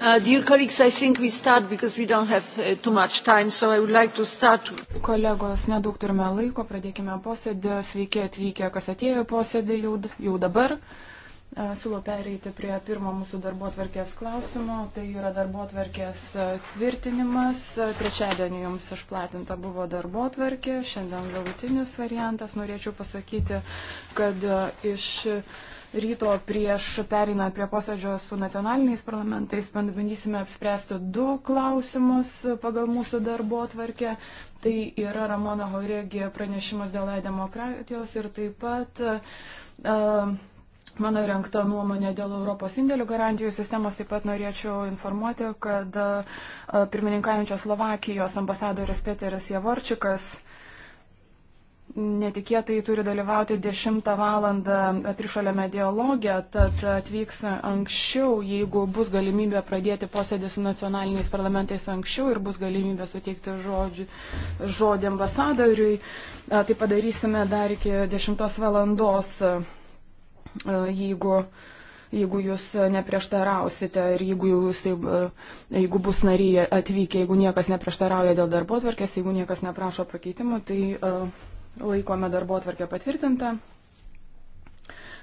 Uh, dear colleagues, I think we start because we don't have uh, too much time, so I would like to start. Kolegos, nedaug turime laiko, pradėkime posėdį. Sveiki atvykę, kas atėjo posėdį jau, jau dabar. Uh, Siūlau pereiti prie pirmo mūsų darbo atverkės klausimo. Tai yra darbo atverkės uh, tvirtinimas. Uh, trečiadienį jums išplatinta buvo darbo atverkė. Šiandien galutinis variantas. Norėčiau pasakyti, kad uh, iš. Uh, ryto prieš pereinant prie posėdžio su nacionaliniais parlamentais bandysime apspręsti du klausimus pagal mūsų darbo atvarkę. Tai yra Ramono Horegė pranešimas dėl demokratijos ir taip pat uh, mano renkta nuomonė dėl Europos indėlių garantijų sistemos. Taip pat norėčiau informuoti, kad e, pirmininkaujančios Slovakijos ambasadoris Peteris Javorčikas netikėtai turi dalyvauti 10 val. trišalėme dialoge, tad atvyks anksčiau, jeigu bus galimybė pradėti posėdį su nacionaliniais parlamentais anksčiau ir bus galimybė suteikti žodžių, žodį ambasadoriui. Tai padarysime dar iki 10 val. jeigu jeigu jūs neprieštarausite ir jeigu, jūs, jeigu bus nariai atvykę, jeigu niekas neprieštarauja dėl darbo tvarkės, jeigu niekas neprašo pakeitimų, tai uh, laikome darbo atvarkę patvirtintą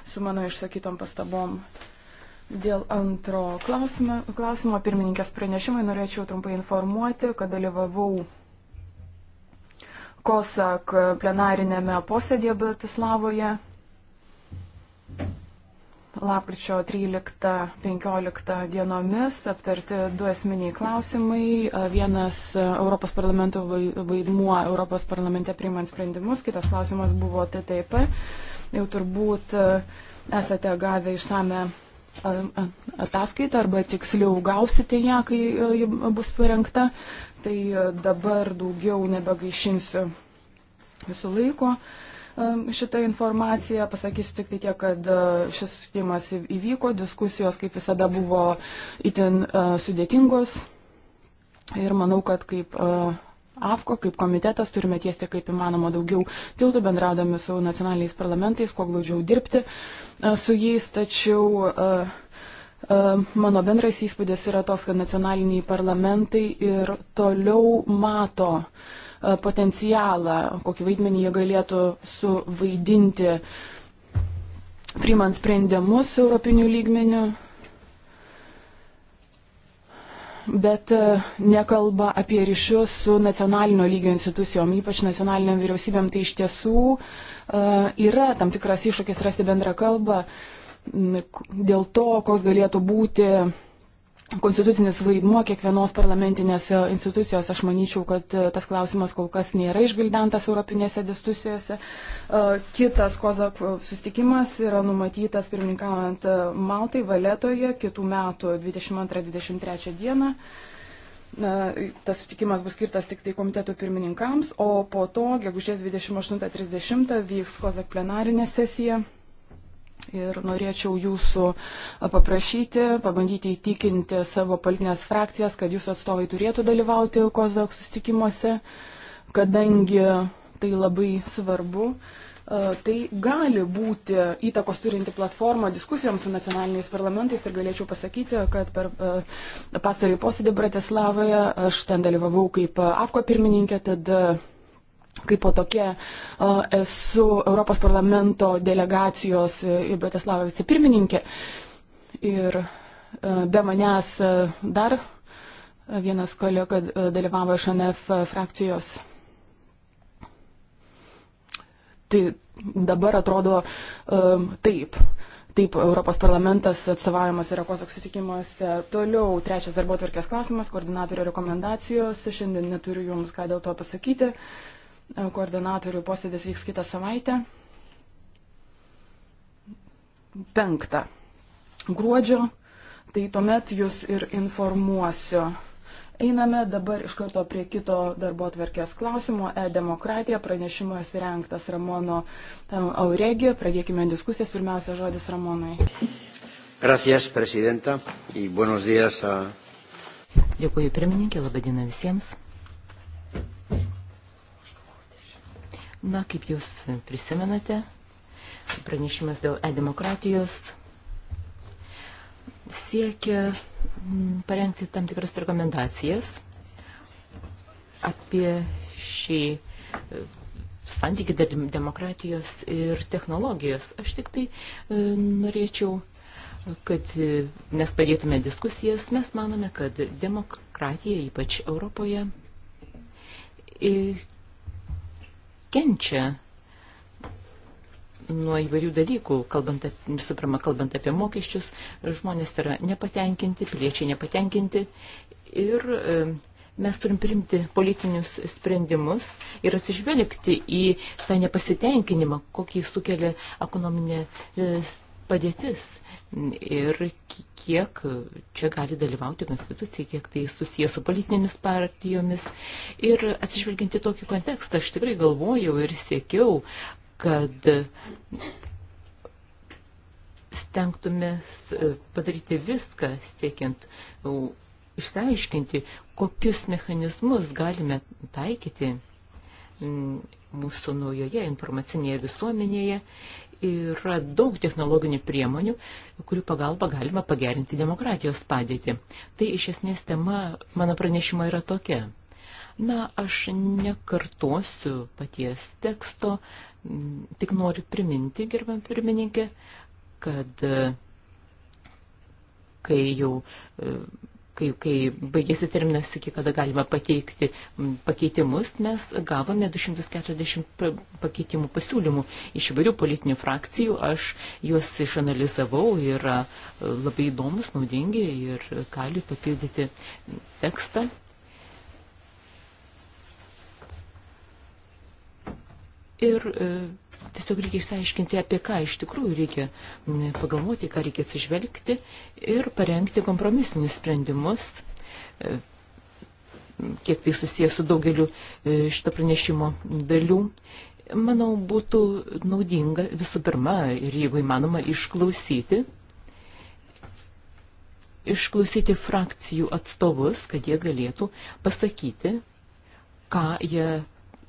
su mano išsakytom pastabom. Dėl antro klausimo, klausimo pirmininkės pranešimai norėčiau trumpai informuoti, kad dalyvavau Kosak plenarinėme posėdėje Bratislavoje lapkričio 13-15 dienomis aptarti du esminiai klausimai. Vienas Europos parlamento vaidmuo Europos parlamente priimant sprendimus, kitas klausimas buvo TTIP. Jau turbūt esate gavę išsame ataskaitą arba tiksliau gausite ją, kai ji bus parengta. Tai dabar daugiau nebegaišinsiu visų laiko. Uh, šitą informaciją. Pasakysiu tik tai tiek, kad e, šis susitikimas įvyko, diskusijos kaip visada buvo itin e, sudėtingos. Ir manau, kad kaip e, AFKO kaip komitetas turime tiesti kaip įmanoma daugiau tiltų bendraudami su nacionaliniais parlamentais, kuo glaudžiau dirbti su jais, tačiau mano bendras įspūdis yra toks, kad nacionaliniai parlamentai ir toliau mato uh, E, potencialą, kokį vaidmenį jie galėtų suvaidinti, priimant sprendimus europinių lygmenių. Bet e, nekalba apie ryšius su nacionalinio lygio institucijom, ypač nacionaliniam vyriausybėm, tai iš tiesų e, yra tam tikras iššūkis rasti bendrą kalbą dėl to, koks galėtų būti konstitucinis vaidmuo kiekvienos parlamentinės e, institucijos, aš manyčiau, kad e, tas klausimas kol kas nėra išgildentas europinėse diskusijose. E, kitas Kozak sustikimas yra numatytas pirmininkaujant Maltai Valetoje kitų metų 22-23 dieną. Na, tas sutikimas bus skirtas tik tai komiteto pirmininkams, o po to, gegužės 28-30, vyks Kozak plenarinė sesija Ir norėčiau jūsų paprašyti, pabandyti įtikinti savo politinės frakcijas, kad jūsų atstovai turėtų dalyvauti COSDAG sustikimuose, kadangi tai labai svarbu. Tai gali būti įtakos turinti platforma diskusijoms su nacionaliniais parlamentais ir galėčiau pasakyti, kad per pastarį posėdį Bratislavoje aš ten dalyvavau kaip AFKO pirmininkė, tad kaip po tokia esu Europos parlamento delegacijos e, ir Bratislavo vicepirmininkė. Ir e, be manęs e, dar vienas kolega dalyvavo iš NF frakcijos. Tai dabar atrodo taip. Taip, Europos parlamentas atstovavimas yra kosok sutikimuose. Toliau, trečias darbo tvarkės klausimas, koordinatorio rekomendacijos. Šiandien neturiu jums ką dėl to pasakyti. Uh, Koordinatorių posėdis vyks kitą savaitę. Penktą gruodžio, tai tuomet jūs ir informuosiu. Einame dabar iš karto prie kito darbo atverkės klausimo. E-demokratija pranešimas renktas Ramono Auregija. Pradėkime diskusijas. Pirmiausia, žodis Ramonai. Gracias, prezidenta, y buenos días a. Dėkuoju, pirmininkė, labadiena visiems. Na, kaip jūs prisimenate, pranešimas dėl e-demokratijos siekia mm, parengti tam tikras rekomendacijas apie šį e, santykį tarp demokratijos ir technologijos. Aš tik tai e, norėčiau, kad e, mes padėtume diskusijas, mes manome, kad demokratija, ypač Europoje, kenčia nuo įvairių dalykų, kalbant, visų pirma, kalbant apie mokesčius, žmonės yra nepatenkinti, piliečiai nepatenkinti ir e, mes turim primti politinius sprendimus ir atsižvelgti į tą nepasitenkinimą, kokį sukelia ekonominės e, padėtis ir kiek čia gali dalyvauti konstitucija, kiek tai susijęs su politinėmis partijomis. Ir atsižvelginti tokį kontekstą, aš tikrai galvojau ir siekiau, kad stengtumės padaryti viską, siekiant išsiaiškinti, kokius mechanizmus galime taikyti mm, mūsų naujoje informacinėje visuomenėje yra daug technologinių priemonių, kurių pagalba galima pagerinti demokratijos padėtį. Tai iš esmės tema mano pranešimo yra tokia. Na, aš nekartosiu paties teksto, tik noriu priminti, gerbam pirmininkė, kad e, kai jau e, kai, kai baigėsi terminas, iki kada galima pateikti pakeitimus, mes gavome 240 pakeitimų pasiūlymų iš įvairių politinių frakcijų. Aš juos išanalizavau, yra e, labai įdomus, naudingi ir gali papildyti tekstą. Ir e, Tiesiog reikia išsiaiškinti, apie ką iš tikrųjų reikia pagalvoti, ką reikia atsižvelgti ir parengti kompromisinius sprendimus, e, kiek tai susijęs su daugeliu e, šito pranešimo dalių. Manau, būtų naudinga visų pirma ir jeigu įmanoma išklausyti išklausyti frakcijų atstovus, kad jie galėtų pasakyti, ką jie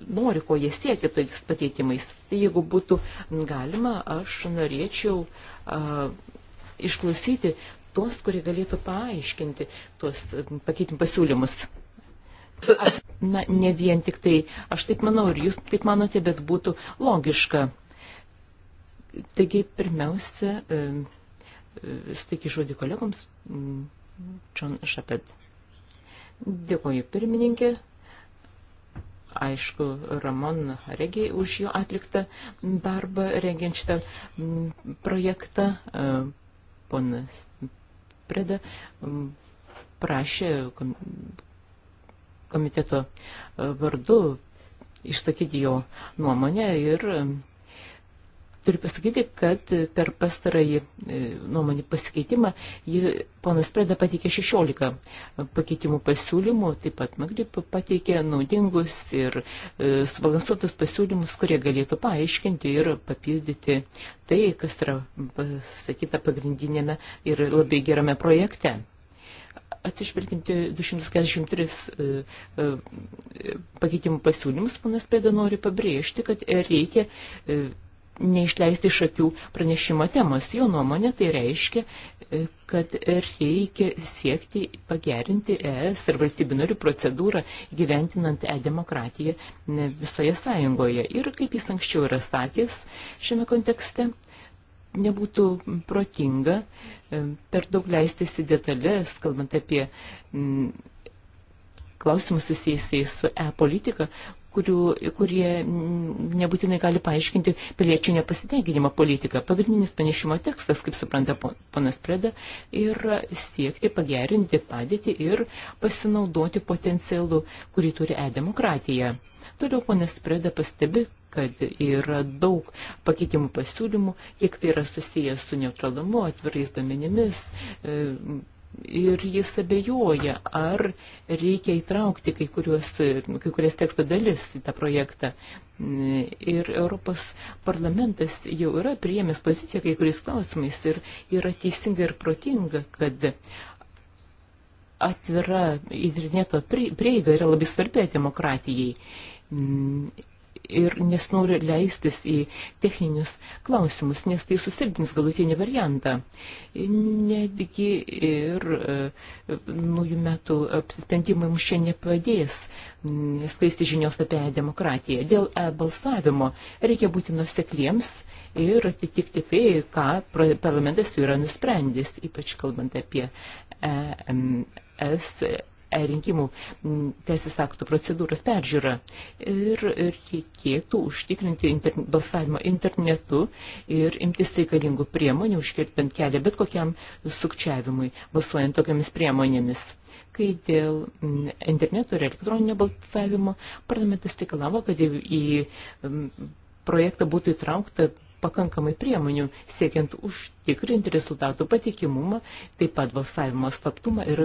nori, ko jie siekia tais pakeitimais. Tai jeigu būtų galima, aš norėčiau a, išklausyti tuos, kurie galėtų paaiškinti tuos pakeitim pasiūlymus. Na, ne vien tik tai, aš taip manau ir jūs taip manote, bet būtų logiška. Taigi, pirmiausia, e, e, suteikiu žodį kolegoms, John Šapet. Dėkoju pirmininkė aišku, Ramon Regiai už jo atliktą darbą rengiant šitą mm, projektą. E, ponas Preda mm, prašė komiteto e, vardu išsakyti jo nuomonę ir turiu pasakyti, kad per pastarąjį e, nuomonį pasikeitimą jį, ponas Preda pateikė 16 pakeitimų pasiūlymų, taip pat Magrip pateikė naudingus ir e, subalansuotus pasiūlymus, kurie galėtų paaiškinti ir papildyti tai, kas yra pasakyta pagrindinėme ir labai gerame projekte atsižvelginti 243 e, pakeitimų pasiūlymus, panas Pėda nori pabrėžti, kad reikia neišleisti iš akių pranešimo temos. Jo nuomonė tai reiškia, e, kad reikia siekti pagerinti ES ir valstybių narių procedūrą gyventinant e-demokratiją e, visoje sąjungoje. Ir kaip jis anksčiau yra sakęs šiame kontekste, nebūtų protinga e, per daug leistis į detalės, kalbant apie klausimus susijusiais su e-politika, kurių, kurie nebūtinai gali paaiškinti piliečių nepasitenkinimą politiką. Pagrindinis panešimo tekstas, kaip supranta ponas Preda, yra siekti pagerinti padėtį ir pasinaudoti potencialu, kurį turi e-demokratija. Toliau ponas Preda pastebi, kad yra daug pakeitimų pasiūlymų, kiek tai yra susijęs su neutralumu, atvirais domenimis, e, ir jis abejoja, ar reikia įtraukti kai, kuriuos, kai kurias teksto dalis į tą projektą. Ir Europos parlamentas jau yra priėmęs poziciją kai kuriais klausimais ir yra teisinga ir protinga, kad atvira interneto prieiga yra labai svarbi demokratijai ir nesinori leistis į techninius klausimus, nes tai susilpins galutinį variantą. Netgi ir e, naujų metų apsisprendimai mums čia nepadės mm, skleisti žinios apie demokratiją. Dėl e balsavimo reikia būti nusekliems ir atitikti tai, ką parlamentas jau yra nusprendęs, ypač kalbant apie EMS. E, E, rinkimų teisės aktų procedūros peržiūra. Ir reikėtų užtikrinti inter, balsavimą internetu ir imtis reikalingų priemonių, užkirtant kelią bet kokiam sukčiavimui, balsuojant tokiamis priemonėmis kai dėl interneto ir elektroninio balsavimo parlamentas reikalavo, kad į projektą būtų įtraukta pakankamai priemonių siekiant užtikrinti rezultatų patikimumą, taip pat balsavimo slaptumą ir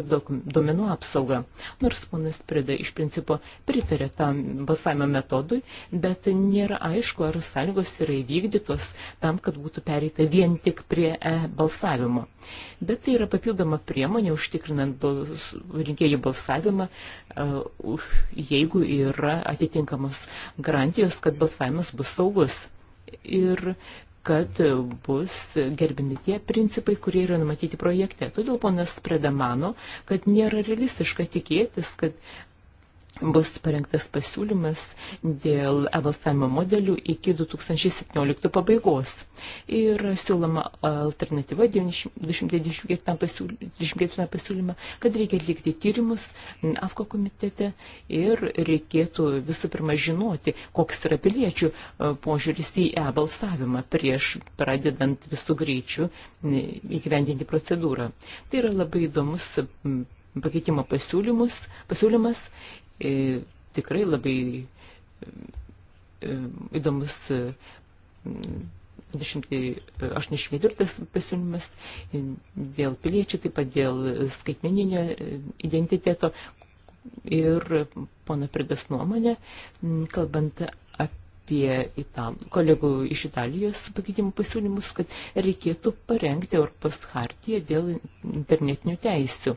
duomenų apsaugą. Nors ponas Prida iš principo pritarė tam balsavimo metodui, bet nėra aišku, ar sąlygos yra įvykdytos tam, kad būtų pereita vien tik prie e balsavimo. Bet tai yra papildoma priemonė užtikrinant bals, rinkėjų balsavimą, e, jeigu yra atitinkamos garantijos, kad balsavimas bus saugus ir kad bus gerbimi tie principai, kurie yra numatyti projekte. Todėl ponas Preda mano, kad nėra realistiška tikėtis, kad bus parengtas pasiūlymas dėl evalsavimo modelių iki 2017 pabaigos. Ir siūloma alternatyva 224 pasiūlymą, kad reikia atlikti tyrimus AFKO komitete ir reikėtų visų pirma žinoti, koks yra piliečių e, požiūris į e-balsavimą prieš pradedant visų greičių e, įgyvendinti procedūrą. Tai yra labai įdomus pakeitimo pasiūlymus, pasiūlymas E, tikrai labai e, įdomus 84 e, pasiūlymas dėl piliečių, taip pat dėl skaitmeninio identiteto ir pono Pridas nuomonė, kalbant apie ital, kolegų iš Italijos pakeitimų pasiūlymus, kad reikėtų parengti Europos hartiją dėl internetinių teisių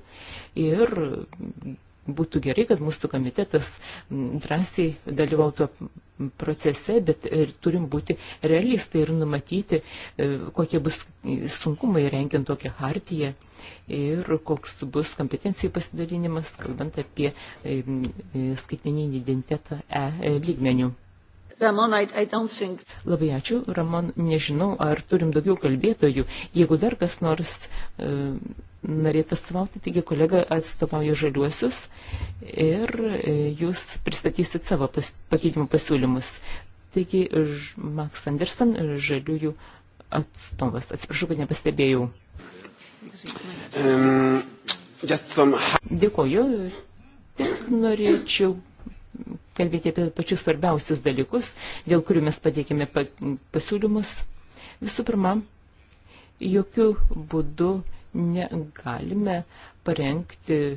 ir būtų gerai, kad mūsų komitetas drąsiai dalyvautų procese, bet turim būti realistai ir numatyti, e, kokie bus sunkumai renkiant tokią hartiją ir koks bus kompetencijų pasidalinimas, kalbant apie e, e, skaitmeninį identitetą E lygmenių. Ramon, I, I don't think. Labai ačiū, Ramon, nežinau, ar turim daugiau kalbėtojų. Jeigu dar kas nors e, norėtų atstovauti, taigi kolega atstovauja žaliuosius ir e, jūs pristatysit savo pas, pakeitimų pasiūlymus. Taigi, ž, Max Anderson, žaliųjų atstovas. Atsiprašau, kad nepastebėjau. Um, some... Dėkoju. Tik norėčiau kalbėti apie pačius svarbiausius dalykus, dėl kurių mes pateikėme pasiūlymus. Visų pirma, jokių būdų negalime parengti e,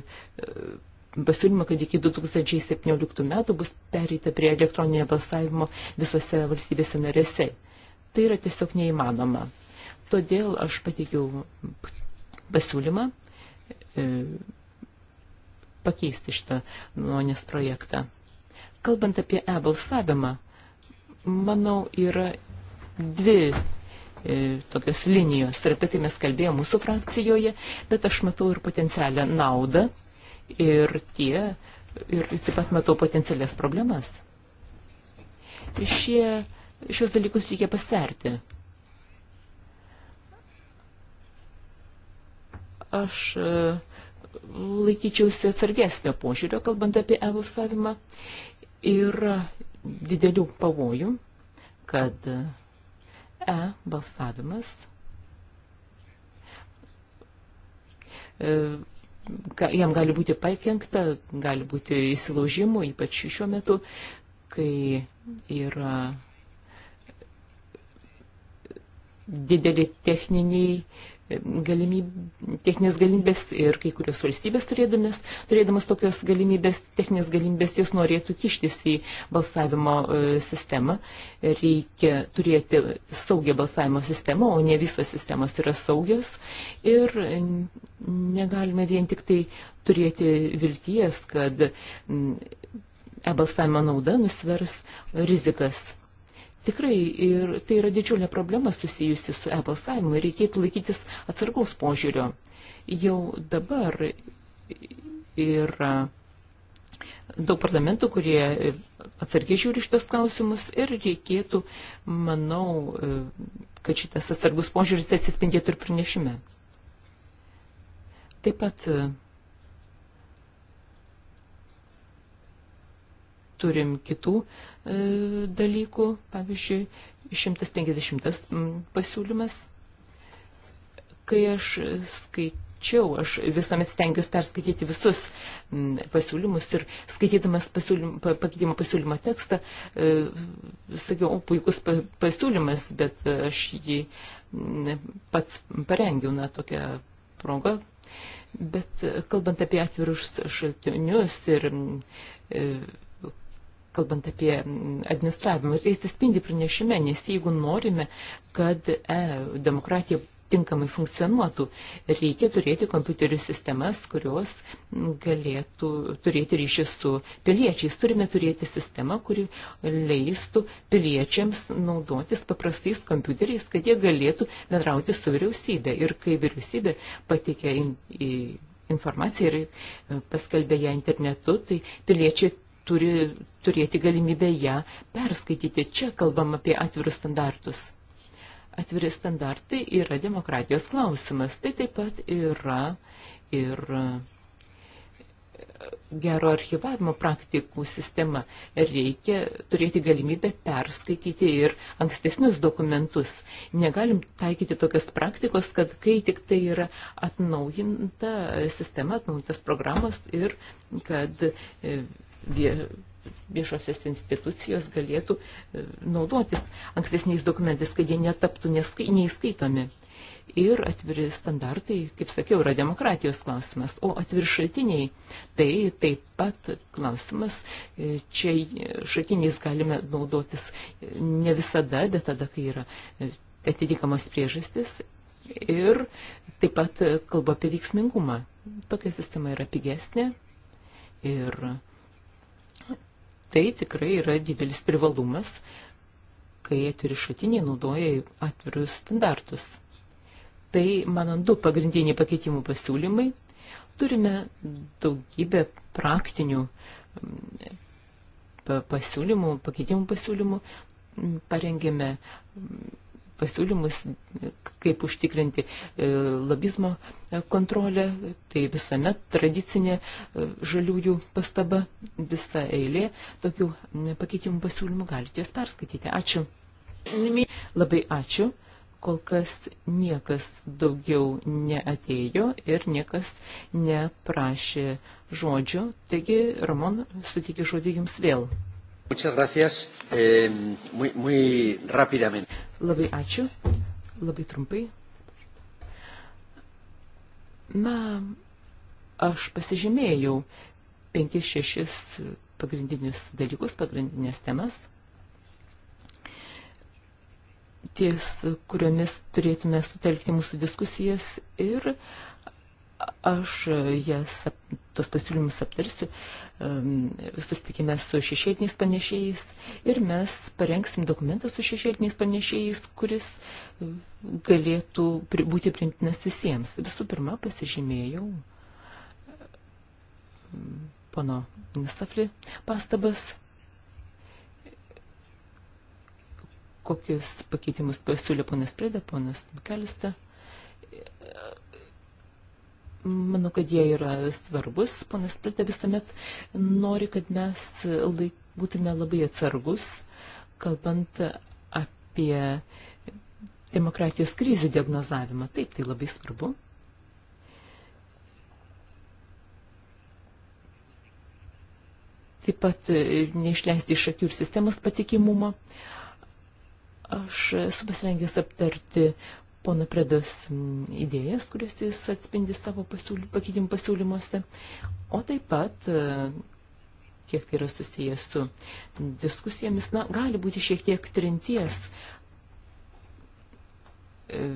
pasiūlymą, kad iki 2017 metų bus pereita prie elektroninio balsavimo visose valstybėse narėse. Tai yra tiesiog neįmanoma. Todėl aš pateikiau pasiūlymą e, pakeisti šitą nuonės projektą. Kalbant apie e-balsavimą, manau, yra dvi e, tokios linijos ir apie tai mes kalbėjome mūsų frakcijoje, bet aš matau ir potencialią naudą ir tie, ir taip pat matau potencialias problemas. Šie, šios dalykus reikia pasverti. Aš e, laikyčiausi atsargesnio požiūrio, kalbant apie evulsavimą yra didelių pavojų, kad E balsavimas e, jam gali būti pakenkta, gali būti įsilaužimų, ypač šiuo metu, kai yra dideli techniniai galimyb, techninės galimybės ir kai kurios valstybės turėdamas, turėdamas tokios galimybės, techninės galimybės, jos norėtų kištis į balsavimo e, sistemą. Reikia turėti saugią balsavimo sistemą, o ne visos sistemos yra saugios. Ir negalime vien tik tai turėti vilties, kad e-balsavimo nauda nusvers rizikas Tikrai ir tai yra didžiulė problema susijusi su e-balsavimu ir reikėtų laikytis atsargaus požiūrio. Jau dabar yra daug parlamentų, kurie atsargiai žiūri šitas klausimus ir reikėtų, manau, kad šitas atsargus požiūris atsispindėtų ir pranešime. Taip pat turim kitų E, dalykų, pavyzdžiui, 150 pasiūlymas. Kai aš skaičiau, aš visuomet stengiuosi perskaityti visus pasiūlymus ir skaitydamas pasiūlym, pakeitimo pasiūlymo tekstą, e, sakiau, o puikus pasiūlymas, bet e, aš jį pats parengiau, na, tokią progą. Bet kalbant apie atvirus šaltinius ir kalbant apie administravimą. Ir tai atsispindi pranešime, nes jeigu norime, kad e, demokratija tinkamai funkcionuotų, reikia turėti kompiuterių sistemas, kurios galėtų turėti ryšį su piliečiais. Turime turėti sistemą, kuri leistų piliečiams naudotis paprastais kompiuteriais, kad jie galėtų bendrauti su vyriausybė. Ir kai vyriausybė patikė informaciją ir e, paskelbė ją internetu, tai piliečiai turi turėti galimybę ją perskaityti. Čia kalbam apie atvirus standartus. Atviri standartai yra demokratijos klausimas. Tai taip pat yra ir gero archivavimo praktikų sistema. Reikia turėti galimybę perskaityti ir ankstesnius dokumentus. Negalim taikyti tokios praktikos, kad kai tik tai yra atnaujinta sistema, atnaujintas programas ir kad e, viešosios institucijos galėtų e, naudotis ankstesniais dokumentais, kad jie netaptų neskai, neįskaitomi. Ir atviri standartai, kaip sakiau, yra demokratijos klausimas, o atviri šaltiniai, tai taip pat klausimas, e, čia šaltiniais galime naudotis e, ne visada, bet tada, kai yra atitikamos priežastis ir taip pat kalba apie veiksmingumą. Tokia sistema yra pigesnė ir Tai tikrai yra didelis privalumas, kai atviri šaltiniai naudoja atvirus standartus. Tai, manant, du pagrindiniai pakeitimų pasiūlymai. Turime daugybę praktinių mm, pasiūlymų, pakeitimų pasiūlymų. Parengėme pasiūlymus, kaip užtikrinti e, lobizmo kontrolę, tai visame tradicinė e, žaliųjų pastaba, visa eilė tokių pakeitimų pasiūlymų galite jas perskaityti. Ačiū. Labai ačiū kol kas niekas daugiau neatėjo ir niekas neprašė žodžio. Taigi, Ramon, sutikiu žodį jums vėl. Muchas gracias. Eh, muy, muy rápidamente. Labai ačiū, labai trumpai. Na, aš pasižymėjau penkis, šešis pagrindinius dalykus, pagrindinės temas, ties kuriomis turėtume sutelkti mūsų diskusijas ir uh, Aš e, jas, tos pasiūlymus aptarsiu susitikime su šešėtiniais panešėjais ir mes parengsim dokumentą su šešėtiniais panešėjais, kuris e, galėtų būti primtinas visiems. Visų pirma, pasižymėjau e, pono Nisafri pastabas, kokius pakeitimus pasiūlė ponas Prėda, ponas Mikelista Manau, kad jie yra svarbus. Ponas Prita visuomet nori, kad mes laik, būtume labai atsargus, kalbant apie demokratijos krizių diagnozavimą. Taip, tai labai svarbu. Taip pat e, neišleisti iš akių ir sistemos patikimumo. Aš esu pasirengęs aptarti pono Predos idėjas, kuris jis atspindi savo pasiūly, pakeitimų pasiūlymuose, o taip pat, e, kiek tai yra susijęs su diskusijomis, na, gali būti šiek tiek trinties, e,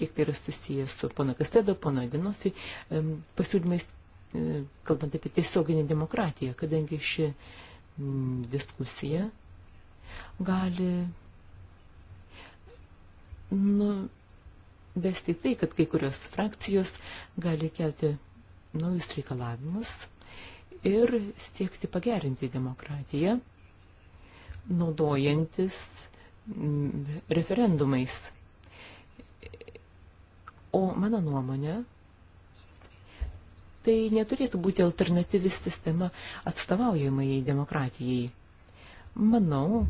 kiek tai yra susijęs su pono Kastedo, pono Dinofi e, pasiūlymais, kalbant apie tiesioginę demokratiją, kadangi ši diskusija gali nu, vesti tai, kad kai kurios frakcijos gali kelti naujus reikalavimus ir siekti pagerinti demokratiją, naudojantis mm, referendumais. O mano nuomonė, tai neturėtų būti alternatyvi sistema atstovaujamai demokratijai. Manau,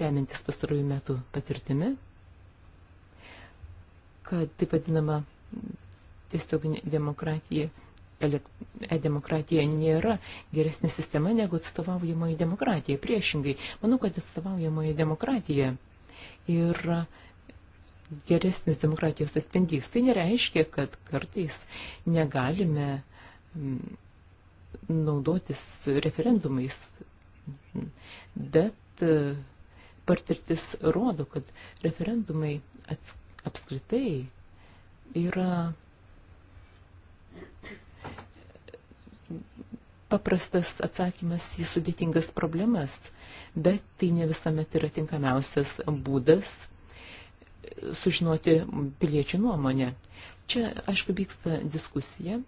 remintis pastarųjų metų patirtimi, kad taip vadinama tiesiog demokratija, e-demokratija nėra geresnė sistema negu atstovaujamoji demokratija. Priešingai, manau, kad atstovaujamoji demokratija yra geresnis demokratijos atspindys. Tai nereiškia, kad kartais negalime mm, naudotis referendumais, bet e, patirtis rodo, kad referendumai atskirti apskritai yra paprastas atsakymas į sudėtingas problemas, bet tai ne visuomet yra tinkamiausias būdas sužinoti piliečių nuomonę. Čia, aišku, vyksta diskusija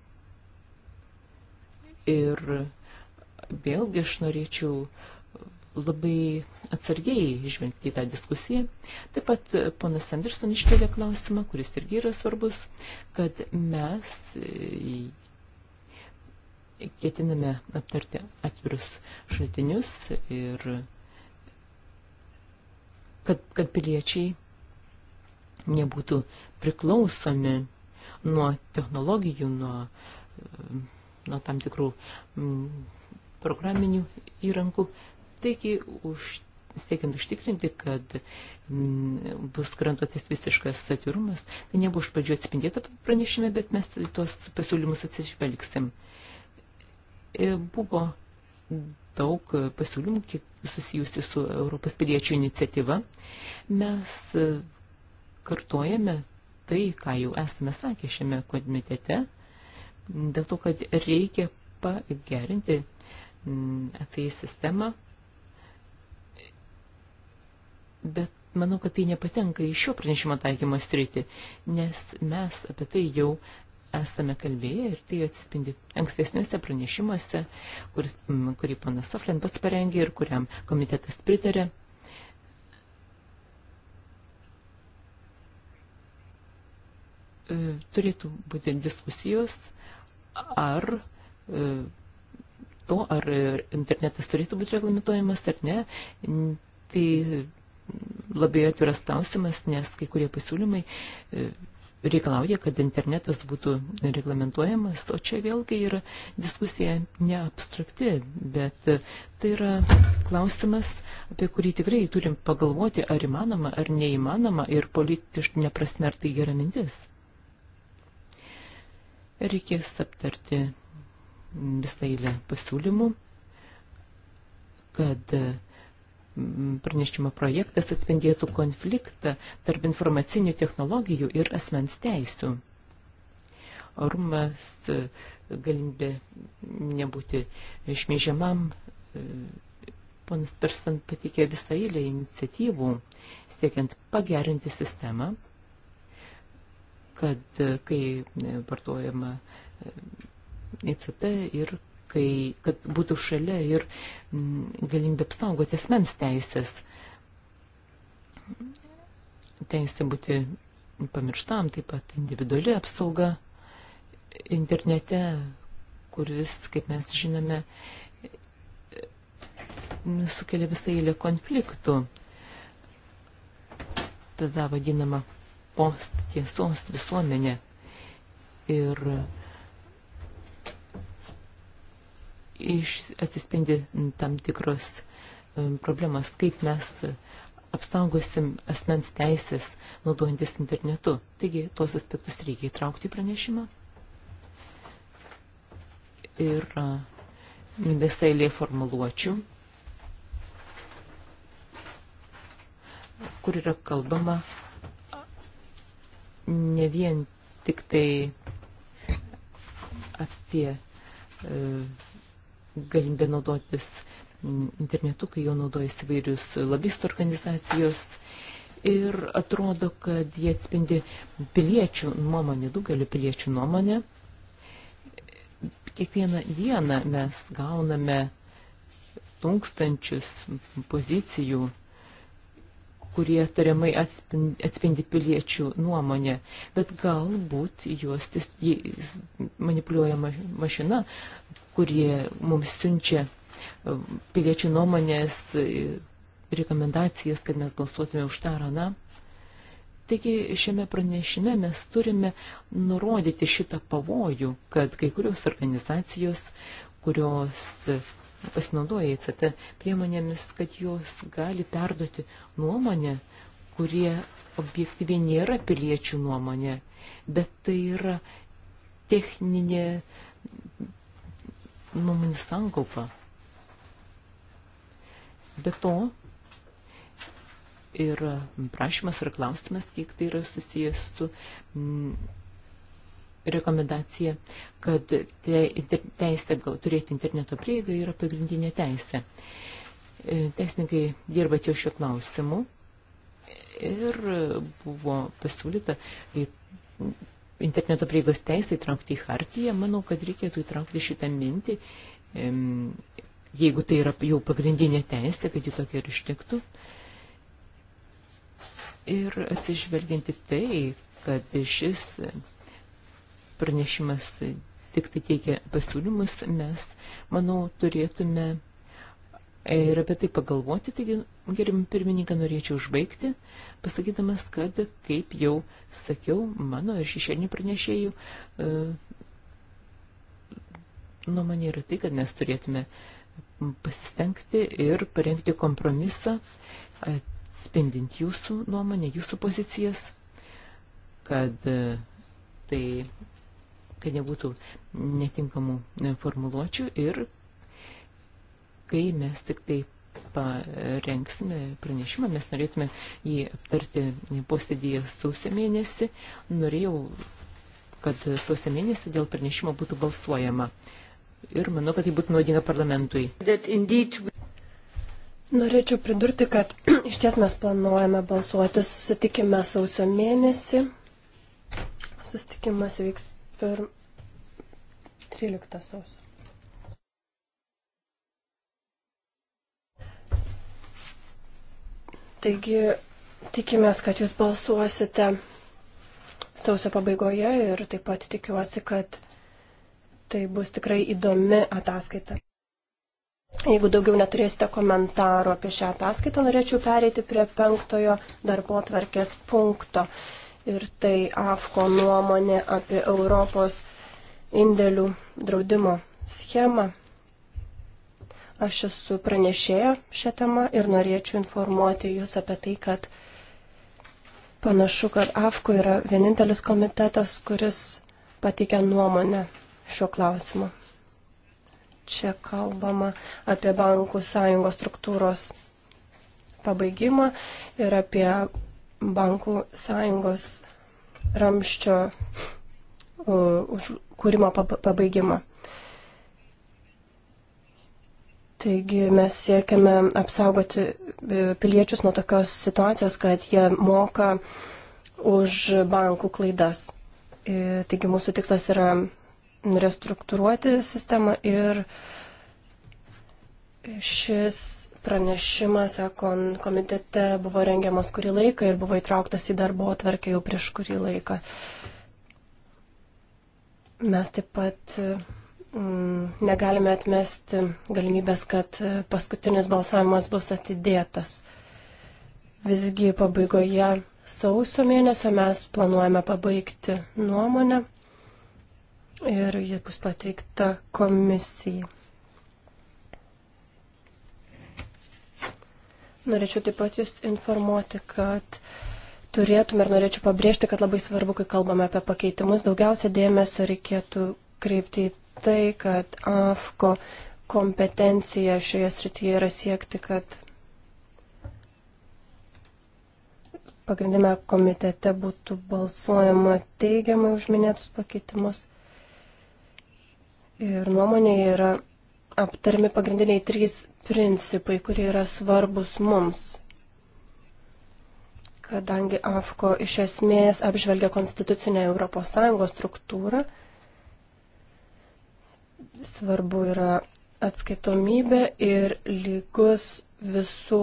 ir vėlgi aš norėčiau labai atsargiai žvelgti į tą diskusiją. Taip pat e, ponas Anderson iškėlė klausimą, kuris irgi yra svarbus, kad mes e, ketiname aptarti atvirus šaltinius ir kad, kad piliečiai nebūtų priklausomi nuo technologijų, nuo, e, nuo tam tikrų programinių įrankų, Taigi, už, siekiant užtikrinti, kad m, mm, bus garantuotas visiškas atvirumas, tai nebuvo iš pradžių atspindėta pranešime, bet mes tuos pasiūlymus atsižvelgsim. E, buvo daug pasiūlymų susijusi su Europos piliečių iniciatyva. Mes e, kartuojame tai, ką jau esame sakę šiame komitete, dėl to, kad reikia pagerinti mm, atsai sistemą, bet manau, kad tai nepatenka į šio pranešimo taikymo sritį, nes mes apie tai jau esame kalbėję ir tai atsispindi ankstesniuose pranešimuose, kur, kurį panas Soflin pats parengė ir kuriam komitetas pritarė. E, turėtų būti diskusijos, ar e, to, ar internetas turėtų būti reglamentojamas ar ne. Tai labai atviras klausimas, nes kai kurie pasiūlymai e, reikalauja, kad internetas būtų reglamentuojamas, o čia vėlgi yra diskusija ne abstrakti, bet e, tai yra klausimas, apie kurį tikrai turim pagalvoti, ar įmanoma, ar neįmanoma ir politiškai neprasme, ar tai gera mintis. Reikės aptarti visą eilę pasiūlymų, kad uh, pranešimo projektas atspindėtų konfliktą tarp informacinių technologijų ir asmens teisų. Orumas e, galimybė nebūti šmeižiamam. E, ponas Persan patikė visą eilę iniciatyvų, siekiant pagerinti sistemą, kad e, kai vartojama ICT ir kai, kad būtų šalia ir galimybė apsaugoti asmens teisės. Teisė būti pamirštam, taip pat individuali apsauga internete, kuris, kaip mes žinome, sukelia visą eilę konfliktų. Tada vadinama post tiesos visuomenė. Ir iš, atsispindi tam tikros problemos, kaip mes apsaugosim asmens teisės naudojantis internetu. Taigi, tuos aspektus reikia įtraukti į pranešimą. Ir visai lė formuluočių, kur yra kalbama ne vien tik tai apie e, galimybę naudotis internetu, kai jo naudojasi vairius lobistų organizacijos. Ir atrodo, kad jie atspindi piliečių nuomonę, daugelį piliečių nuomonę. Kiekvieną dieną mes gauname tūkstančius pozicijų kurie tariamai atspindi, atspindi piliečių nuomonę, bet galbūt juos manipuliuoja mašina, kurie mums siunčia e, piliečių nuomonės, e, rekomendacijas, kad mes balsuotume už tą raną. Taigi šiame pranešime mes turime nurodyti šitą pavojų, kad kai kurios organizacijos, kurios e, pasinaudoja ICT priemonėmis, kad jos gali perduoti nuomonę, kurie objektyviai nėra piliečių nuomonė, bet tai yra techninė nuomonių sankaupą. Be to, ir prašymas ir klausimas, kiek tai yra susijęs su m, mm, rekomendacija, kad te, teisė turėti interneto prieigą yra pagrindinė teisė. E, teisininkai dirba ties šiuo klausimu ir buvo pasiūlyta į interneto prieigos teisę įtraukti į hartiją, manau, kad reikėtų įtraukti šitą mintį, jeigu tai yra jau pagrindinė teisė, kad ji tokia ir ištiktų. Ir atsižvelginti tai, kad šis pranešimas tik tai teikia pasiūlymus, mes, manau, turėtume ir apie tai pagalvoti. Taigi, gerim pirmininką, norėčiau užbaigti, pasakydamas, kad, kaip jau sakiau, mano ir šešėlinių pranešėjų e, nuomonė yra tai, kad mes turėtume pasistengti ir parengti kompromisą, atspindint jūsų nuomonę, jūsų pozicijas, kad e, tai kad nebūtų netinkamų e, formuluočių ir kai mes tik tai parengsime pranešimą, mes norėtume jį aptarti posėdėje sausio mėnesį. Norėjau, kad sausio mėnesį dėl pranešimo būtų balsuojama. Ir manau, kad tai būtų naudinga parlamentui. Norėčiau pridurti, kad iš ties mes planuojame balsuoti, susitikime sausio mėnesį. Susitikimas vyks per 13 sausio. Taigi tikimės, kad jūs balsuosite sausio pabaigoje ir taip pat tikiuosi, kad tai bus tikrai įdomi ataskaita. Jeigu daugiau neturėsite komentarų apie šią ataskaitą, norėčiau pereiti prie penktojo darbo tvarkės punkto. Ir tai AFKO nuomonė apie Europos indėlių draudimo schemą. Aš esu pranešėja šią temą ir norėčiau informuoti Jūs apie tai, kad panašu, kad AFKO yra vienintelis komitetas, kuris pateikia nuomonę šiuo klausimu. Čia kalbama apie bankų sąjungos struktūros pabaigimą ir apie bankų sąjungos ramščio uh, užkūrimo pabaigimą. Taigi mes siekiame apsaugoti e, piliečius nuo tokios situacijos, kad jie moka už bankų klaidas. E, taigi mūsų tikslas yra restruktūruoti sistemą ir šis pranešimas Ekon komitete buvo rengiamas kurį laiką ir buvo įtrauktas į darbo atvarkę jau prieš kurį laiką. Mes taip pat e, Mm, negalime atmesti galimybės, kad paskutinis balsavimas bus atidėtas. Visgi pabaigoje sausio mėnesio mes planuojame pabaigti nuomonę ir ji bus pateikta komisijai. Norėčiau taip pat jūs informuoti, kad turėtume ir norėčiau pabrėžti, kad labai svarbu, kai kalbame apie pakeitimus, daugiausia dėmesio reikėtų kreipti į tai, kad AFKO kompetencija šioje srityje yra siekti, kad pagrindime komitete būtų balsuojama teigiamai už minėtus pakeitimus. Ir nuomonėje yra aptarmi pagrindiniai trys principai, kurie yra svarbus mums. Kadangi AFKO iš esmės apžvelgia konstitucinę ES struktūrą, svarbu yra atskaitomybė ir lygus visų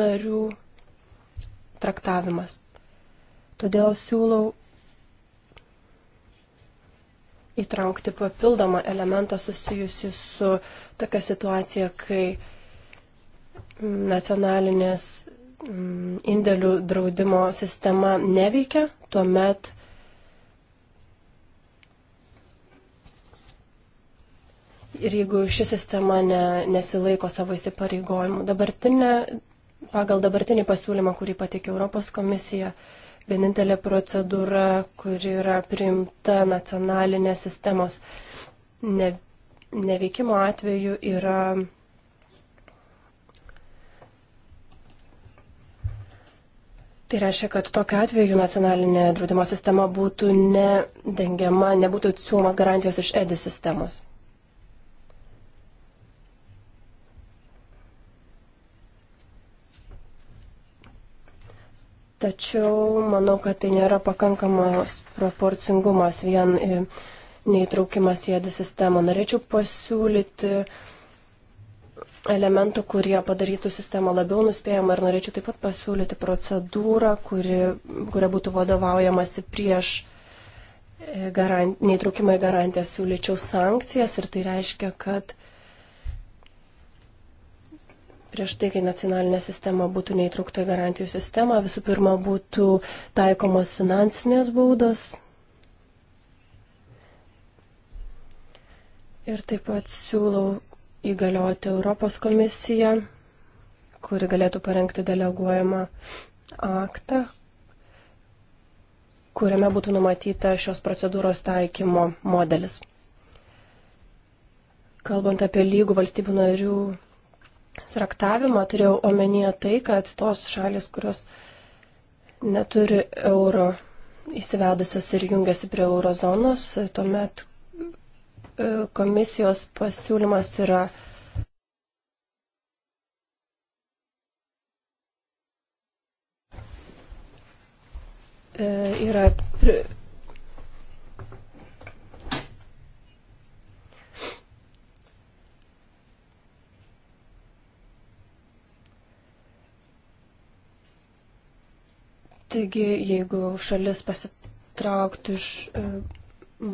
narių traktavimas. Todėl siūlau įtraukti papildomą elementą susijusi su tokia situacija, kai nacionalinės mm, indėlių draudimo sistema neveikia, tuomet ir jeigu ši sistema ne, nesilaiko savo įsipareigojimų. Dabartinė, pagal dabartinį pasiūlymą, kurį patikė Europos komisija, vienintelė procedūra, kuri yra priimta nacionalinės sistemos ne, neveikimo atveju, yra Tai reiškia, kad tokiu atveju nacionalinė draudimo sistema būtų nedengiama, nebūtų siūlomas garantijos iš EDI sistemos. Tačiau manau, kad tai nėra pakankamas proporcingumas, vien e, neįtraukimas į EDI sistemą. Norėčiau pasiūlyti elementų, kurie padarytų sistemą labiau nuspėjamą ir norėčiau taip pat pasiūlyti procedūrą, kuri, kuria būtų vadovaujamasi prieš e, garant, neįtraukimą į garantiją siūlyčiau sankcijas ir tai reiškia, kad prieš tai, kai nacionalinė sistema būtų neįtraukta į garantijų sistemą, visų pirma būtų taikomos finansinės baudos. Ir taip pat siūlau įgalioti Europos komisiją, kuri galėtų parengti deleguojamą aktą, kuriame būtų numatyta šios procedūros taikymo modelis. Kalbant apie lygų valstybių narių traktavimą turėjau omenyje tai, kad tos šalis, kurios neturi euro įsivedusios ir jungiasi prie eurozonos, tuomet e, komisijos pasiūlymas yra e, yra pri Taigi, jeigu šalis pasitrauktų iš e,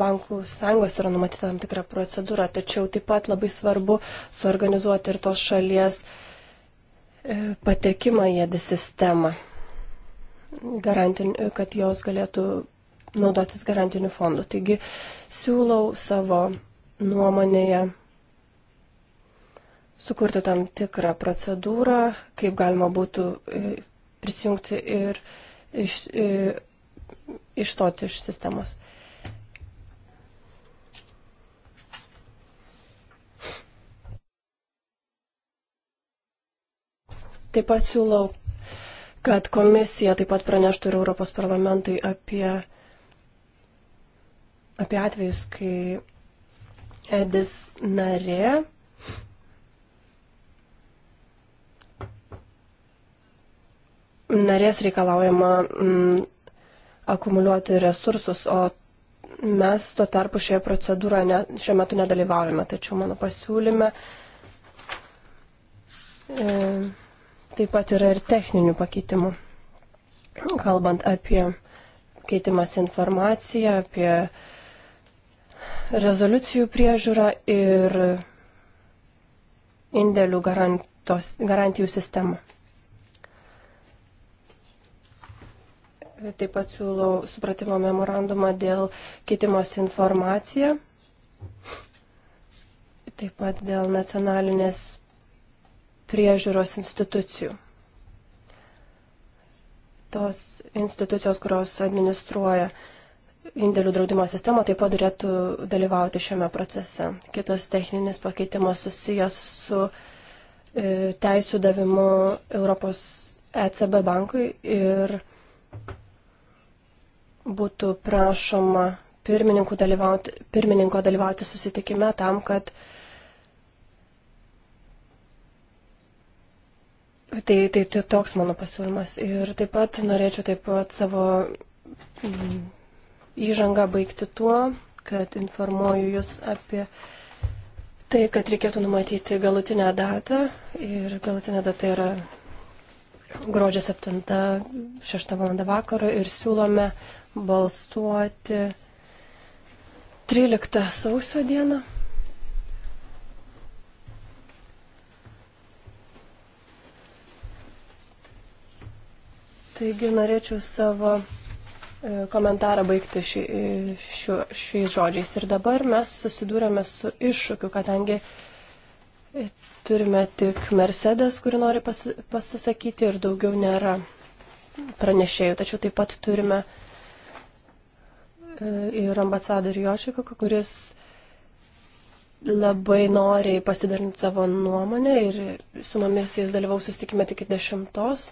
bankų sąjungos yra numatyta tam tikra procedūra, tačiau taip pat labai svarbu suorganizuoti ir tos šalies e, patekimą į edį sistemą, Garantin, kad jos galėtų naudotis garantiniu fondu. Taigi siūlau savo nuomonėje sukurti tam tikrą procedūrą, kaip galima būtų e, prisijungti ir iš, e, išstoti iš sistemos. Taip pat siūlau, kad komisija taip pat praneštų ir Europos parlamentui apie, apie atvejus, kai Edis narė narės reikalaujama mm, akumuliuoti resursus, o mes tuo tarpu šioje procedūroje ne, šiuo metu nedalyvaujame. Tačiau mano pasiūlyme e, taip pat yra ir techninių pakeitimų. Kalbant apie keitimas informaciją, apie rezoliucijų priežiūrą ir indėlių garantos, garantijų sistemą. Taip pat siūlau supratimo memorandumą dėl kitimos informacija. Taip pat dėl nacionalinės priežiūros institucijų. Tos institucijos, kurios administruoja indėlių draudimo sistemą, taip pat turėtų dalyvauti šiame procese. Kitas techninis pakeitimas susijęs su e, teisų davimu Europos ECB bankui ir būtų prašoma dalyvauti, pirmininko dalyvauti susitikime tam, kad tai, tai, tai toks mano pasiūlymas. Ir taip pat norėčiau taip pat savo mm, įžangą baigti tuo, kad informuoju Jūs apie tai, kad reikėtų numatyti galutinę datą. Ir galutinė data yra gruodžio 7-6 val. vakaro ir siūlome balsuoti 13 sausio dieną. Taigi norėčiau savo e, komentarą baigti ši, e, šiu, šiais žodžiais. Ir dabar mes susidūrėme su iššūkiu, kadangi e, turime tik Mercedes, kuri nori pas, pasisakyti ir daugiau nėra pranešėjų. Tačiau taip pat turime uh, ir ambasadorių Jošiko, kuris labai noriai pasidalinti savo nuomonę ir su mumis jis dalyvaus susitikime tik iki dešimtos.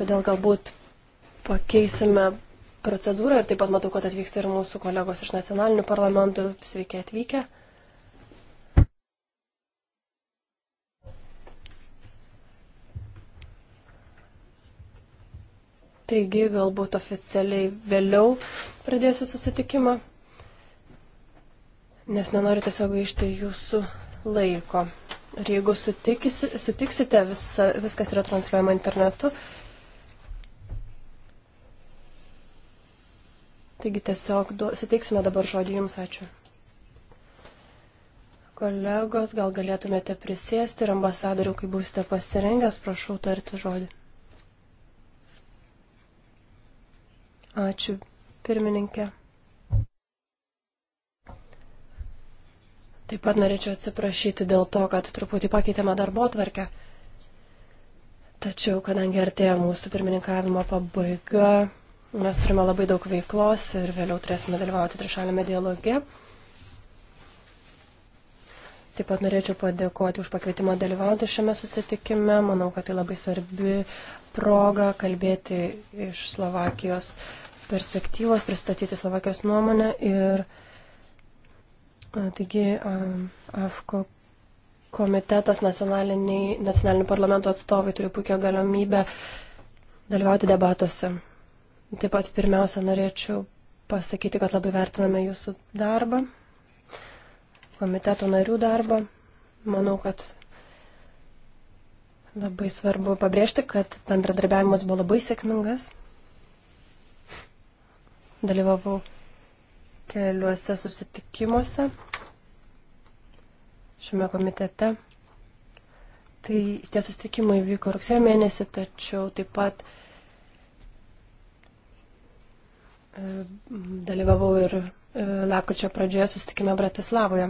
Todėl galbūt pakeisime procedūrą ir taip pat matau, kad atvyksta ir mūsų kolegos iš nacionalinių parlamentų. Sveiki atvykę. Taigi, galbūt oficialiai vėliau pradėsiu susitikimą, nes nenoriu tiesiog gaišti jūsų laiko. Ir jeigu sutikisi, sutiksite, visa, viskas yra transliuojama internetu. Taigi tiesiog du, suteiksime dabar žodį Jums, ačiū. Kolegos, gal galėtumėte prisėsti ir ambasadoriu, kai būsite pasirengęs, prašau tarti žodį. Ačiū, pirmininkė. Taip pat norėčiau atsiprašyti dėl to, kad truputį pakeitėme darbo tvarkę. Tačiau, kadangi artėja mūsų pirmininkavimo pabaiga, mes turime labai daug veiklos ir vėliau turėsime dalyvauti trišalėme dialoge. Taip pat norėčiau padėkoti už pakvietimą dalyvauti šiame susitikime. Manau, kad tai labai svarbi proga kalbėti iš Slovakijos uh, perspektyvos, pristatyti Slovakijos nuomonę ir taigi AFKO komitetas nacionalinių parlamento atstovai turi puikią galimybę dalyvauti debatuose. Taip pat pirmiausia norėčiau pasakyti, kad labai vertiname jūsų darbą, komiteto narių darbą. Manau, kad labai svarbu pabrėžti, kad bendradarbiavimas buvo labai sėkmingas dalyvavau keliuose susitikimuose šiame komitete. Tai tie susitikimai vyko rugsėjo mėnesį, tačiau taip pat e, dalyvavau ir e, lapkričio pradžioje susitikime Bratislavoje.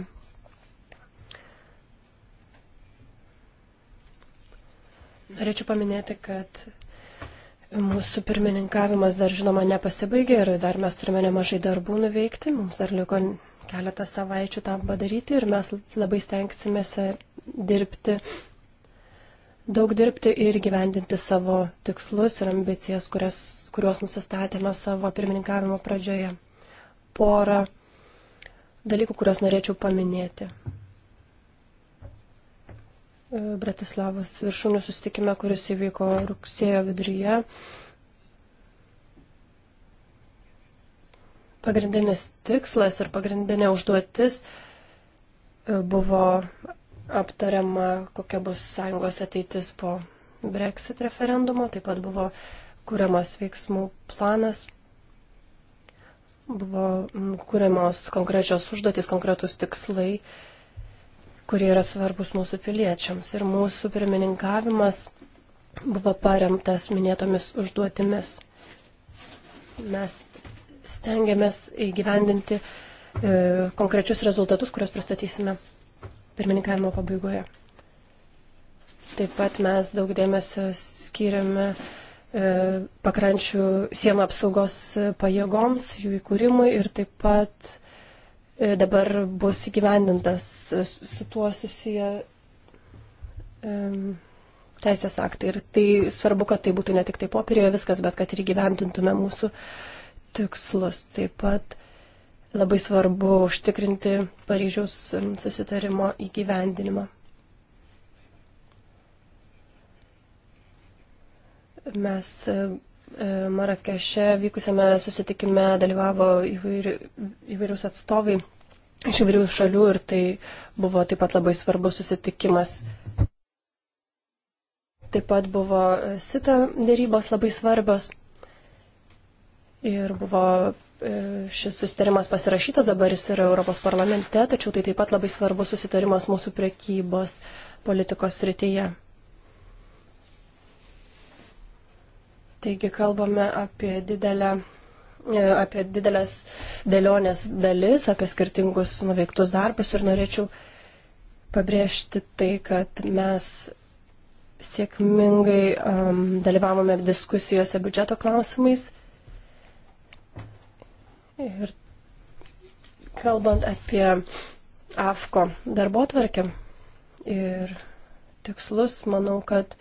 Norėčiau paminėti, kad Mūsų pirmininkavimas dar žinoma nepasibaigė ir dar mes turime nemažai darbų nuveikti. Mums dar liko keletą savaičių tam padaryti ir mes labai stengsimės e, dirbti, daug dirbti ir gyvendinti savo tikslus ir ambicijas, kurias, kuriuos nusistatėme savo pirmininkavimo pradžioje. Porą dalykų, kuriuos norėčiau paminėti. Bratislavos viršūnių susitikime, kuris įvyko rugsėjo viduryje. Pagrindinis tikslas ir pagrindinė užduotis e, buvo aptariama, kokia bus sąjungos ateitis po Brexit referendumo, taip pat buvo kuriamas veiksmų planas, buvo kuriamos konkrečios užduotis, konkretus tikslai kurie yra svarbus mūsų piliečiams. Ir mūsų pirmininkavimas buvo paremtas minėtomis užduotimis. Mes stengiamės įgyvendinti e, konkrečius rezultatus, kuriuos pristatysime pirmininkavimo pabaigoje. Taip pat mes daug dėmesio skiriame e, pakrančių sienų apsaugos pajėgoms, jų įkūrimui ir taip pat E, dabar bus įgyvendintas su tuo susiję teisės aktai. Ir tai svarbu, kad tai būtų ne tik tai popierioje viskas, bet kad ir įgyvendintume mūsų tikslus. Taip pat labai svarbu užtikrinti Paryžiaus susitarimo įgyvendinimą. Mes E, Marakeše vykusiame susitikime dalyvavo įvairi, įvairius atstovai iš įvairių šalių ir tai buvo taip pat labai svarbus susitikimas. Taip pat buvo sita dėrybos labai svarbios ir buvo e, šis susitarimas pasirašytas, dabar jis yra Europos parlamente, tačiau tai taip pat labai svarbus susitarimas mūsų priekybos politikos srityje. Taigi kalbame apie didelę e, apie didelės dėlionės dalis, apie skirtingus nuveiktus darbus ir norėčiau pabrėžti tai, kad mes sėkmingai um, dalyvavome diskusijose biudžeto klausimais. Ir kalbant apie AFKO darbo tvarkę ir tikslus, manau, kad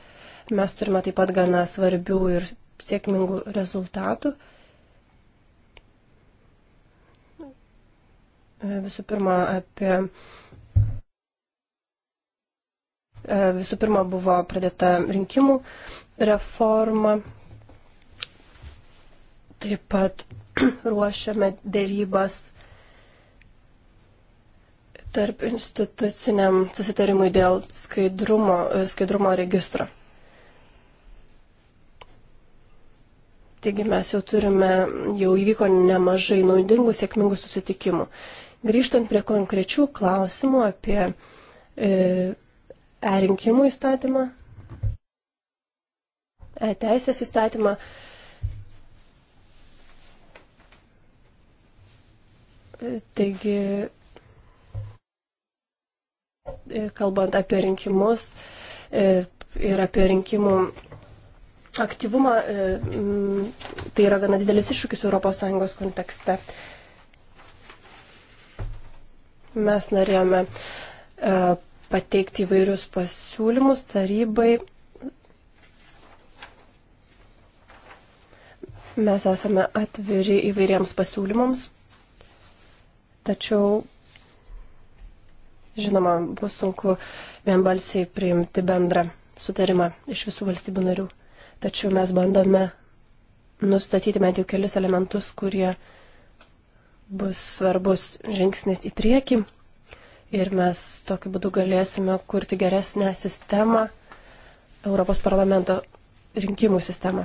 mes turime taip pat gana svarbių ir sėkmingų rezultatų. Visų pirma, apie Visų pirma, buvo pradėta rinkimų reforma. Taip pat ruošiame dėrybas tarp instituciniam susitarimui dėl skaidrumo, skaidrumo registro. Taigi mes jau turime, jau įvyko nemažai naudingų, sėkmingų susitikimų. Grįžtant prie konkrečių klausimų apie e, e-rinkimų įstatymą, e-teisės įstatymą. E, taigi, e, kalbant apie rinkimus ir apie rinkimų aktyvumą, e, tai yra gana didelis iššūkis ES kontekste. Mes norėjome e, pateikti įvairius pasiūlymus tarybai. Mes esame atviri įvairiems pasiūlymams, tačiau, žinoma, bus sunku vienbalsiai priimti bendrą sutarimą iš visų valstybių narių tačiau mes bandome nustatyti bent jau kelis elementus, kurie bus svarbus žingsnis į priekį ir mes tokiu būdu galėsime kurti geresnę sistemą, Europos parlamento rinkimų sistemą.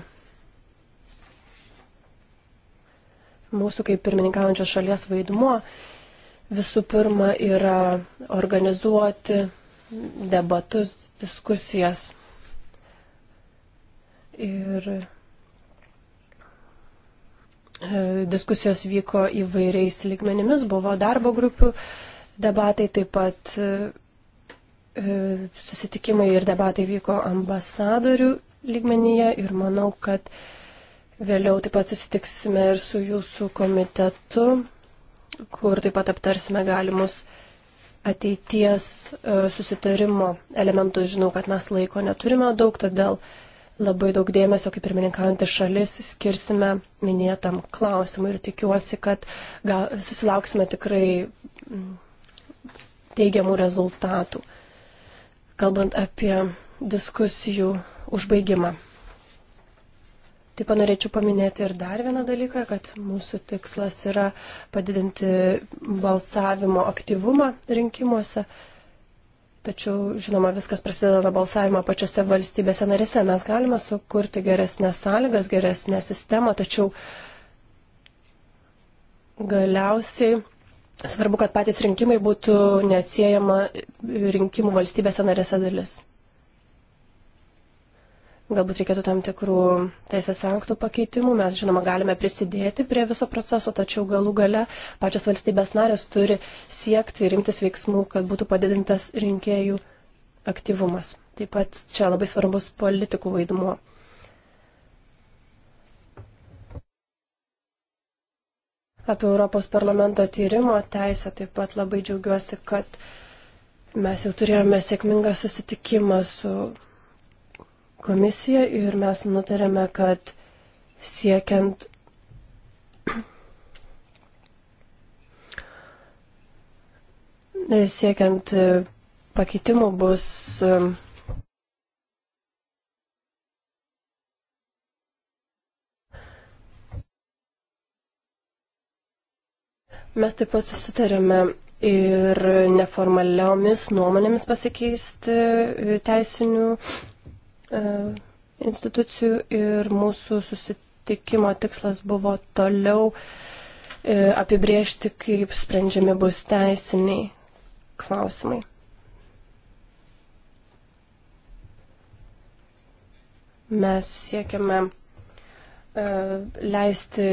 Mūsų kaip pirmininkaujančios šalies vaidmuo visų pirma yra organizuoti debatus, diskusijas Ir e, diskusijos vyko įvairiais lygmenimis, buvo darbo grupių debatai, taip pat e, e, susitikimai ir debatai vyko ambasadorių lygmenyje ir manau, kad vėliau taip pat susitiksime ir su jūsų komitetu, kur taip pat aptarsime galimus ateities susitarimo elementus. Žinau, kad mes laiko neturime daug, todėl uh, labai daug dėmesio, kaip ir meninkaujanti šalis, skirsime minėtam klausimui ir tikiuosi, kad gal, susilauksime tikrai mm, teigiamų rezultatų, kalbant apie diskusijų užbaigimą. Taip pat norėčiau paminėti ir dar vieną dalyką, kad mūsų tikslas yra padidinti balsavimo aktyvumą rinkimuose. Tačiau, žinoma, viskas prasideda nuo balsavimo pačiose valstybėse narise. Mes galime sukurti geresnės sąlygas, geresnę sistemą, tačiau galiausiai svarbu, kad patys rinkimai būtų neatsiejama rinkimų valstybėse narėse dalis. Galbūt reikėtų tam tikrų teisės aktų pakeitimų. Mes, žinoma, galime prisidėti prie viso proceso, tačiau galų gale pačios valstybės narės turi siekti ir imtis veiksmų, kad būtų padidintas rinkėjų aktyvumas. Taip pat čia labai svarbus politikų vaidmuo. Apie Europos parlamento tyrimo teisę taip pat labai džiaugiuosi, kad mes jau turėjome sėkmingą susitikimą su komisija ir mes nutarėme, kad siekiant siekiant pakeitimų bus Mes taip pat susitarėme ir neformaliomis nuomonėmis pasikeisti teisinių E, institucijų ir mūsų susitikimo tikslas buvo toliau e, apibriežti, kaip sprendžiami bus teisiniai klausimai. Mes siekiame e, leisti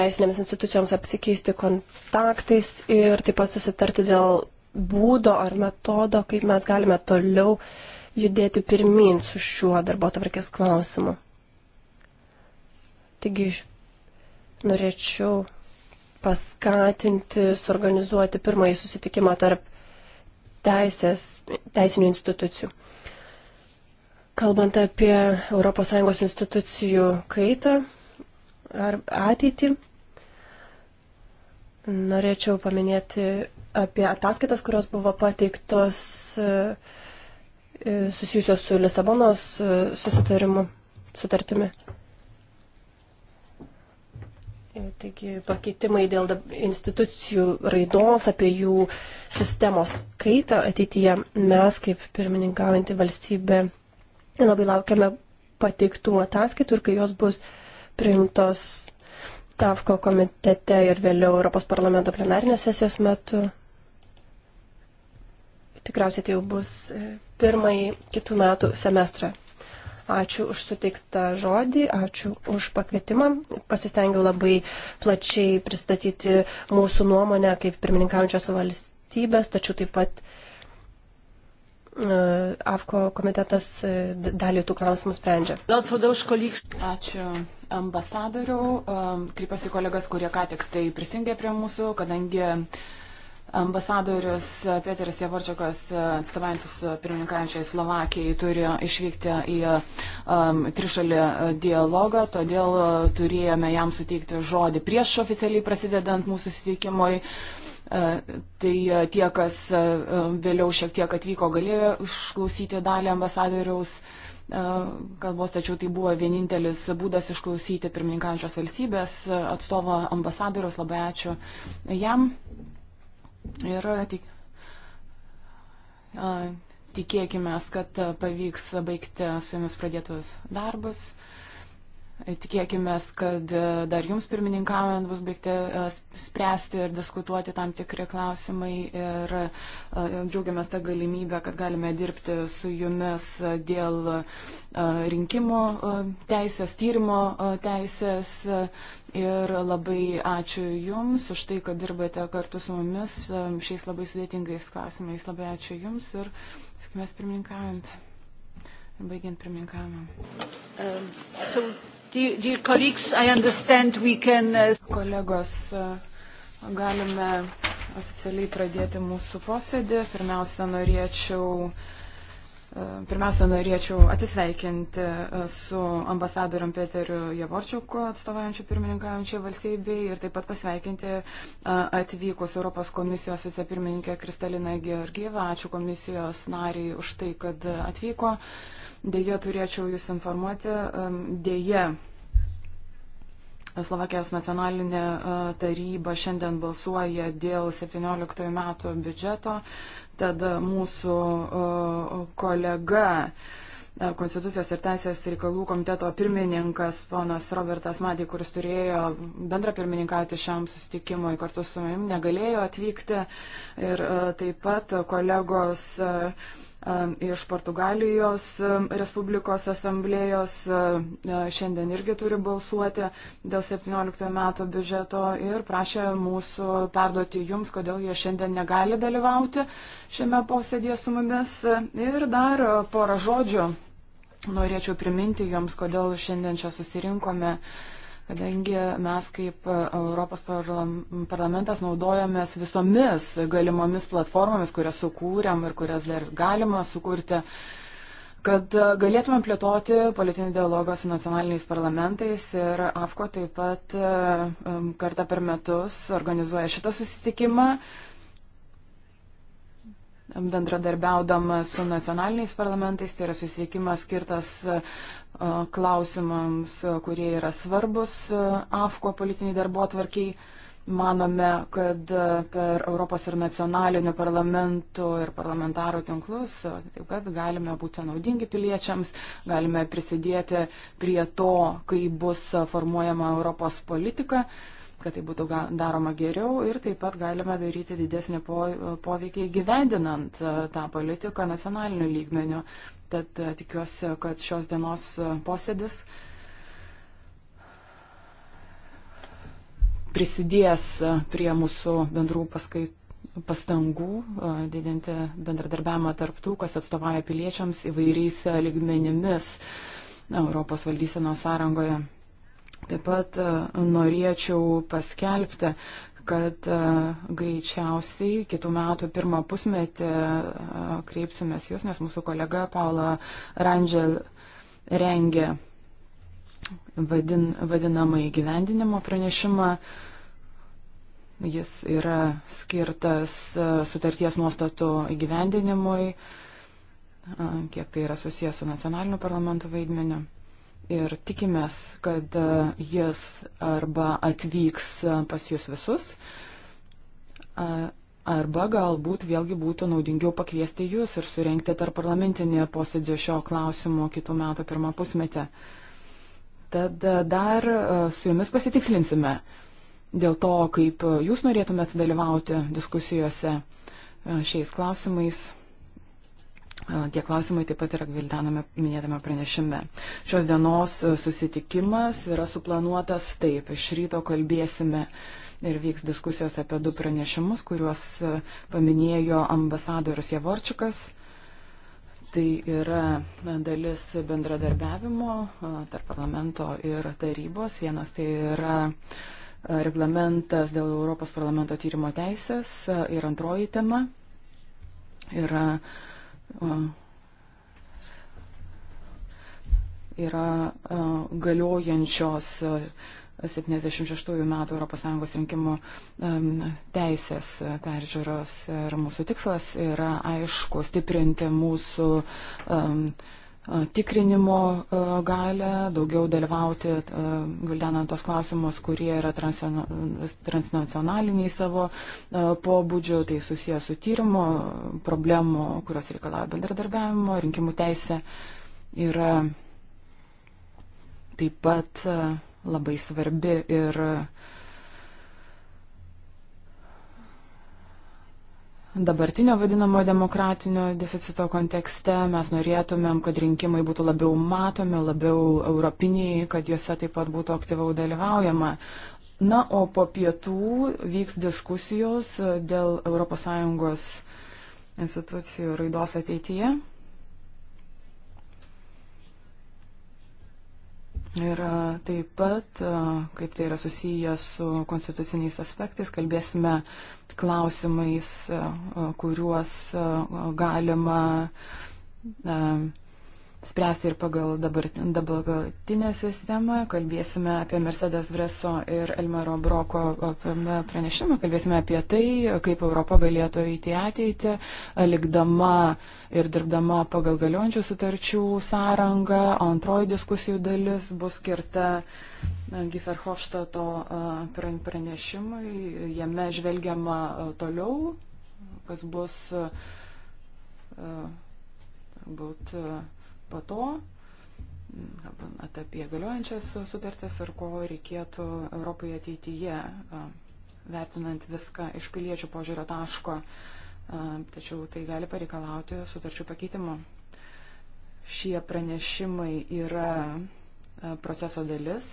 teisinėms institucijoms apsikeisti kontaktais ir taip pat susitarti dėl būdo ar metodo, kaip mes galime toliau uh, judėti pirmin su šiuo darbo tvarkės klausimu. Taigi norėčiau paskatinti, suorganizuoti pirmąjį susitikimą tarp teisės, teisinių institucijų. Kalbant apie ES institucijų kaitą ar ateitį, norėčiau paminėti apie ataskaitas, kurios buvo pateiktos uh, E, susijusios su Lisabonos e, susitarimu, sutartimi. E, taigi pakeitimai dėl institucijų raidos, apie jų sistemos kaitą ateityje mes kaip pirmininkaujantį valstybę labai laukiame pateiktų ataskaitų ir kai jos bus priimtos TAFKO komitete ir vėliau Europos parlamento plenarinės sesijos metu tikriausiai tai jau bus e, pirmąjį kitų metų semestrą. Ačiū už suteiktą žodį, ačiū už pakvietimą. Pasistengiau labai plačiai pristatyti mūsų nuomonę kaip pirmininkaujančios valstybės, tačiau taip pat e, AFKO komitetas e, dalį tų klausimų sprendžia. Ačiū ambasadoriu, kreipiuosi kolegas, kurie ką tik tai prisijungė prie mūsų, kadangi Ambasadorius Peteris Javorčiakas, e, atstovaujantis pirmininkaujančiai Slovakijai, turi išvykti į um, trišalį e, dialogą, todėl turėjome jam suteikti žodį prieš oficialiai prasidedant mūsų susitikimui. Tai tie, kas vėliau šiek tiek atvyko, galėjo išklausyti dalį ambasadoriaus kalbos, tačiau tai buvo vienintelis būdas išklausyti pirmininkančios valstybės atstovo ambasadoriaus. Labai ačiū jam. Ir e, tik, e, tikėkime, kad e, pavyks baigti su jumis pradėtus darbus. Tikėkime, kad e, dar jums pirmininkaujant bus baigti e, spręsti ir diskutuoti tam tikri klausimai ir e, džiaugiamės tą galimybę, kad galime dirbti su jumis dėl rinkimo teisės, tyrimo teisės ir labai ačiū jums už tai, kad dirbate kartu su mumis šiais labai sudėtingais klausimais. Labai ačiū jums ir sakime, pirmininkaujant. Baigiant pirmininkavimą. Um, so... Dear, dear colleagues, I understand we can. Uh, Kolegos, uh, galime oficialiai pradėti mūsų posėdį. Pirmiausia, norėčiau. Uh, pirmiausia, norėčiau atsisveikinti su ambasadorium Peteriu Javorčiuku, atstovaujančiu pirmininkaujančiai valstybei, ir taip pat pasveikinti atvykus Europos komisijos vicepirmininkė Kristalina Georgieva. Ačiū komisijos nariai už tai, kad atvyko. Uh, Deja, turėčiau Jūs informuoti, deja, Slovakijos nacionalinė e, taryba šiandien balsuoja dėl 17 metų biudžeto, tad mūsų e, kolega e, Konstitucijos ir Teisės reikalų komiteto pirmininkas, ponas Robertas Madė, kuris turėjo bendra pirmininkauti šiam susitikimui kartu su manim, negalėjo atvykti. Ir taip pat kolegos uh, iš Portugalijos Respublikos asamblėjos šiandien irgi turi balsuoti dėl 17 metų biudžeto ir prašė mūsų perduoti jums, kodėl jie šiandien negali dalyvauti šiame posėdėje su mumis. Ir dar porą žodžių norėčiau priminti jums, kodėl šiandien čia susirinkome. Uh, kadangi mes kaip e, Europos parlamentas naudojamės visomis galimomis platformomis, kurias sukūrėm ir kurias dar galima sukurti, kad e, galėtume plėtoti politinį dialogą su nacionaliniais parlamentais ir AFKO taip pat e, kartą per metus organizuoja šitą susitikimą bendradarbiaudama su nacionaliniais parlamentais, tai yra susiekimas skirtas e, klausimams, e, kurie yra svarbus e, AFKO politiniai darbo atvarkiai. Manome, kad per Europos ir nacionalinių parlamentų ir parlamentarų tinklus taip pat galime būti naudingi piliečiams, galime prisidėti prie to, kai bus formuojama Europos politika. Uh, kad tai būtų daroma geriau ir taip pat galime daryti didesnį poveikį gyvendinant e, tą politiką nacionaliniu lygmeniu. Tad e, tikiuosi, kad šios dienos e, posėdis prisidės prie mūsų bendrų paskaitų pastangų didinti bendradarbiavimą tarptų, kas atstovauja piliečiams įvairiais lygmenimis Europos valdysenos sąrangoje. Taip pat e, norėčiau paskelbti, kad e, greičiausiai kitų metų pirmą pusmetį e, kreipsimės jūs, nes mūsų kolega Paula Rangel rengė vadin, vadinamą įgyvendinimo pranešimą. Jis yra skirtas sutarties nuostatų įgyvendinimui, kiek tai yra susijęs su nacionaliniu parlamentu vaidmeniu ir tikimės, kad e, jis arba atvyks e, pas jūs visus, arba galbūt vėlgi būtų naudingiau pakviesti jūs ir surenkti tarp parlamentinį posėdį šio klausimo kitų metų pirmą pusmetę. Tad e, dar su jumis pasitikslinsime dėl to, kaip jūs norėtumėt dalyvauti diskusijose šiais klausimais. Tie klausimai taip pat yra gvildenami minėtame pranešime. Šios dienos e, susitikimas yra suplanuotas taip. Iš ryto kalbėsime ir vyks diskusijos apie du pranešimus, kuriuos e, paminėjo ambasadorius Javorčikas. Tai yra dalis bendradarbiavimo tarp parlamento ir tarybos. Vienas tai yra reglamentas dėl Europos parlamento tyrimo teisės ir antroji tema yra uh, yra galiojančios 76 metų ES rinkimų teisės peržiūros ir mūsų tikslas yra aišku stiprinti mūsų tikrinimo galę, daugiau dalyvauti gvildenant tos klausimus, kurie yra transnacionaliniai savo pobūdžio, tai susijęs su tyrimo problemų, kurios reikalauja bendradarbiavimo, rinkimų teisė yra taip pat labai svarbi ir uh, dabartinio vadinamo demokratinio deficito kontekste mes norėtumėm, kad rinkimai būtų labiau matomi, labiau europiniai, kad juose taip pat būtų aktyviau dalyvaujama. Na, o po pietų vyks diskusijos dėl ES institucijų raidos ateityje. Ir e, taip pat, e, kaip tai yra susiję su konstituciniais aspektais, kalbėsime klausimais, e, kuriuos galima spręsti ir pagal dabartinę sistemą. Kalbėsime apie Mercedes Breso ir Elmero Broko pranešimą, kalbėsime apie tai, kaip Europa galėtų įti ateitį, likdama ir dirbdama pagal galiojančių sutarčių sąrangą. O antroji diskusijų dalis bus skirta Giferhofštato pranešimui. Jame žvelgiama toliau, kas bus galbūt po to, kalbant apie galiojančias sutartis ir ko reikėtų Europai ateityje, vertinant viską iš piliečių požiūrio taško, tačiau tai gali pareikalauti sutarčių pakeitimo. Šie pranešimai yra proceso dalis,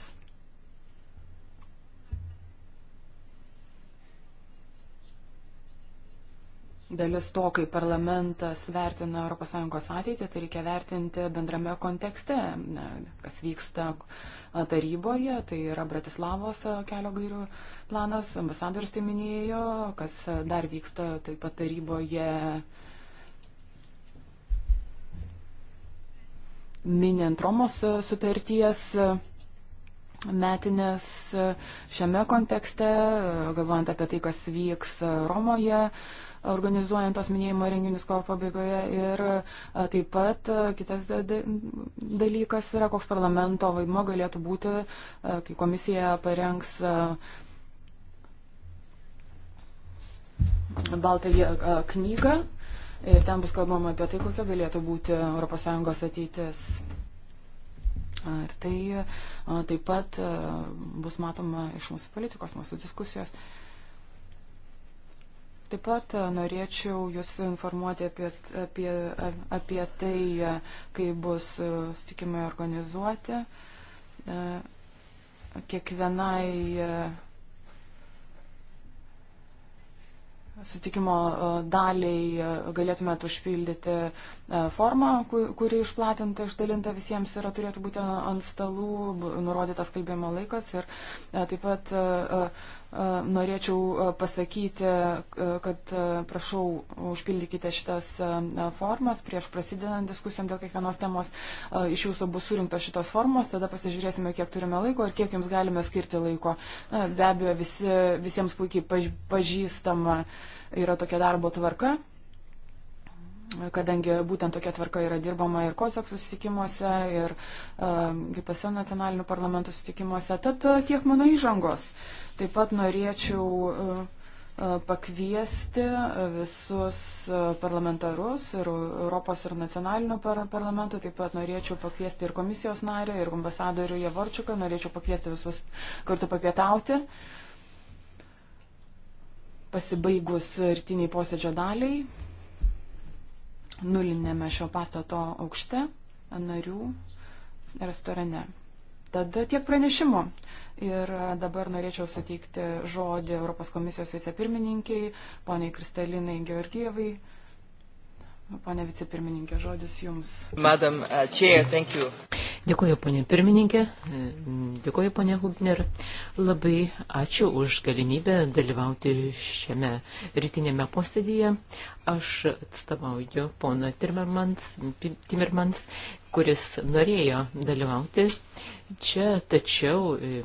dalis to, kaip parlamentas vertina ES ateitį, tai reikia vertinti bendrame kontekste, kas vyksta taryboje, tai yra Bratislavos kelio gairių planas, ambasadoris tai minėjo, kas dar vyksta taip pat taryboje. Minint Romos sutarties metinės šiame kontekste, galvojant apie tai, kas vyks Romoje, uh, organizuojant tos minėjimo renginius kovo pabaigoje. Ir taip pat kitas dalykas yra, koks parlamento vaidmo galėtų būti, kai komisija parengs baltąją knygą. Ir ten bus kalbama apie tai, kokia galėtų būti ES ateitis. Ir tai taip pat bus matoma iš mūsų politikos, mūsų diskusijos. Uh, Taip pat e, norėčiau Jūs informuoti apie, apie, e, apie tai, e, kai bus sutikimai organizuoti. Kiekvienai sutikimo daliai galėtumėt užpildyti formą, kuri išplatinta, išdalinta visiems yra turėtų būti ant stalų, nurodytas kalbėjimo laikas ir taip pat norėčiau pasakyti, kad prašau užpildykite šitas formas prieš prasidedant diskusijom dėl kiekvienos temos. Iš jūsų bus surinktos šitos formos, tada pasižiūrėsime, kiek turime laiko ir kiek jums galime skirti laiko. Be abejo, visi, visiems puikiai pažįstama yra tokia darbo tvarka kadangi būtent tokia tvarka yra dirbama ir COSAC susitikimuose, ir uh, kitose nacionalinių parlamentų susitikimuose. Tad uh, tiek mano įžangos. Taip pat norėčiau uh, pakviesti visus parlamentarus ir Europos ir nacionalinio par parlamento, taip pat norėčiau pakviesti ir komisijos narę, ir ambasadorių Javorčiuką, norėčiau pakviesti visus kartu papietauti. Pasibaigus rytiniai posėdžio daliai, nulinėme šio pastato aukšte, narių restorane. Tad tiek pranešimo. Ir dabar norėčiau suteikti žodį Europos komisijos vicepirmininkiai, poniai Kristalinai Georgievai. Pane vicepirmininkė, žodis jums. Madam uh, Chair, thank you. Dėkuoju, ponė pirmininkė, dėkuoju, ponė Hubner. Labai ačiū už galimybę dalyvauti šiame rytinėme posėdėje. Aš atstovauju poną Timmermans, Timmermans, kuris norėjo dalyvauti čia, tačiau e,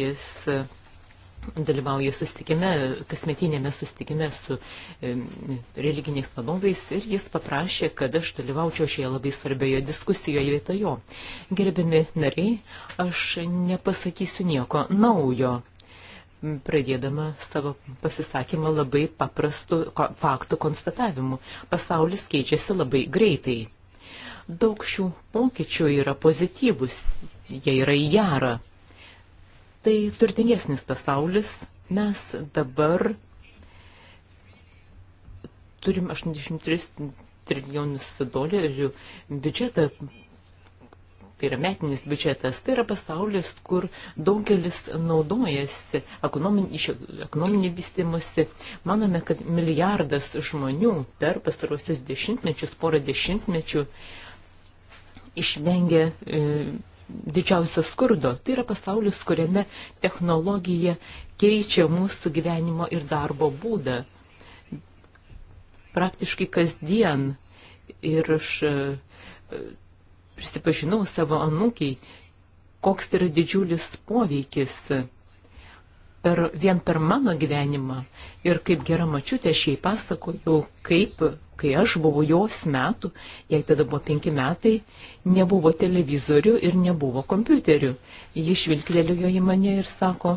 jis dalyvauja sustikime, kasmetinėme sustikime su e, religiniais vadovais ir jis paprašė, kad aš dalyvaučiau šioje labai svarbioje diskusijoje vietojo. Gerbiami nariai, aš nepasakysiu nieko naujo, pradėdama savo pasisakymą labai paprastų faktų konstatavimu. Pasaulis keičiasi labai greitai. Daug šių pokyčių yra pozityvus, jie yra į gerą tai turtingesnis pasaulis. Mes dabar turim 83 trilijonus dolerių biudžetą, tai yra metinis biudžetas, tai yra pasaulis, kur daugelis naudojasi ekonominį, ekonominį vystimusi. Manome, kad milijardas žmonių per pastarosius dešimtmečius, porą dešimtmečių išvengia e, didžiausio skurdo. Tai yra pasaulis, kuriame technologija keičia mūsų gyvenimo ir darbo būdą. Praktiškai kasdien. Ir aš e, e, prisipažinau savo anūkiai, koks yra didžiulis poveikis per, vien per mano gyvenimą. Ir kaip gera mačiutė, aš jai pasakojau, kaip, kai aš buvau jos metų, jai tada buvo penki metai, nebuvo televizorių ir nebuvo kompiuterių. Ji švilktelėjo į mane ir sako,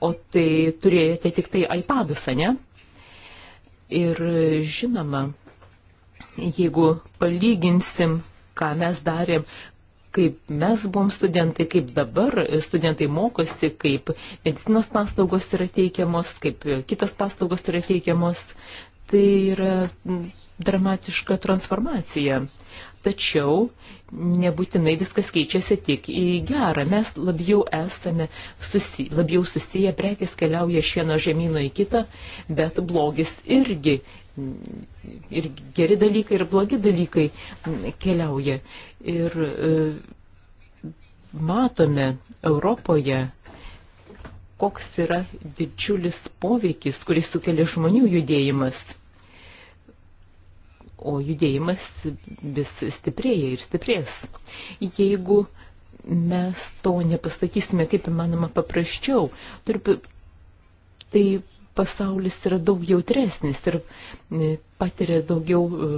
o tai turėjote tik tai iPadus, ne? Ir žinoma, jeigu palyginsim, ką mes darėm, kaip mes buvom studentai, kaip dabar studentai mokosi, kaip medicinos paslaugos yra teikiamos, kaip kitos paslaugos yra teikiamos. Tai yra dramatiška transformacija. Tačiau nebūtinai viskas keičiasi tik į gerą. Mes labiau esame susi, labiau susiję, prekis keliauja iš vieno žemyno į kitą, bet blogis irgi ir geri dalykai, ir blogi dalykai keliauja. Ir e, matome Europoje, koks yra didžiulis poveikis, kurį sukelia žmonių judėjimas. O judėjimas vis stiprėja ir stiprės. Jeigu mes to nepasakysime kaip įmanoma paprasčiau, turiu, tai pasaulis yra daug jautresnis ir e, patiria daugiau e,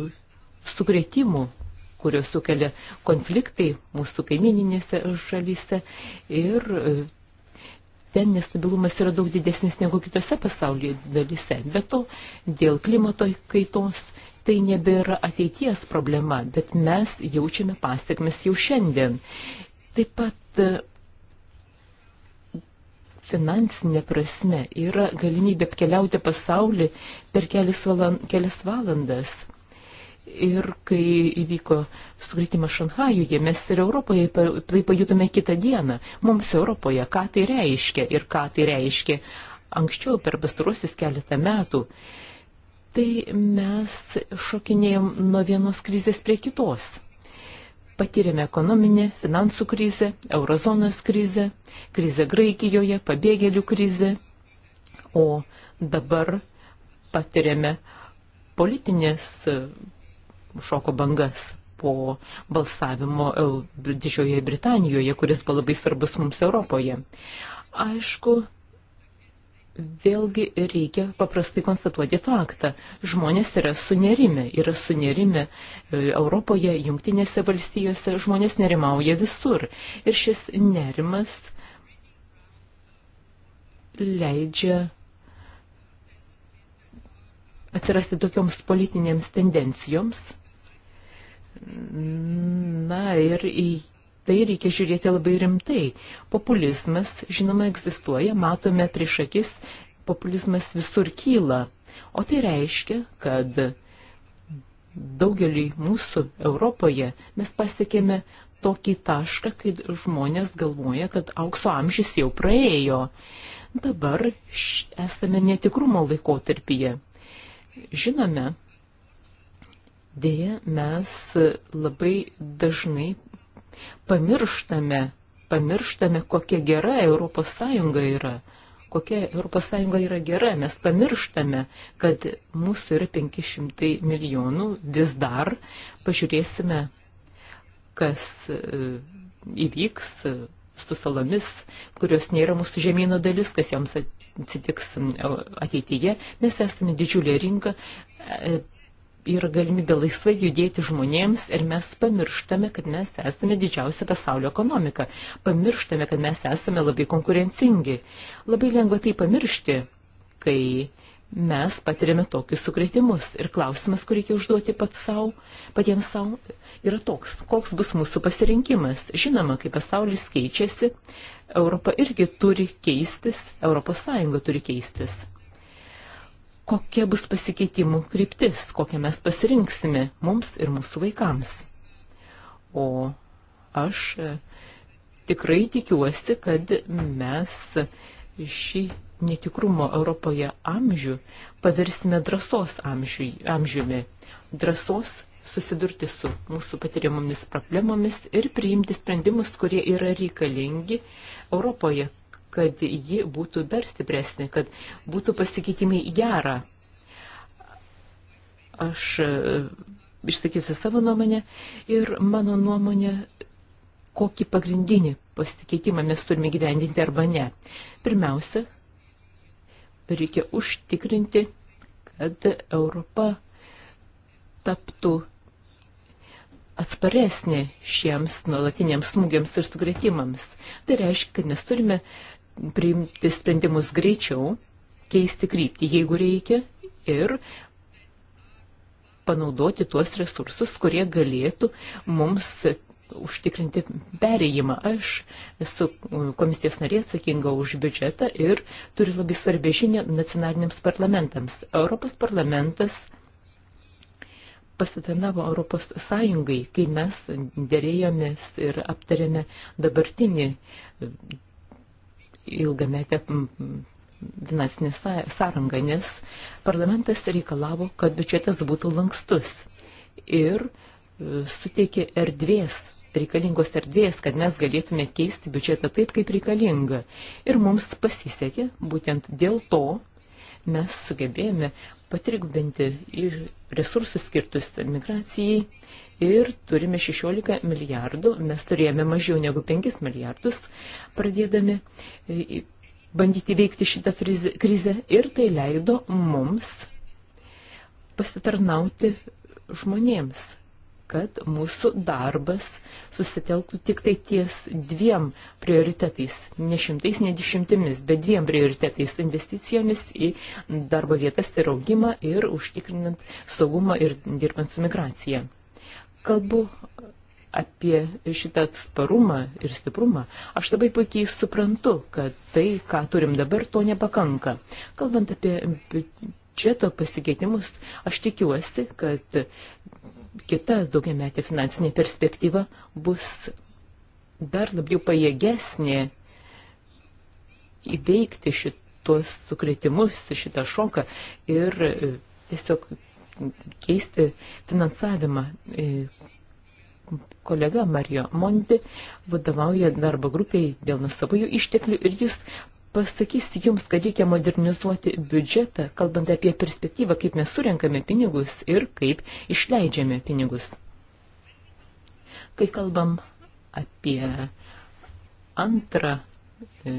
sukretimų, kurios sukelia konfliktai mūsų kaimininėse šalyse ir e, ten nestabilumas yra daug didesnis negu kitose pasaulio dalise. Be to, dėl klimato kaitos tai nebėra ateities problema, bet mes jaučiame pasiekmes jau šiandien. Taip pat finansinė prasme yra galimybė apkeliauti pasaulį per kelias, valand, kelias valandas. Ir kai įvyko sukritimas Šanhajuje, mes ir Europoje tai pajutome kitą dieną. Mums Europoje, ką tai reiškia ir ką tai reiškia anksčiau per pastarosius keletą metų, tai mes šokinėjom nuo vienos krizės prie kitos patyrėme ekonominę, finansų krizę, eurozonos krizę, krizę Graikijoje, pabėgėlių krizę, o dabar patyrėme politinės e, šoko bangas po balsavimo Didžiojoje Britanijoje, kuris buvo labai svarbus mums Europoje. Aišku, vėlgi reikia paprastai konstatuoti faktą. Žmonės yra sunerime, yra sunerime Europoje, jungtinėse valstijose, žmonės nerimauja visur. Ir šis nerimas leidžia atsirasti tokioms politinėms tendencijoms. Na ir į tai reikia žiūrėti labai rimtai. Populizmas, žinoma, egzistuoja, matome prieš akis, populizmas visur kyla. O tai reiškia, kad daugelį mūsų Europoje mes pasiekėme tokį tašką, kai žmonės galvoja, kad aukso amžius jau praėjo. Dabar esame netikrumo laikotarpyje. Žinome, dėja mes labai dažnai pamirštame, pamirštame, kokia gera Europos Sąjunga yra kokia ES yra gera, mes pamirštame, kad mūsų yra 500 milijonų vis dar, pažiūrėsime, kas e, įvyks su salomis, kurios nėra mūsų žemynų dalis, kas joms atsitiks e, ateityje, mes esame didžiulė rinka, e, yra galimybė laisvai judėti žmonėms ir mes pamirštame, kad mes esame didžiausia pasaulio ekonomika. Pamirštame, kad mes esame labai konkurencingi. Labai lengva tai pamiršti, kai mes patiriame tokius sukretimus. Ir klausimas, kurį reikia užduoti pat savo, patiems savo, yra toks, koks bus mūsų pasirinkimas. Žinoma, kai pasaulis keičiasi, Europa irgi turi keistis, Europos Sąjunga turi keistis kokia bus pasikeitimų kryptis, kokią mes pasirinksime mums ir mūsų vaikams. O aš e, tikrai tikiuosi, kad mes šį netikrumo Europoje amžių paversime drąsos amžiui, amžiumi, drąsos susidurti su mūsų patiriamomis problemomis ir priimti sprendimus, kurie yra reikalingi Europoje, kad ji būtų dar stipresnė, kad būtų pasikeitimai į gerą. Aš e, išsakysiu savo nuomonę ir mano nuomonė, kokį pagrindinį pasikeitimą mes turime gyvendinti arba ne. Pirmiausia, reikia užtikrinti, kad Europa taptų atsparesnė šiems nuolatiniams smūgiams ir sugretimams. Tai reiškia, kad mes turime priimti sprendimus greičiau, keisti kryptį, jeigu reikia, ir panaudoti tuos resursus, kurie galėtų mums užtikrinti perėjimą. Aš esu komisijos narė atsakinga už biudžetą ir turiu labai svarbę žinę nacionaliniams parlamentams. Europos parlamentas pasitarnavo Europos Sąjungai, kai mes dėrėjomės ir aptarėme dabartinį ilgametę finansinę sąrangą, nes parlamentas reikalavo, kad biudžetas būtų lankstus ir e, suteikė erdvės, reikalingos erdvės, kad mes galėtume keisti biudžetą taip, kaip reikalinga. Ir mums pasisekė, būtent dėl to mes sugebėjome patrigubinti ir resursus skirtus migracijai ir turime 16 milijardų, mes turėjome mažiau negu 5 milijardus pradėdami e, bandyti veikti šitą krizę ir tai leido mums pasitarnauti žmonėms kad mūsų darbas susitelktų tik tai ties dviem prioritetais, ne šimtais, ne dešimtimis, bet dviem prioritetais - investicijomis į darbo vietas ir augimą ir užtikrinant saugumą ir dirbant su migracija kalbu apie šitą atsparumą ir stiprumą, aš labai puikiai suprantu, kad tai, ką turim dabar, to nepakanka. Kalbant apie biudžeto pasikeitimus, aš tikiuosi, kad kita daugiametė finansinė perspektyva bus dar labiau pajėgesnė įveikti šitos sukretimus, šitą šoką ir tiesiog keisti finansavimą. E, kolega Mario Monti vadovauja darbo grupiai dėl nusavųjų išteklių ir jis pasakys jums, kad reikia modernizuoti biudžetą, kalbant apie perspektyvą, kaip mes surenkame pinigus ir kaip išleidžiame pinigus. Kai kalbam apie antrą e,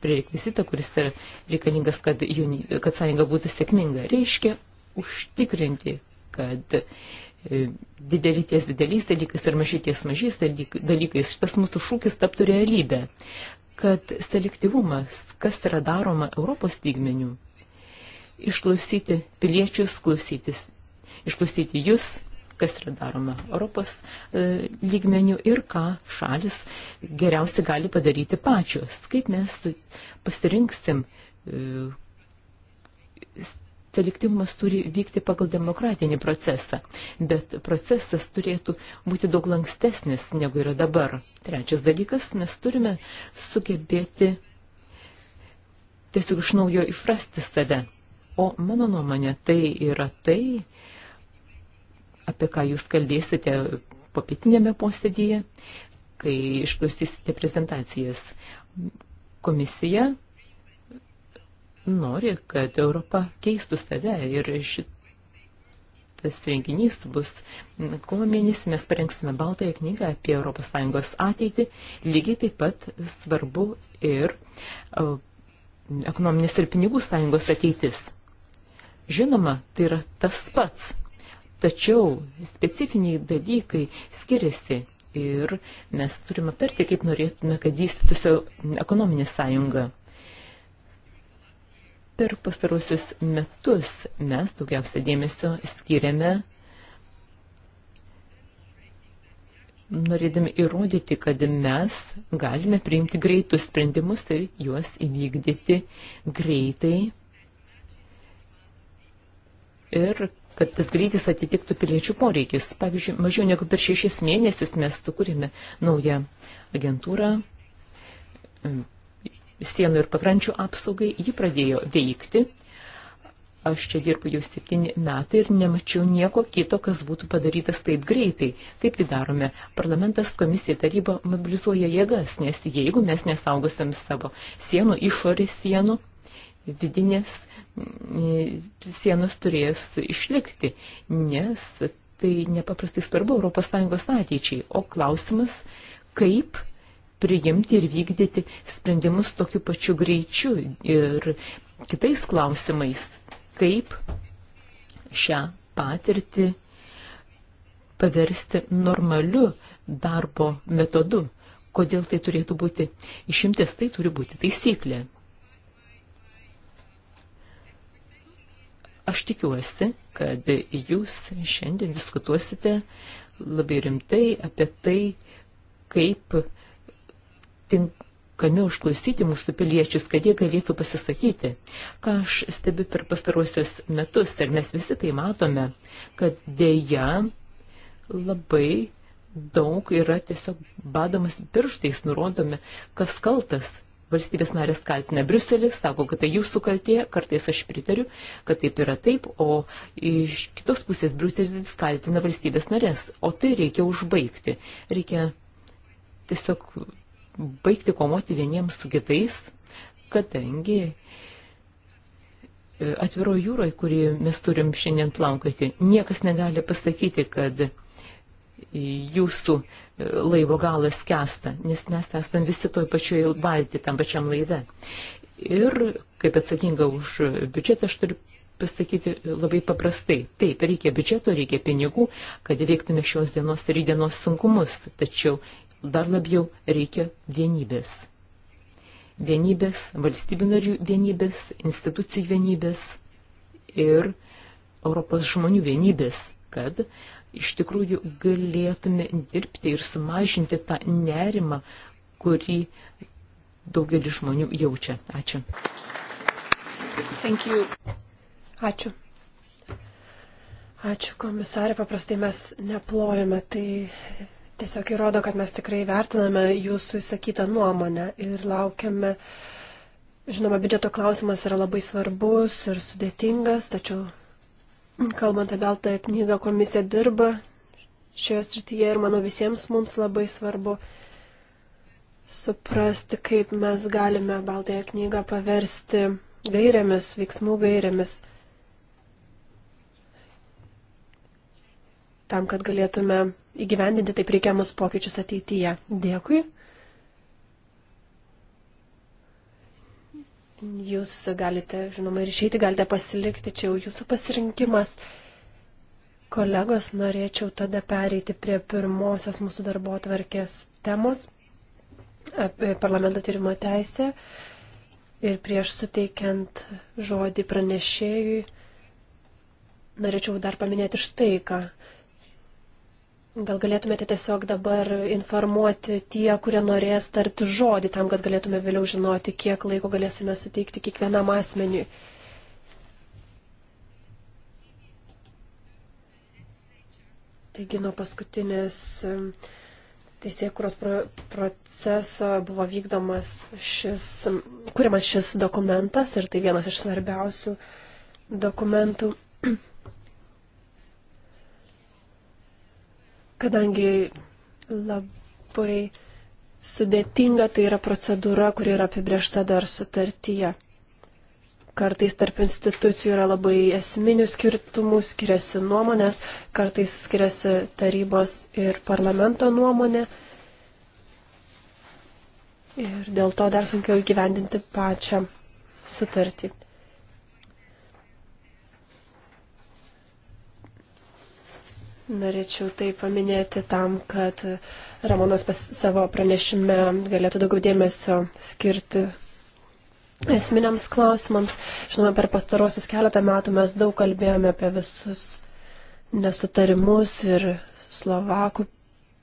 prerekvizitą, kuris yra reikalingas, kad, juni, kad sąjunga būtų sėkminga, reiškia užtikrinti, kad e, dideli ties dideliais dalykais ir maži ties mažiais dalykais šitas mūsų šūkis taptų realybę, kad selektyvumas, kas yra daroma Europos lygmenių, išklausyti piliečius, klausytis, išklausyti jūs, kas yra daroma Europos e, lygmenių ir ką šalis geriausiai gali padaryti pačios, kaip mes pasirinksim e, selektyvumas turi vykti pagal demokratinį procesą, bet procesas turėtų būti daug lankstesnis negu yra dabar. Trečias dalykas, mes turime sugebėti tiesiog iš naujo išrasti save. O mano nuomonė tai yra tai, apie ką jūs kalbėsite popietinėme posėdyje, kai išklausysite prezentacijas. Komisija nori, kad Europa keistų save ir šitas renginys bus kovo mėnesį, mes parengsime baltąją knygą apie ES ateitį, lygiai taip pat svarbu ir o, e, ekonominis ir pinigų sąjungos ateitis. Žinoma, tai yra tas pats, tačiau specifiniai dalykai skiriasi ir mes turime aptarti, kaip norėtume, kad vystytųsi ekonominė sąjunga. Per pastarusius metus mes daugiausia dėmesio skiriame norėdami įrodyti, kad mes galime priimti greitus sprendimus ir juos įvykdyti greitai ir kad tas greitis atitiktų piliečių poreikis. Pavyzdžiui, mažiau negu per šešis mėnesius mes sukūrėme naują agentūrą sienų ir pakrančių apsaugai, ji pradėjo veikti. Aš čia dirbu jau septyni metai ir nemačiau nieko kito, kas būtų padarytas taip greitai. Kaip tai darome? Parlamentas, komisija, taryba mobilizuoja jėgas, nes jeigu mes nesaugosim savo sienų, išorės sienų, vidinės mm, sienos turės išlikti, nes tai nepaprastai svarbu ES ateičiai. O klausimas, kaip priimti ir vykdyti sprendimus tokiu pačiu greičiu ir kitais klausimais, kaip šią patirtį paversti normaliu darbo metodu. Kodėl tai turėtų būti išimtis, tai turi būti taisyklė. Aš tikiuosi, kad jūs šiandien diskutuosite labai rimtai apie tai, kaip tinkami užklausyti mūsų piliečius, kad jie galėtų pasisakyti. Ką aš stebiu per pastarosius metus, ir mes visi tai matome, kad dėja labai daug yra tiesiog badamas pirštais nurodomi, kas kaltas. Valstybės narės kaltina Briuselį, sako, kad tai jūsų kaltė, kartais aš pritariu, kad taip yra taip, o iš kitos pusės Briuselis kaltina valstybės narės, o tai reikia užbaigti. Reikia tiesiog baigti komoti vieniems su kitais, kadangi e, atviro jūroje, kurį mes turim šiandien plankoti, niekas negali pasakyti, kad jūsų e, laivo galas kesta, nes mes esam visi toj pačioj valti, tam pačiam laive. Ir kaip atsakinga už biudžetą, aš turiu pasakyti labai paprastai. Taip, reikia biudžeto, reikia pinigų, kad įveiktume šios dienos ir dienos sunkumus, tačiau dar labiau reikia vienybės. Vienybės, valstybių narių vienybės, institucijų vienybės ir Europos žmonių vienybės, kad iš tikrųjų galėtume dirbti ir sumažinti tą nerimą, kurį daugelis žmonių jaučia. Ačiū. Thank you. Ačiū. Ačiū komisarė, paprastai mes neplojame, tai tiesiog įrodo, kad mes tikrai vertiname jūsų įsakytą nuomonę ir laukiame. Žinoma, biudžeto klausimas yra labai svarbus ir sudėtingas, tačiau kalbant apie Baltąją knygą, komisija dirba šioje srityje ir manau visiems mums labai svarbu suprasti, kaip mes galime Baltąją knygą paversti gairėmis, veiksmų gairėmis. tam, kad galėtume įgyvendinti taip reikiamus pokyčius ateityje. Dėkui. Jūs galite, žinoma, ir išeiti, galite pasilikti, čia jau jūsų pasirinkimas. Kolegos, norėčiau tada pereiti prie pirmosios mūsų darbo atvarkės temos apie parlamento tyrimo teisę. Ir prieš suteikiant žodį pranešėjui, norėčiau dar paminėti štai ką. Gal galėtumėte tiesiog dabar informuoti tie, kurie norės tarti žodį, tam, kad galėtume vėliau žinoti, kiek laiko galėsime suteikti kiekvienam asmeniui. Taigi nuo paskutinės teisėkuros pro proceso buvo vykdomas šis, kuriamas šis dokumentas ir tai vienas iš svarbiausių dokumentų. kadangi labai sudėtinga tai yra procedūra, kuri yra apibriešta dar sutartyje. Kartais tarp institucijų yra labai esminių skirtumų, skiriasi nuomonės, kartais skiriasi tarybos ir parlamento nuomonė. Ir dėl to dar sunkiau įgyvendinti pačią sutartį. Norėčiau tai paminėti tam, kad Ramonas pas savo pranešime galėtų daugiau dėmesio skirti esminiams klausimams. Žinoma, per pastarosius keletą metų mes daug kalbėjome apie visus nesutarimus ir Slovakų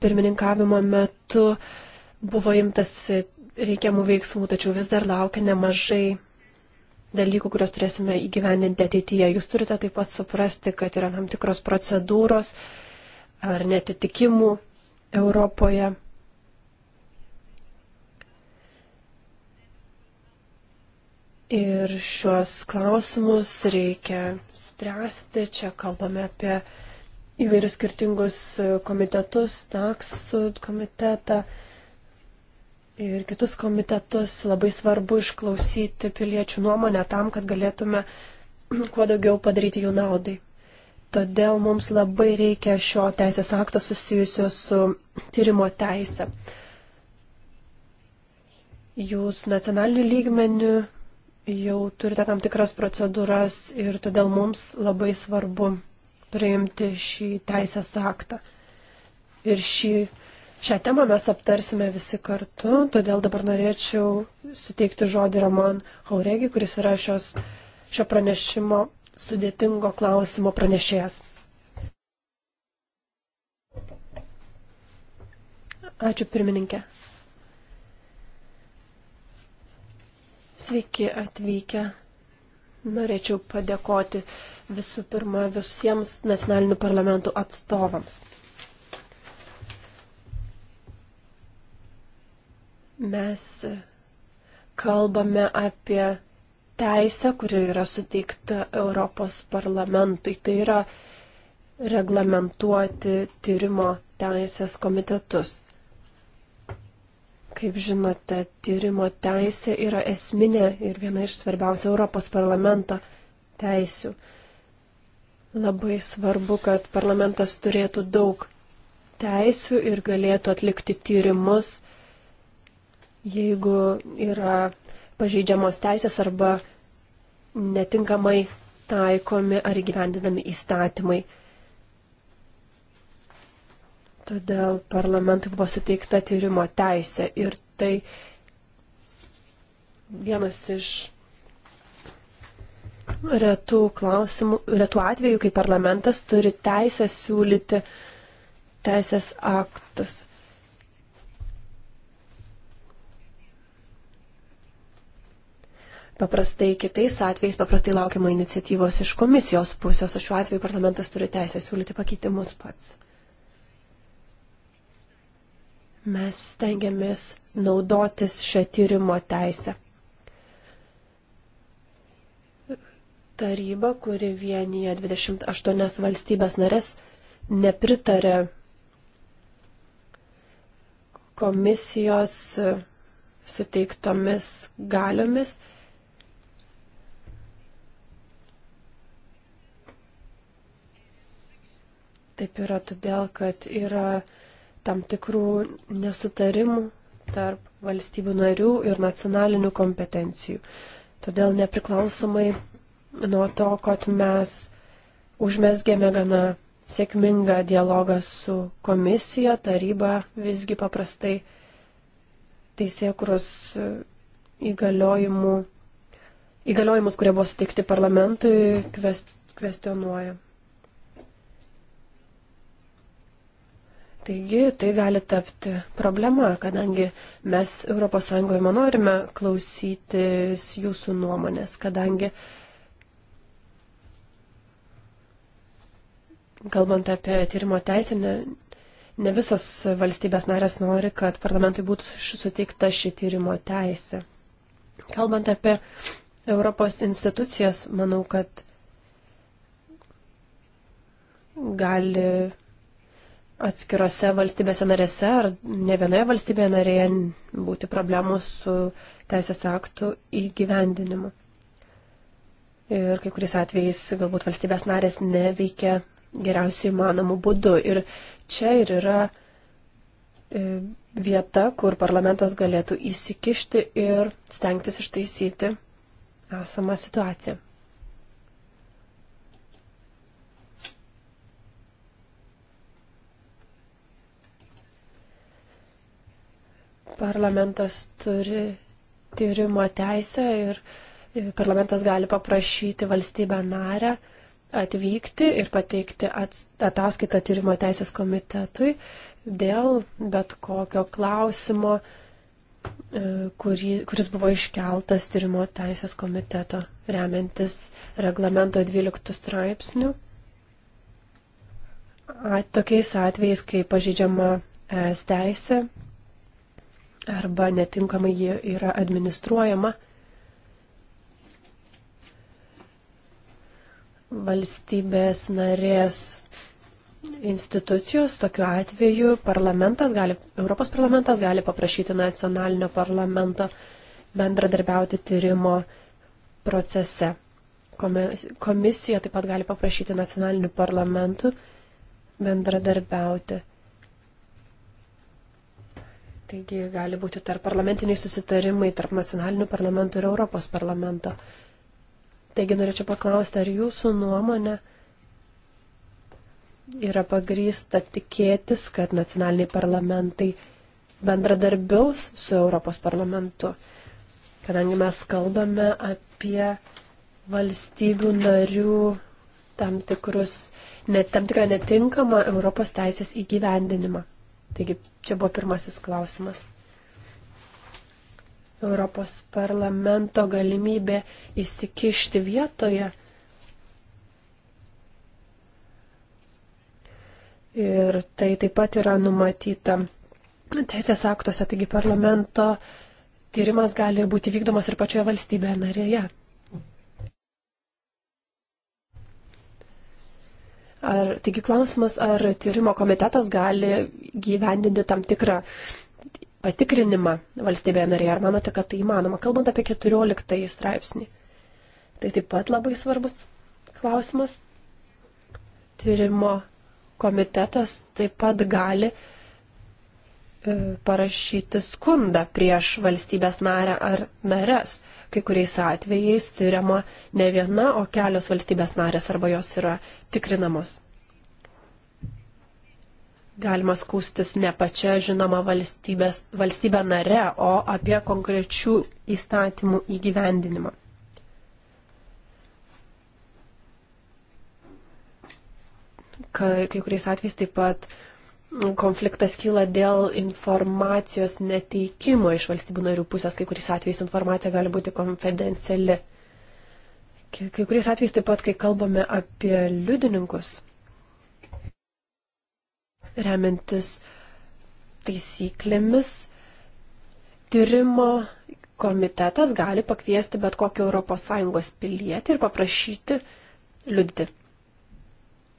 pirmininkavimo metu buvo imtas reikiamų veiksmų, tačiau vis dar laukia nemažai dalykų, kuriuos turėsime įgyvendinti ateityje. Jūs turite taip pat suprasti, kad yra tam tikros procedūros ar netitikimų Europoje. Ir šiuos klausimus reikia spręsti. Čia kalbame apie įvairius skirtingus komitetus, taksų komitetą ir kitus komitetus. Labai svarbu išklausyti piliečių nuomonę tam, kad galėtume kuo daugiau padaryti jų naudai. Todėl mums labai reikia šio teisės akto susijusio su tyrimo teise. Jūs nacionaliniu lygmeniu jau turite tam tikras procedūras ir todėl mums labai svarbu priimti šį teisės aktą ir šį Šią temą mes aptarsime visi kartu, todėl dabar norėčiau suteikti žodį Roman Hauregi, kuris yra šios, šio pranešimo sudėtingo klausimo pranešėjas. Ačiū pirmininkė. Sveiki atvykę. Norėčiau padėkoti visų pirma visiems nacionalinių parlamentų atstovams. Mes kalbame apie teisę, kuri yra suteikta Europos parlamentui. Tai yra reglamentuoti tyrimo teisės komitetus. Kaip žinote, tyrimo teisė yra esminė ir viena iš svarbiausių Europos parlamento teisių. Labai svarbu, kad parlamentas turėtų daug teisių ir galėtų atlikti tyrimus jeigu yra pažeidžiamos teisės arba netinkamai taikomi ar gyvendinami įstatymai. Todėl parlamentui buvo suteikta tyrimo teisė ir tai vienas iš retų klausimų, retų atvejų, kai parlamentas turi teisę siūlyti teisės aktus. Paprastai kitais atvejais paprastai laukiama iniciatyvos iš komisijos pusės, o šiuo atveju parlamentas turi teisę siūlyti pakeitimus pats. Mes stengiamės naudotis šią tyrimo teisę. Taryba, kuri vienyje 28 valstybės narės, nepritarė komisijos suteiktomis galiomis Taip yra todėl, kad yra tam tikrų nesutarimų tarp valstybių narių ir nacionalinių kompetencijų. Todėl nepriklausomai nuo to, kad mes užmesgėme gana sėkmingą dialogą su komisija, taryba visgi paprastai teisėkuros įgaliojimų, įgaliojimus, kurie buvo suteikti parlamentui, kvest, kvestionuoja. Taigi tai gali tapti problema, kadangi mes ES norime klausytis jūsų nuomonės, kadangi kalbant apie tyrimo teisę, ne, ne visos valstybės narės nori, kad parlamentui būtų suteikta ši tyrimo teisė. Kalbant apie Europos institucijas, manau, kad gali atskirose valstybėse narėse ar ne vienoje valstybėje narėje būti problemų su teisės aktų įgyvendinimu. Ir kai kuriais atvejais galbūt valstybės narės neveikia geriausiai įmanomų būdų. Ir čia ir yra e, vieta, kur parlamentas galėtų įsikišti ir stengtis ištaisyti esamą situaciją. parlamentas turi tyrimo teisę ir parlamentas gali paprašyti valstybę narę atvykti ir pateikti ataskaitą tyrimo teisės komitetui dėl bet kokio klausimo, e, kurį, kuris buvo iškeltas tyrimo teisės komiteto remiantis reglamento 12 straipsnių. Tokiais atvejais, kai pažydžiama es teisė, arba netinkamai ji yra administruojama. Valstybės narės institucijos tokiu atveju parlamentas gali, Europos parlamentas gali paprašyti nacionalinio parlamento bendradarbiauti tyrimo procese. Komisija taip pat gali paprašyti nacionalinių parlamentų bendradarbiauti. Taigi gali būti tarp parlamentiniai susitarimai, tarp nacionalinių parlamentų ir Europos parlamento. Taigi norėčiau paklausti, ar jūsų nuomonė yra pagrįsta tikėtis, kad nacionaliniai parlamentai bendradarbiaus su Europos parlamentu, kadangi mes kalbame apie valstybių narių tam, tikrus, ne, tam tikrą netinkamą Europos teisės įgyvendinimą. Taigi Čia buvo pirmasis klausimas. Europos parlamento galimybė įsikišti vietoje ir tai taip pat yra numatyta teisės aktuose, taigi parlamento tyrimas gali būti vykdomas ir pačioje valstybėje narėje. Ar, taigi klausimas, ar tyrimo komitetas gali gyvendinti tam tikrą patikrinimą valstybėje narėje, ar manote, kad tai įmanoma? Kalbant apie 14 straipsnį, tai taip pat labai svarbus klausimas. Tyrimo komitetas taip pat gali e, parašyti skundą prieš valstybės narę ar nares kai kuriais atvejais tyriama ne viena, o kelios valstybės narės arba jos yra tikrinamos. Galima skūstis ne pačia žinoma valstybės, valstybė nare, o apie konkrečių įstatymų įgyvendinimą. Kai, kai kuriais atvejais taip pat uh, konfliktas kyla dėl informacijos neteikimo iš valstybių narių pusės, kai kuriais atvejais informacija gali būti konfidenciali. Kai kuriais atvejais taip pat, kai kalbame apie liudininkus, remiantis taisyklėmis, tyrimo komitetas gali pakviesti bet kokį ES pilietį ir paprašyti liudyti.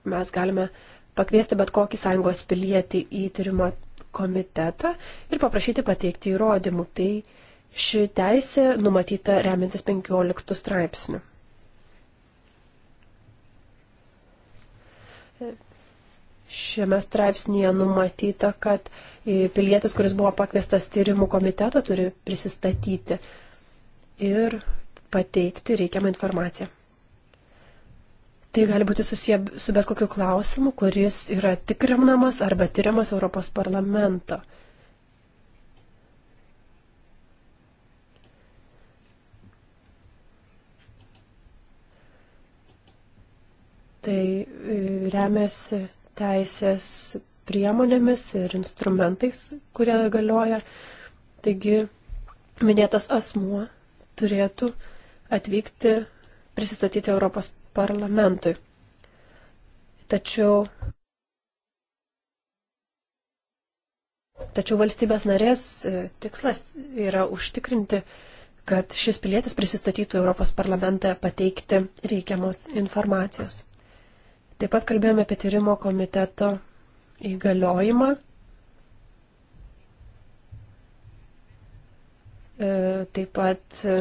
Mes galime uh, pakviesti bet kokį sąjungos pilietį į tyrimo komitetą ir paprašyti pateikti įrodymų. Tai ši teisė numatyta remintis 15 straipsnių. Šiame straipsnėje numatyta, kad pilietis, kuris buvo pakviestas tyrimų komiteto, turi prisistatyti ir pateikti reikiamą informaciją. Tai gali būti susiję su bet kokiu klausimu, kuris yra tikrinamas arba tyriamas Europos parlamento. Tai e, remiasi teisės priemonėmis ir instrumentais, kurie galioja. Taigi minėtas asmuo turėtų atvykti, prisistatyti Europos parlamento parlamentui. Tačiau, tačiau valstybės narės e, tikslas yra užtikrinti, kad šis pilietis prisistatytų Europos parlamentą pateikti reikiamos informacijos. Taip pat kalbėjome apie tyrimo komiteto įgaliojimą. E, taip pat e,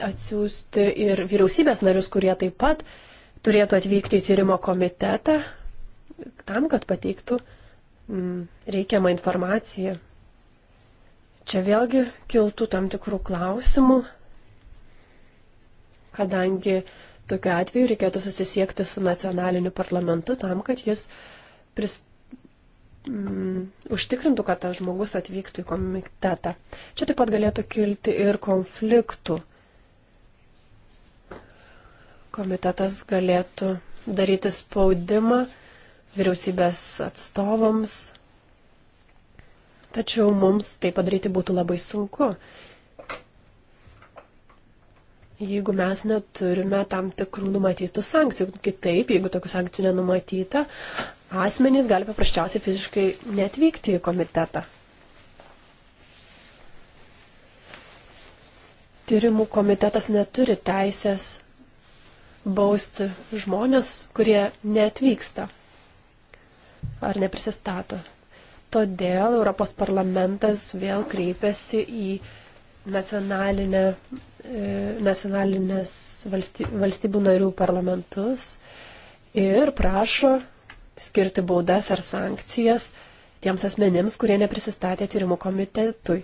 atsiųsti ir vyriausybės narius, kurie taip pat turėtų atvykti į tyrimo komitetą tam, kad pateiktų mm, reikiamą informaciją. Čia vėlgi kiltų tam tikrų klausimų, kadangi tokiu atveju reikėtų susisiekti su nacionaliniu parlamentu tam, kad jis pris, mm, užtikrintų, kad tas žmogus atvyktų į komitetą. Čia taip pat galėtų kilti ir konfliktų komitetas galėtų daryti spaudimą vyriausybės atstovams. Tačiau mums tai padaryti būtų labai sunku, jeigu mes neturime tam tikrų numatytų sankcijų. Kitaip, jeigu tokių sankcijų nenumatyta, asmenys gali paprasčiausiai fiziškai netvykti į komitetą. Tyrimų komitetas neturi teisės bausti žmonės, kurie neatvyksta ar neprisistato. Todėl Europos parlamentas vėl kreipiasi į nacionalinę, e, nacionalinės valsty, valstybių narių parlamentus ir prašo skirti baudas ar sankcijas tiems asmenims, kurie neprisistatė tyrimų komitetui,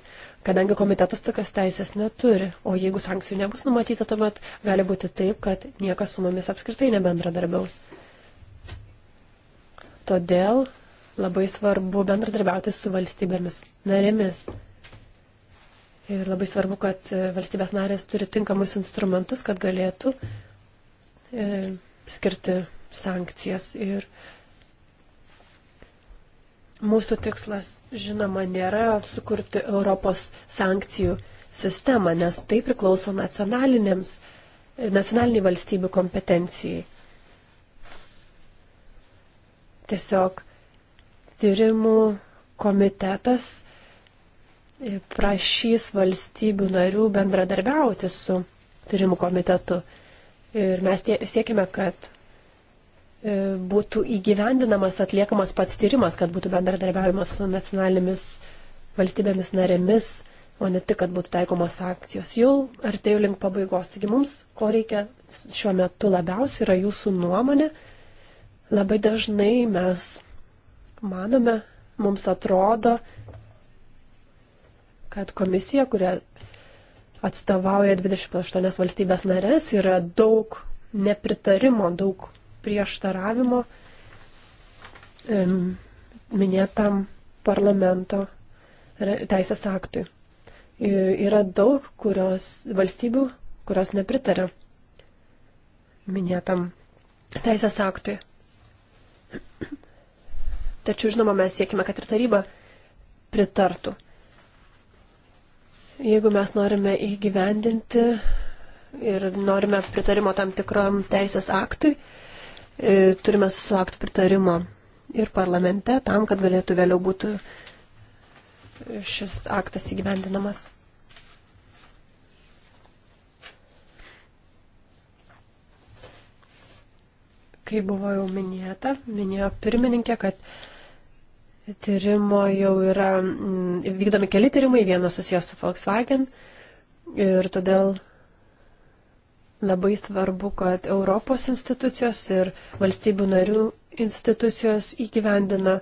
kadangi komitetas tokios teisės neturi. O jeigu sankcijų nebus numatyta, tuomet gali būti taip, kad niekas su mumis apskritai nebendradarbiaus. Todėl labai svarbu bendradarbiauti su valstybėmis narėmis. Ir labai svarbu, kad valstybės narės turi tinkamus instrumentus, kad galėtų e, skirti sankcijas ir sankcijas Mūsų tikslas, žinoma, nėra sukurti Europos sankcijų sistemą, nes tai priklauso nacionaliniai valstybių kompetencijai. Tiesiog tyrimų komitetas prašys valstybių narių bendradarbiauti su tyrimų komitetu. Ir mes siekime, kad E, būtų įgyvendinamas atliekamas pats tyrimas, kad būtų bendradarbiavimas su nacionalinėmis valstybėmis narėmis, o ne tik, kad būtų taikomos akcijos. Jau artėjau link pabaigos, taigi mums, ko reikia šiuo metu labiausiai, yra jūsų nuomonė. Labai dažnai mes manome, mums atrodo, kad komisija, kuria atstovauja 28 valstybės narės, yra daug nepritarimo, daug prieštaravimo minėtam parlamento teisės aktui. Yra daug kurios valstybių, kurios nepritarė minėtam teisės aktui. Tačiau, žinoma, mes siekime, kad ir taryba pritartų. Jeigu mes norime įgyvendinti ir norime pritarimo tam tikram teisės aktui, E, turime susilaukti pritarimo ir parlamente tam, kad galėtų vėliau būti šis aktas įgyvendinamas. Kai buvo jau minėta, minėjo pirmininkė, kad tyrimo jau yra vykdomi keli tyrimai, vienas susijęs su Volkswagen ir todėl Labai svarbu, kad Europos institucijos ir valstybių narių institucijos įgyvendina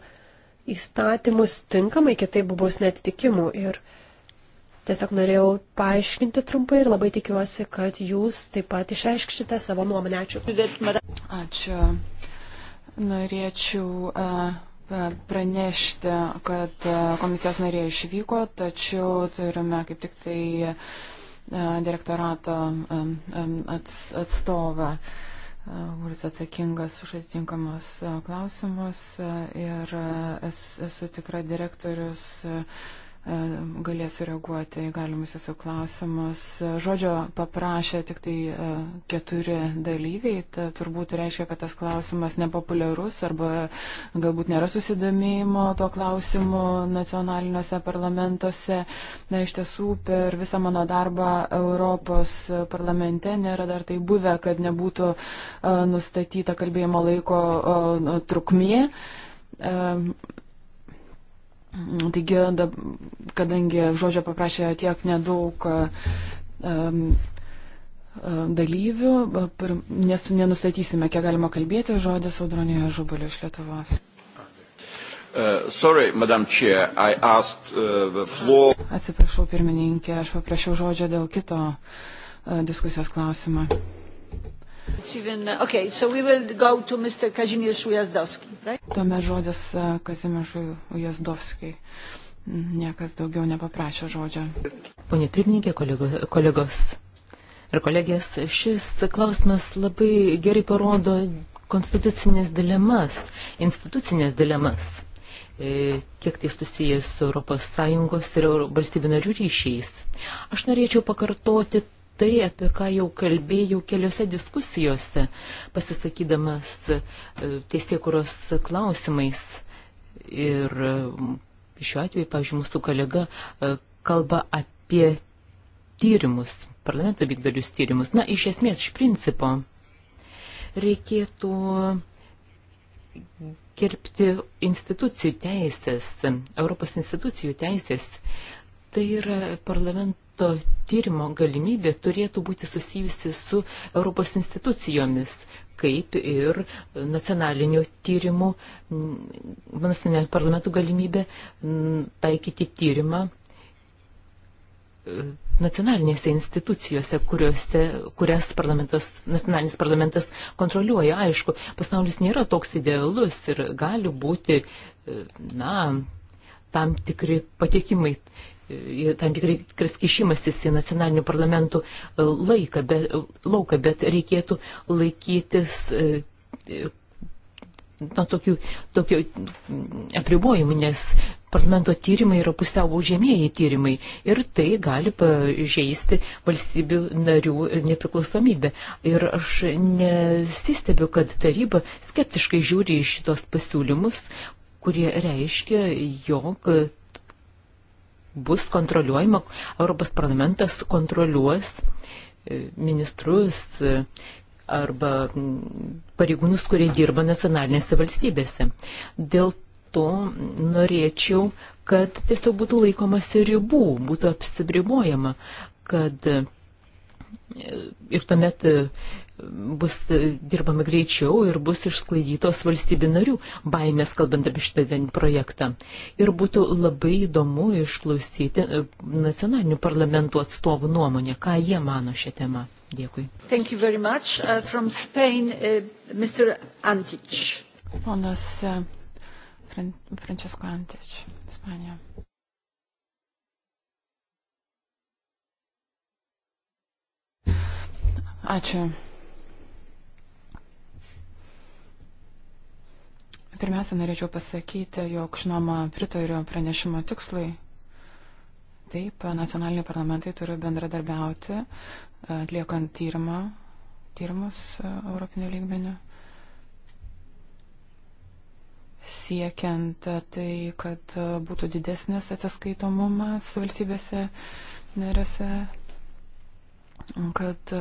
įstatymus tinkamai, kitaip bus netitikimų. Ir tiesiog norėjau paaiškinti trumpai ir labai tikiuosi, kad jūs taip pat išreiškite savo nuomonę. Ačiū. Ačiū. Norėčiau e, pranešti, kad e, komisijos narė išvyko, tačiau turime kaip tik tai direktorato atstovą, kuris atsakingas už atitinkamus klausimus. Ir esu tikra direktorius galės reaguoti į galimus jūsų klausimus. Žodžio paprašė tik tai e, keturi dalyviai, tai turbūt reiškia, kad tas klausimas nepopuliarus arba galbūt nėra susidomėjimo tuo klausimu nacionaliniuose parlamentuose. Na, iš tiesų, per visą mano darbą Europos parlamente nėra dar tai buvę, kad nebūtų e, nustatyta kalbėjimo laiko e, trukmė Taigi, kadangi žodžio paprašė tiek nedaug um, dalyvių, nes nenustatysime, kiek galima kalbėti, žodis Audronėje Žubaliu iš Lietuvos. Uh, sorry, Madam Chair, I asked uh, the floor. Atsiprašau, pirmininkė, aš paprašiau žodžio dėl kito uh, diskusijos klausimo. Uh, Even, okay, so right? Tuomet žodis e, Kazimiešui Ujazdovskijai. Niekas daugiau nepaprašė žodžio. Pone pirmininkė, kolego, kolegos ir kolegės, šis klausimas labai gerai parodo konstitucinės dilemas, institucinės dilemas, e, kiek tai susijęs su ES ir valstybių narių ryšiais. Aš norėčiau pakartoti tai, apie ką jau kalbėjau keliose diskusijose, pasisakydamas e, teisėkuros klausimais. Ir e, šiuo atveju, pavyzdžiui, mūsų kolega e, kalba apie tyrimus, parlamento vykdalius tyrimus. Na, iš esmės, iš principo reikėtų gerbti institucijų teisės, Europos institucijų teisės. Tai yra parlament, to tyrimo galimybė turėtų būti susijusi su Europos institucijomis, kaip ir nacionalinių tyrimų, mm, nacionalinių parlamentų galimybė mm, taikyti tyrimą e, nacionalinėse institucijose, kuriuose, kurias parlamentas, nacionalinis parlamentas kontroliuoja. Aišku, pasaulis nėra toks idealus ir gali būti, e, na, tam tikri patikimai tam tikras kišimasis į nacionalinių parlamentų e, laiką, be, lauką, bet reikėtų laikytis e, e, na, tokių, tokių mm, apribojimų, nes parlamento tyrimai yra pusiau užėmėjai tyrimai ir tai gali pažeisti valstybių narių nepriklausomybę. Ir aš nesistebiu, kad taryba skeptiškai žiūri į šitos pasiūlymus, kurie reiškia, jog bus kontroliuojama, Europos parlamentas kontroliuos e, ministrus e, arba pareigūnus, kurie dirba nacionalinėse valstybėse. Dėl to norėčiau, kad tiesiog būtų laikomasi ribų, būtų apsibribojama, kad e, ir tuomet bus e, dirbama greičiau ir bus išsklaidytos valstybių narių baimės, kalbant apie šitą projektą. Ir būtų labai įdomu išklausyti e, nacionalinių parlamentų atstovų nuomonę, ką jie mano šią temą. Dėkui. Thank you very much. Uh, from Spain, uh, Mr. Antic. Ponas uh, Fran Francesco Antic, Ispanija. Ačiū. Pirmiausia, norėčiau pasakyti, jog žinoma pritariu pranešimo tikslai. Taip, nacionaliniai parlamentai turi bendradarbiauti, atliekant tyrimą, tyrimus e, Europinio lygmenio. Siekiant e, tai, kad e, būtų didesnis atsiskaitomumas valstybėse narėse, kad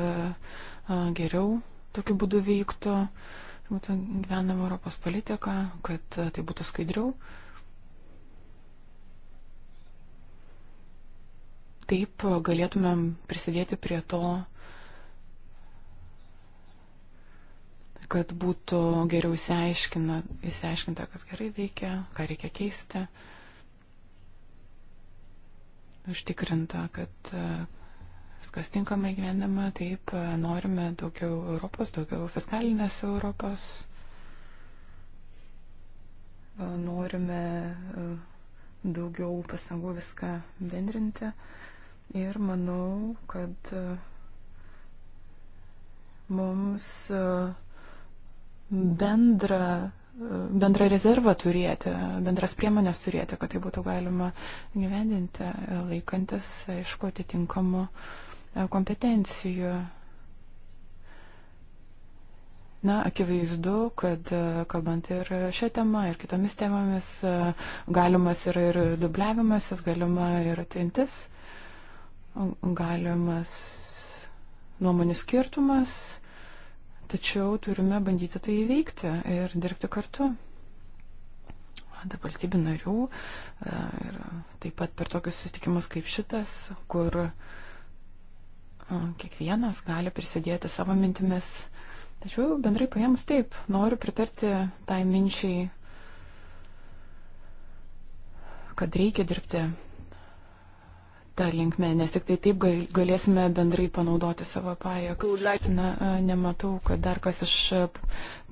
geriau tokiu būdu veiktų uh, būtų gyvenama Europos politika, kad e, tai būtų skaidriau. Taip e, galėtumėm prisidėti prie to, kad būtų geriau įsiaiškinta, kas gerai veikia, ką reikia keisti. Užtikrinta, kad e, viskas tinkamai gyvendama, taip e, norime daugiau Europos, daugiau fiskalinės Europos, e, norime e, daugiau pasangų viską bendrinti ir manau, kad mums bendrą bendrą rezervą turėti, bendras priemonės turėti, kad tai būtų galima gyvendinti, laikantis, aišku, atitinkamų uh, E, kompetencijų. Na, akivaizdu, kad e, kalbant ir šią temą, ir kitomis temomis, e, galimas yra ir dubliavimasis, galima ir atintis, galimas nuomonių skirtumas, tačiau turime bandyti tai įveikti ir dirbti kartu komanda valstybių narių ir taip pat per tokius susitikimus kaip šitas, kur kiekvienas gali prisidėti savo mintimis. Tačiau bendrai paėmus taip, noriu pritarti tai minčiai, kad reikia dirbti tą linkmę, nes tik tai taip galėsime bendrai panaudoti savo pajėgas. Na, nematau, kad dar kas iš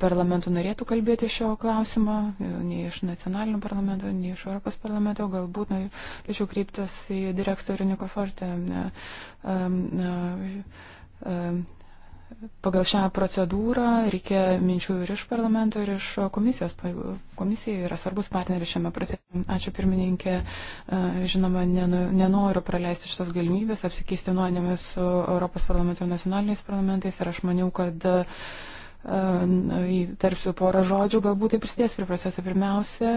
parlamentų norėtų kalbėti šio klausimo, nei iš nacionalinio parlamento, nei iš Europos parlamento. Galbūt norėčiau nu, kreiptis į direktorių Nikofortę. Ne, um, ne, um, pagal šią procedūrą reikia minčių ir iš parlamento, ir iš komisijos. Komisija yra svarbus partneris šiame procese. Ačiū pirmininkė. Žinoma, nenoriu praleisti šitos galimybės apsikeisti nuonėmis su Europos parlamentu ir nacionaliniais parlamentais. Ir aš maniau, kad tarsiu porą žodžių, galbūt tai prisidės prie proceso. Pirmiausia,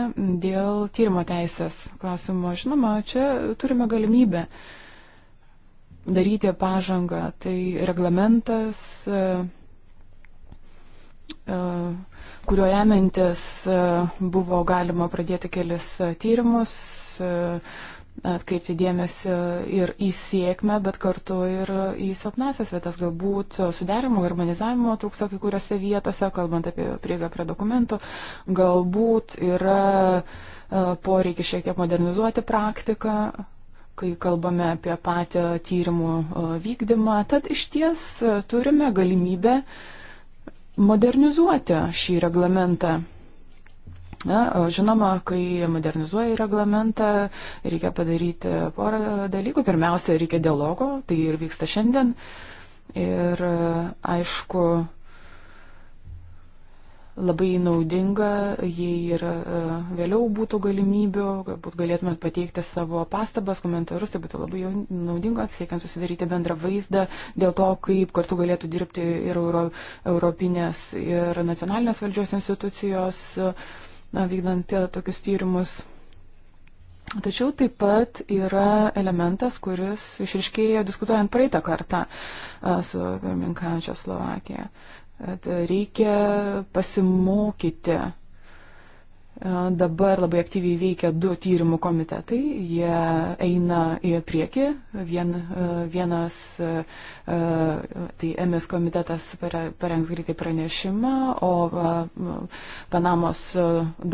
dėl tyrimo teisės klausimo. Žinoma, čia turime galimybę. Uh, daryti pažangą. Tai reglamentas, e, e, kuriuo remiantis e, buvo galima pradėti kelis tyrimus, atkreipti dėmesį ir į sėkmę, bet kartu ir į silpnasias vietas. Galbūt suderimo, harmonizavimo trūksta kai kuriuose vietose, kalbant apie prieigą prie dokumentų. Galbūt yra poreikis šiek tiek modernizuoti praktiką, kai kalbame apie patį tyrimų e, vykdymą. Tad iš ties e, turime galimybę modernizuoti šį reglamentą. Na, žinoma, kai modernizuoji reglamentą, reikia padaryti porą dalykų. Pirmiausia, reikia dialogo, tai ir vyksta šiandien. Ir e, aišku, labai naudinga, jei ir e, vėliau būtų galimybių, galbūt galėtumėt pateikti savo pastabas, komentarus, tai būtų labai naudinga, siekiant susidaryti bendrą vaizdą dėl to, kaip kartu galėtų dirbti ir euro, europinės, ir nacionalinės valdžios institucijos, na, vykdant e, tokius tyrimus. Tačiau taip pat yra elementas, kuris išriškėjo diskutuojant praeitą kartą e, su pirmininkančia Slovakija. Reikia pasimokyti E, dabar labai aktyviai veikia du tyrimų komitetai, jie eina į priekį. Vien, e, vienas, e, tai MS komitetas parengs greitai pranešimą, o Panamos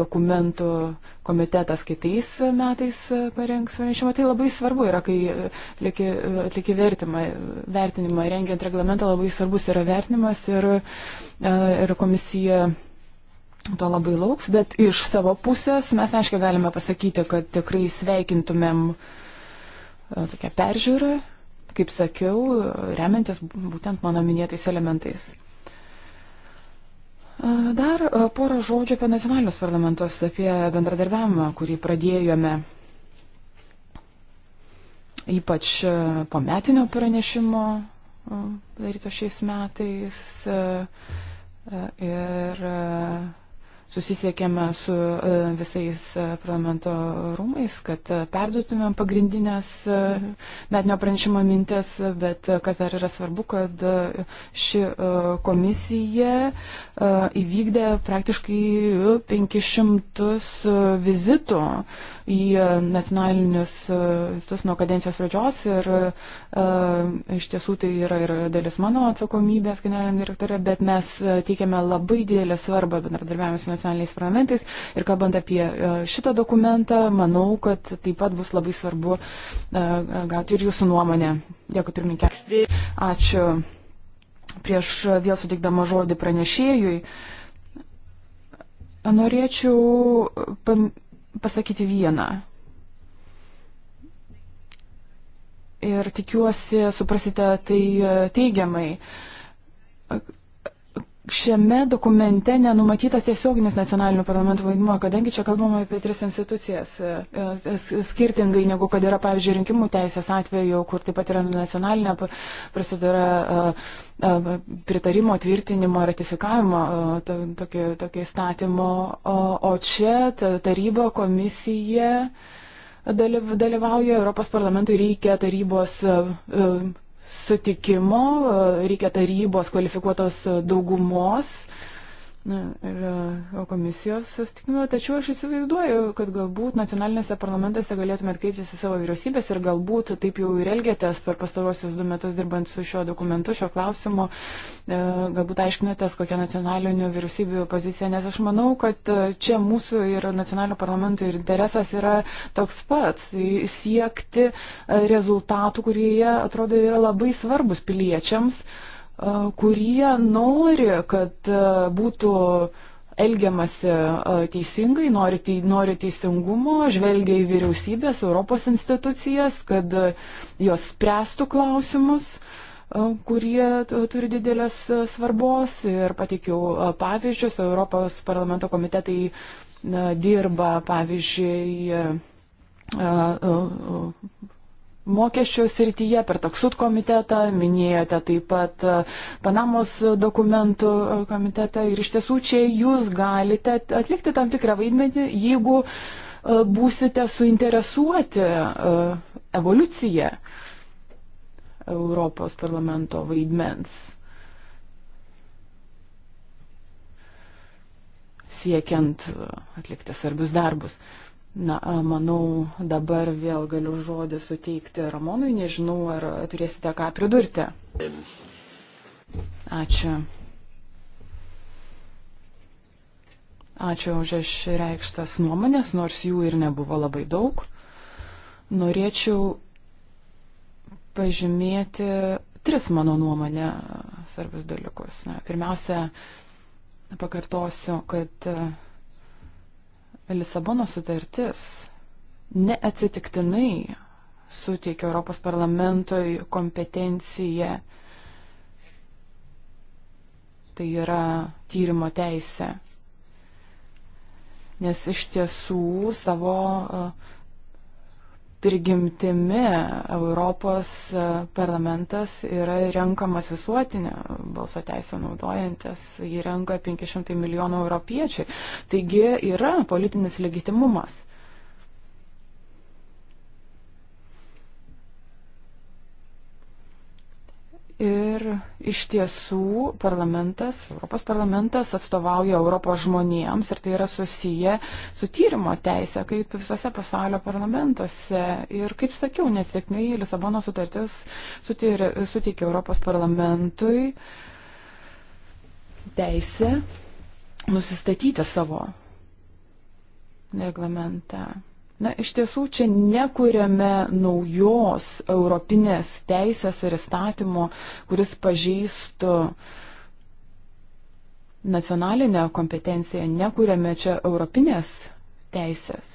dokumentų komitetas kitais metais parengs pranešimą. Tai labai svarbu yra, kai atlieki vertinimą, rengiant reglamentą, labai svarbus yra vertinimas ir, ir komisija to labai lauks, bet iš savo pusės mes aiškiai galime pasakyti, kad tikrai sveikintumėm e, tokią peržiūrą, kaip sakiau, remiantis būtent mano minėtais elementais. E, dar e, porą žodžių apie nacionalinius parlamentus, apie bendradarbiavimą, kurį pradėjome ypač po metinio pranešimo daryto šiais metais. Ir susisiekėme su e, visais e, parlamento rūmais, kad e, perduotumėm pagrindinės metinio pranešimo mintis, bet kas dar yra svarbu, kad ši komisija įvykdė praktiškai 500 vizitų į nacionalinius vizitus nuo kadencijos pradžios ir iš tiesų tai yra ir dalis mano atsakomybės generaliniam direktorė, bet mes teikiame labai didelę svarbą bendradarbiavimus nacionaliniais parlamentais. Ir kalbant apie e, šitą dokumentą, manau, kad taip pat bus labai svarbu e, gauti ir jūsų nuomonę. Dėkui, pirmininkė. Ačiū. Prieš vėl sutikdama žodį pranešėjui, norėčiau pasakyti vieną. Ir tikiuosi, suprasite tai e, teigiamai šiame dokumente nenumatytas tiesioginis nacionalinių parlamentų vaidmuo, kadangi čia kalbama apie tris institucijas, e, e, skirtingai negu kad yra, pavyzdžiui, rinkimų teisės atveju, kur taip pat yra nacionalinė prasidara e, pritarimo, tvirtinimo, ratifikavimo tokio įstatymo, o, o čia taryba, komisija dalyvauja Europos parlamentui reikia tarybos sutikimo, reikia tarybos kvalifikuotos daugumos. Uh, ir e, komisijos susitikime, tačiau aš įsivaizduoju, kad galbūt nacionalinėse parlamentuose galėtumėt kreiptis į savo vyriausybės ir galbūt taip jau ir elgėtės per pastarosius du metus dirbant su šiuo dokumentu, šiuo klausimu, e, galbūt aiškinatės, kokia nacionalinių vyriausybių pozicija, nes aš manau, kad e, čia mūsų ir nacionalinių parlamentų ir interesas yra toks pats - siekti rezultatų, kurie atrodo yra labai svarbus piliečiams kurie nori, kad būtų elgiamasi teisingai, nori, te, nori teisingumo, žvelgia į vyriausybės, Europos institucijas, kad jos spręstų klausimus kurie turi didelės svarbos ir pateikiau pavyzdžius, Europos parlamento komitetai dirba, pavyzdžiui, mokesčio srityje, per taksut komitetą, minėjote taip pat e, Panamos dokumentų e, komitetą ir iš tiesų čia jūs galite atlikti tam tikrą vaidmenį, jeigu e, būsite suinteresuoti evoliuciją Europos parlamento vaidmens. siekiant atlikti svarbius darbus. Uh, Na, manau, dabar vėl galiu žodį suteikti Ramonui, nežinau, ar turėsite ką pridurti. Ačiū. Ačiū už išreikštas nuomonės, nors jų ir nebuvo labai daug. Norėčiau pažymėti tris mano nuomonę svarbius dalykus. Na, pirmiausia, pakartosiu, kad uh, Lisabono sutartis neatsitiktinai suteikia Europos parlamentoj kompetenciją. Tai yra tyrimo teisė. Nes iš tiesų savo uh, prigimtimi Europos e, parlamentas yra renkamas visuotinė balso teisė naudojantis, jį renka 500 milijonų europiečiai. Taigi yra politinis legitimumas. Ir iš tiesų parlamentas, Europos parlamentas atstovauja Europos žmonėms ir tai yra susiję su tyrimo teisė, kaip visose pasaulio parlamentuose. Ir kaip sakiau, nesėkmiai Lisabono sutartis suteikė Europos parlamentui teisę nusistatyti savo reglamentą. Na, iš tiesų, čia nekuriame naujos europinės teisės ir įstatymo, kuris pažeistų nacionalinę kompetenciją, nekuriame čia europinės teisės.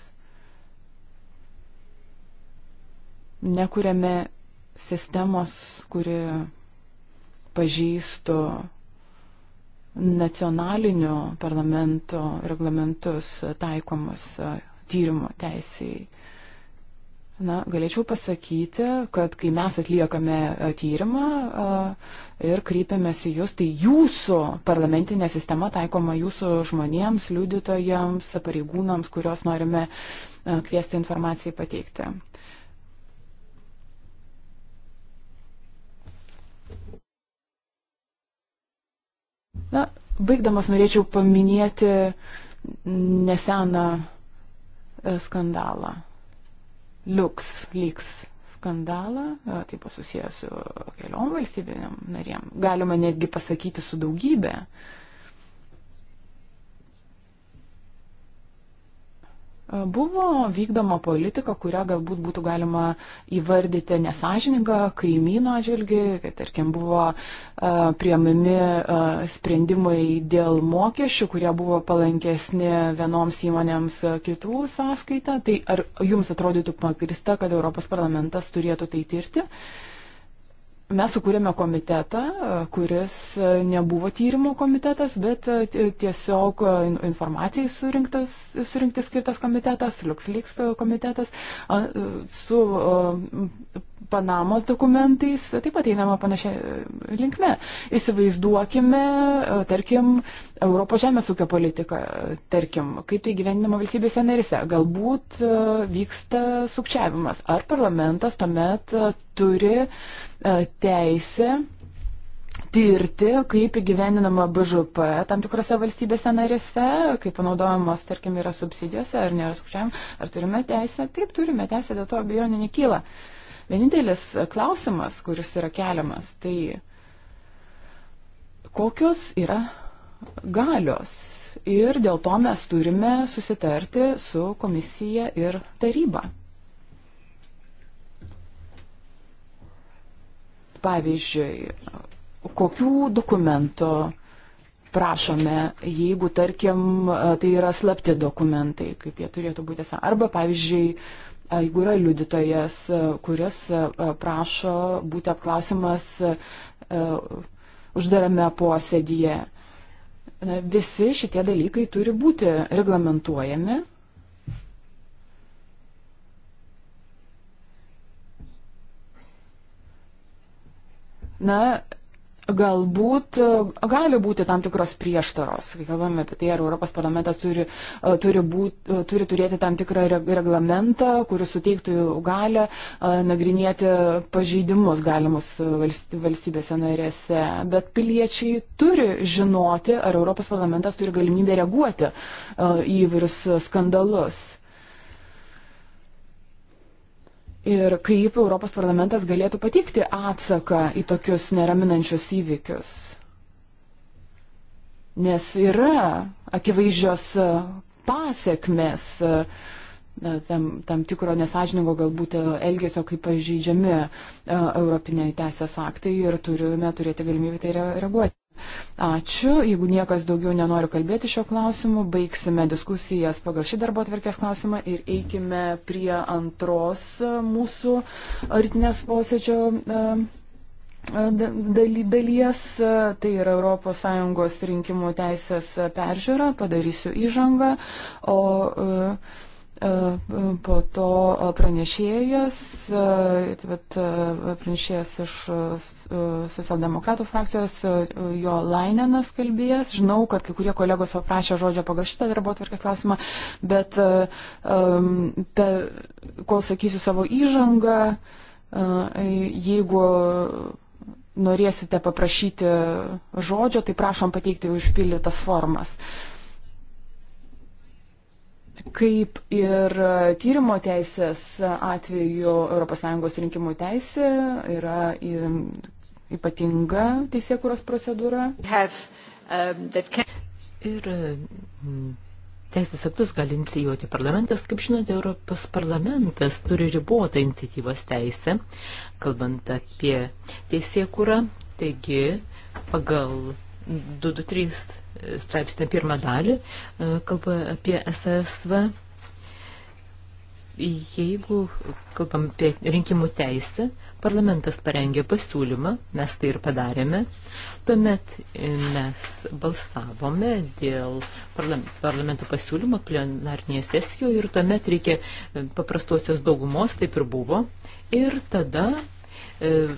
Nekuriame sistemos, kuri pažįstų nacionalinių parlamento reglamentus taikomus tyrimo teisėjai. Na, galėčiau pasakyti, kad kai mes atliekame e, tyrimą e, ir kreipiamės į jūs, tai jūsų parlamentinė sistema taikoma jūsų žmonėms, liudytojams, pareigūnams, kuriuos norime e, kviesti informacijai pateikti. Na, baigdamas norėčiau paminėti neseną skandalą. Liuks, lygs skandalą, tai buvo susijęs su keliom valstybinėm narėm. Galima netgi pasakyti su daugybė Buvo vykdoma politika, kurią galbūt būtų galima įvardyti nesažininką kaimyno atžvilgį, kad tarkim buvo priemami sprendimai dėl mokesčių, kurie buvo palankesni vienoms įmonėms kitų sąskaitą. Tai ar jums atrodytų pagrista, kad Europos parlamentas turėtų tai tirti? Uh, Mes sukūrėme komitetą, e, kuris e, nebuvo tyrimo komitetas, bet e, tiesiog informacijai surinktas, surinkti skirtas komitetas, LuxLeaks komitetas, su Panamos dokumentais taip pat einama panašia e, linkme. Įsivaizduokime, e, tarkim, Europos žemės ūkio politiką, e, tarkim, kaip tai gyvenimo valstybėse narise. Galbūt vyksta sukčiavimas. Ar parlamentas tuomet turi teisę tirti, kaip įgyveninama BŽP tam tikrose valstybėse narėse, kaip panaudojamos, tarkim, yra subsidijose ar nėra skaičiavim, ar turime teisę. Taip, turime teisę, dėl to abejonių nekyla. Uh, Vienintelis klausimas, kuris yra keliamas, tai kokios yra galios. Ir dėl to mes turime susitarti su komisija ir taryba. Pavyzdžiui, kokių dokumentų prašome, jeigu, tarkim, tai yra slapti dokumentai, kaip jie turėtų būti. Arba, pavyzdžiui, jeigu yra liudytojas, kuris prašo būti apklausimas uždarame posėdyje. Na, visi šitie dalykai turi būti reglamentuojami. Na, galbūt e, gali būti tam tikros prieštaros. Kai kalbame apie tai, ar Europos parlamentas turi, e, turi, būt, e, turi turėti tam tikrą reglamentą, kuris suteiktų galę nagrinėti pažeidimus galimus valstybėse narėse. Bet piliečiai turi žinoti, ar Europos parlamentas turi galimybę reaguoti į įvairius skandalus. ir kaip Europos parlamentas galėtų patikti atsaką į tokius neraminančius įvykius. Nes yra akivaizdžios pasiekmes tam, tam tikro nesažiningo galbūt e, elgesio, kaip pažydžiami e, Europiniai teisės aktai ir turime turėti galimybę tai reaguoti. Ačiū. Jeigu niekas daugiau nenori kalbėti šio klausimu, baigsime diskusijas pagal šį darbo atverkės klausimą ir eikime prie antros mūsų rytinės posėdžio e, e, dalies. Tai yra ES rinkimų teisės peržiūra. Padarysiu įžangą. O, e, E, po to e, pranešėjas, e, tai pranešėjas iš socialdemokratų frakcijos, jo Lainenas kalbėjęs. Žinau, kad kai kurie kolegos paprašė žodžio pagal šitą darbo atvarkės klausimą, bet pe, kol sakysiu savo įžangą, jeigu norėsite paprašyti žodžio, tai prašom pateikti užpildytas formas. Uh, Kaip ir tyrimo teisės atveju ES rinkimų teisė yra ypatinga teisėkuros procedūra. Have, um, can... Ir mm, teisės aktus gali inicijuoti parlamentas. Kaip žinote, Europos parlamentas turi ribotą iniciatyvos teisę, kalbant apie teisėkurą. Taigi, pagal 223 straipsnio pirmą dalį, e, kalba apie SSV. Jeigu kalbam apie rinkimų teisę, parlamentas parengė pasiūlymą, mes tai ir padarėme, tuomet mes balsavome dėl parlamento pasiūlymo plenarnėje sesijoje ir tuomet reikia e, paprastosios daugumos, taip ir buvo, ir tada e,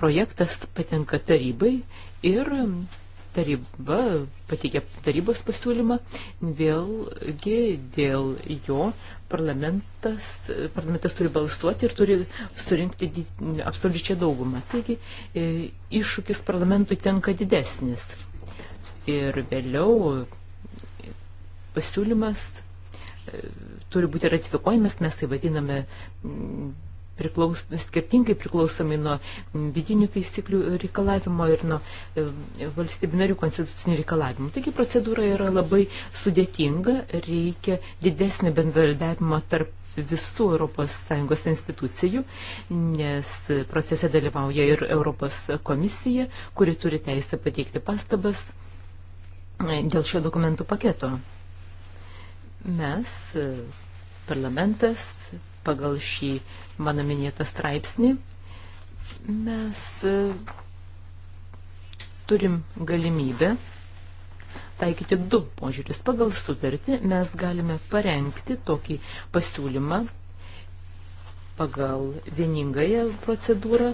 projektas patenka tarybai ir taryba pateikė tarybos pasiūlymą, vėlgi dėl jo parlamentas, parlamentas turi balsuoti ir turi surinkti absoliučią daugumą. Taigi e, iššūkis parlamentui tenka didesnis. Ir vėliau pasiūlymas e, turi būti ratifikuojamas, mes tai vadiname priklaus, skirtingai priklausomai nuo vidinių taisyklių reikalavimo ir nuo e, valstybinarių konstitucinių reikalavimų. Taigi procedūra yra labai sudėtinga, reikia didesnio bendradarbiavimo tarp visų ES institucijų, nes procese dalyvauja ir Europos komisija, kuri turi teisę pateikti pastabas e, dėl šio dokumentų paketo. Mes, e, parlamentas, pagal šį mano minėtą straipsnį, mes e, turim galimybę taikyti du požiūrius. Pagal sutartį mes galime parengti tokį pasiūlymą pagal vieningąją procedūrą,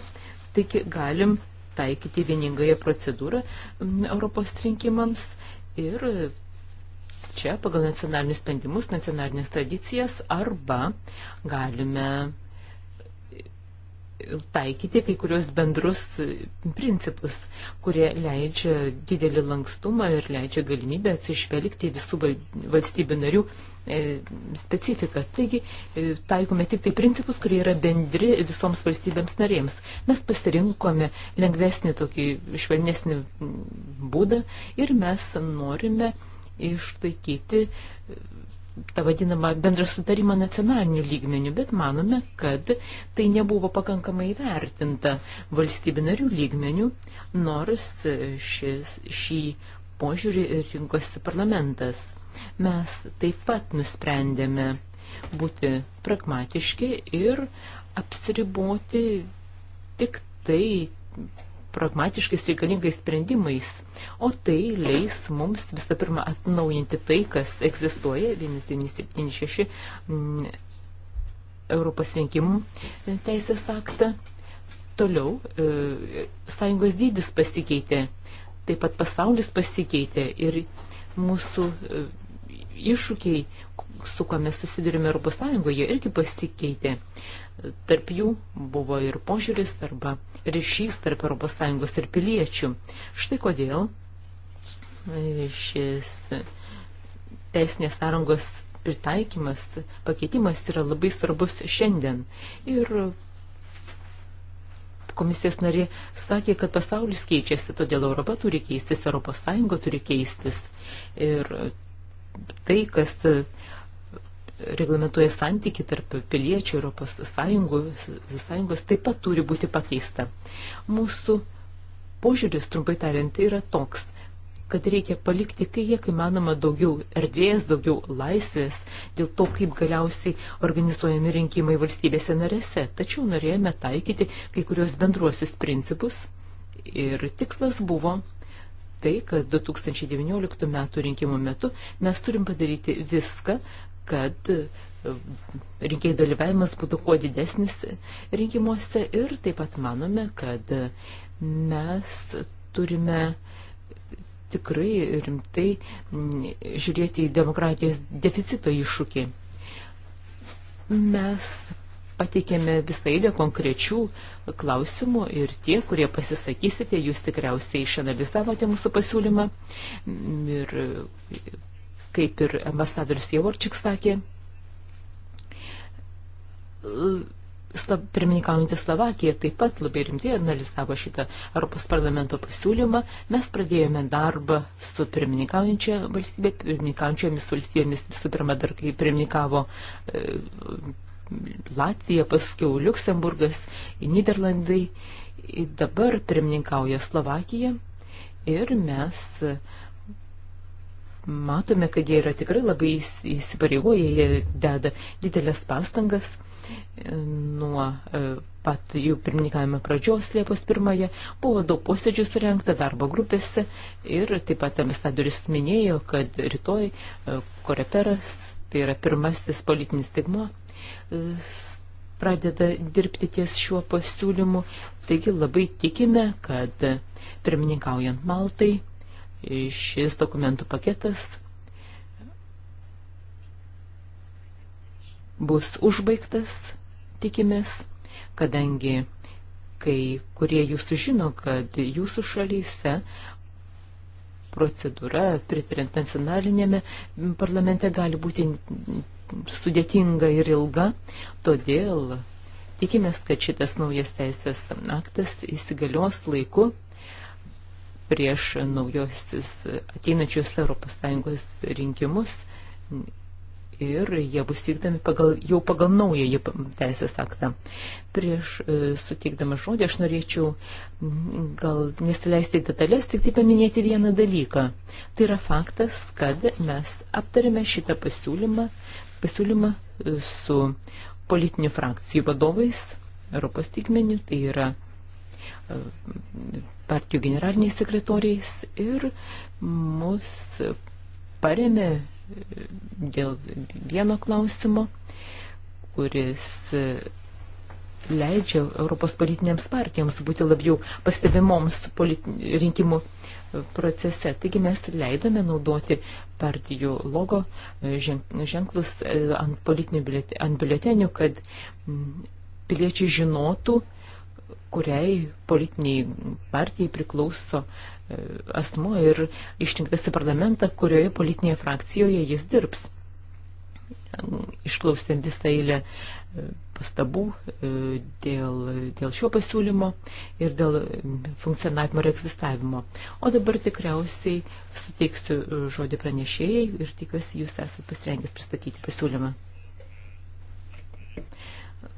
taigi galim taikyti vieningąją procedūrą Europos rinkimams ir čia pagal nacionalinius sprendimus, nacionalinės tradicijas arba galime taikyti kai kurios bendrus principus, kurie leidžia didelį lankstumą ir leidžia galimybę atsižvelgti visų valstybių narių e, specifiką. Taigi e, taikome tik tai principus, kurie yra bendri visoms valstybėms narėms. Mes pasirinkome lengvesnį tokį švelnesnį būdą ir mes norime išlaikyti tą vadinamą bendrą sutarimą nacionaliniu lygmeniu, bet manome, kad tai nebuvo pakankamai vertinta valstybinarių lygmenių, nors šis, šį požiūrį rinkosi parlamentas. Mes taip pat nusprendėme būti pragmatiški ir apsiriboti tik tai pragmatiškais reikalingais sprendimais, o tai leis mums visą pirma atnaujinti tai, kas egzistuoja 1976 Europos rinkimų teisės aktą. Toliau e, sąjungos dydis pasikeitė, taip pat pasaulis pasikeitė ir mūsų e, iššūkiai, su kuo mes susidurime Europos Sąjungoje, irgi pasikeitė. Tarp jų buvo ir požiūris arba ryšys tarp ES ir piliečių. Štai kodėl šis teisinės sąrangos pritaikymas, pakeitimas yra labai svarbus šiandien. Ir komisijos narė sakė, kad pasaulis keičiasi, todėl Europa turi keistis, Europos Sąjunga turi keistis. Ir tai, kas reglamentuoja santyki tarp piliečių Europos Sąjungos, Sąjungos taip pat turi būti pakeista. Mūsų požiūris, trumpai tariant, yra toks, kad reikia palikti, kai kiek įmanoma, daugiau erdvės, daugiau laisvės dėl to, kaip galiausiai organizuojami rinkimai valstybėse narėse. Tačiau norėjome taikyti kai kurios bendruosius principus ir tikslas buvo tai, kad 2019 metų rinkimų metu mes turim padaryti viską, kad rinkėjų dalyvavimas būtų kuo didesnis rinkimuose ir taip pat manome, kad mes turime tikrai rimtai mm, žiūrėti į demokratijos deficito iššūkį. Mes pateikėme visą eilę konkrečių klausimų ir tie, kurie pasisakysite, jūs tikriausiai išanalizavote mūsų pasiūlymą mm, ir kaip ir ambasadorius Javorčik sakė, pirmininkaujantį Slovakiją taip pat labai rimtai analizavo šitą Europos parlamento pasiūlymą. Mes pradėjome darbą su pirmininkaujančia valstybė, pirmininkaujančiomis valstybėmis, visų pirma, dar kai pirmininkavo e, Latvija, paskiau Luksemburgas, Niderlandai. Dabar pirmininkauja Slovakija ir mes e, matome, kad jie yra tikrai labai įsipareigoję, jie deda didelės pastangas e, nuo e, pat jų pirmininkavimo pradžios Liepos pirmąją buvo daug posėdžių surenkta darbo grupėse ir taip pat ambasadoris minėjo, kad rytoj e, koreperas, tai yra pirmasis politinis stigmo, pradeda dirbti ties šiuo pasiūlymu. Taigi labai tikime, kad pirmininkaujant Maltai šis dokumentų paketas bus užbaigtas, tikimės, kadangi kai kurie jūsų žino, kad jūsų šalyse procedūra, pritariant nacionalinėme parlamente, gali būti sudėtinga ir ilga, todėl tikimės, kad šitas naujas teisės aktas įsigalios laiku prieš naujosius ateinančius ES rinkimus ir jie bus vykdami pagal, jau pagal naują teisės aktą. Prieš e, suteikdama žodį aš norėčiau gal nesileisti detalės, tik tai paminėti vieną dalyką. Tai yra faktas, kad mes aptarėme šitą pasiūlymą, pasiūlymą e, su politinių frakcijų vadovais Europos tikmenių, tai yra partijų generaliniais sekretoriais ir mus paremė dėl vieno klausimo, kuris leidžia Europos politinėms partijoms būti labiau pastebimoms rinkimų procese. Taigi mes leidome naudoti partijų logo ženklus e, ant, biuletenių, ant biuletenių, kad piliečiai žinotų, kuriai politiniai partijai priklauso e, asmuo ir išrinktas į parlamentą, kurioje politinėje frakcijoje jis dirbs. Išklausėm visą eilę e, pastabų e, dėl, dėl šio pasiūlymo ir dėl funkcionavimo ir egzistavimo. O dabar tikriausiai suteiksiu žodį pranešėjai ir tikiuosi, jūs esate pasirengęs pristatyti pasiūlymą.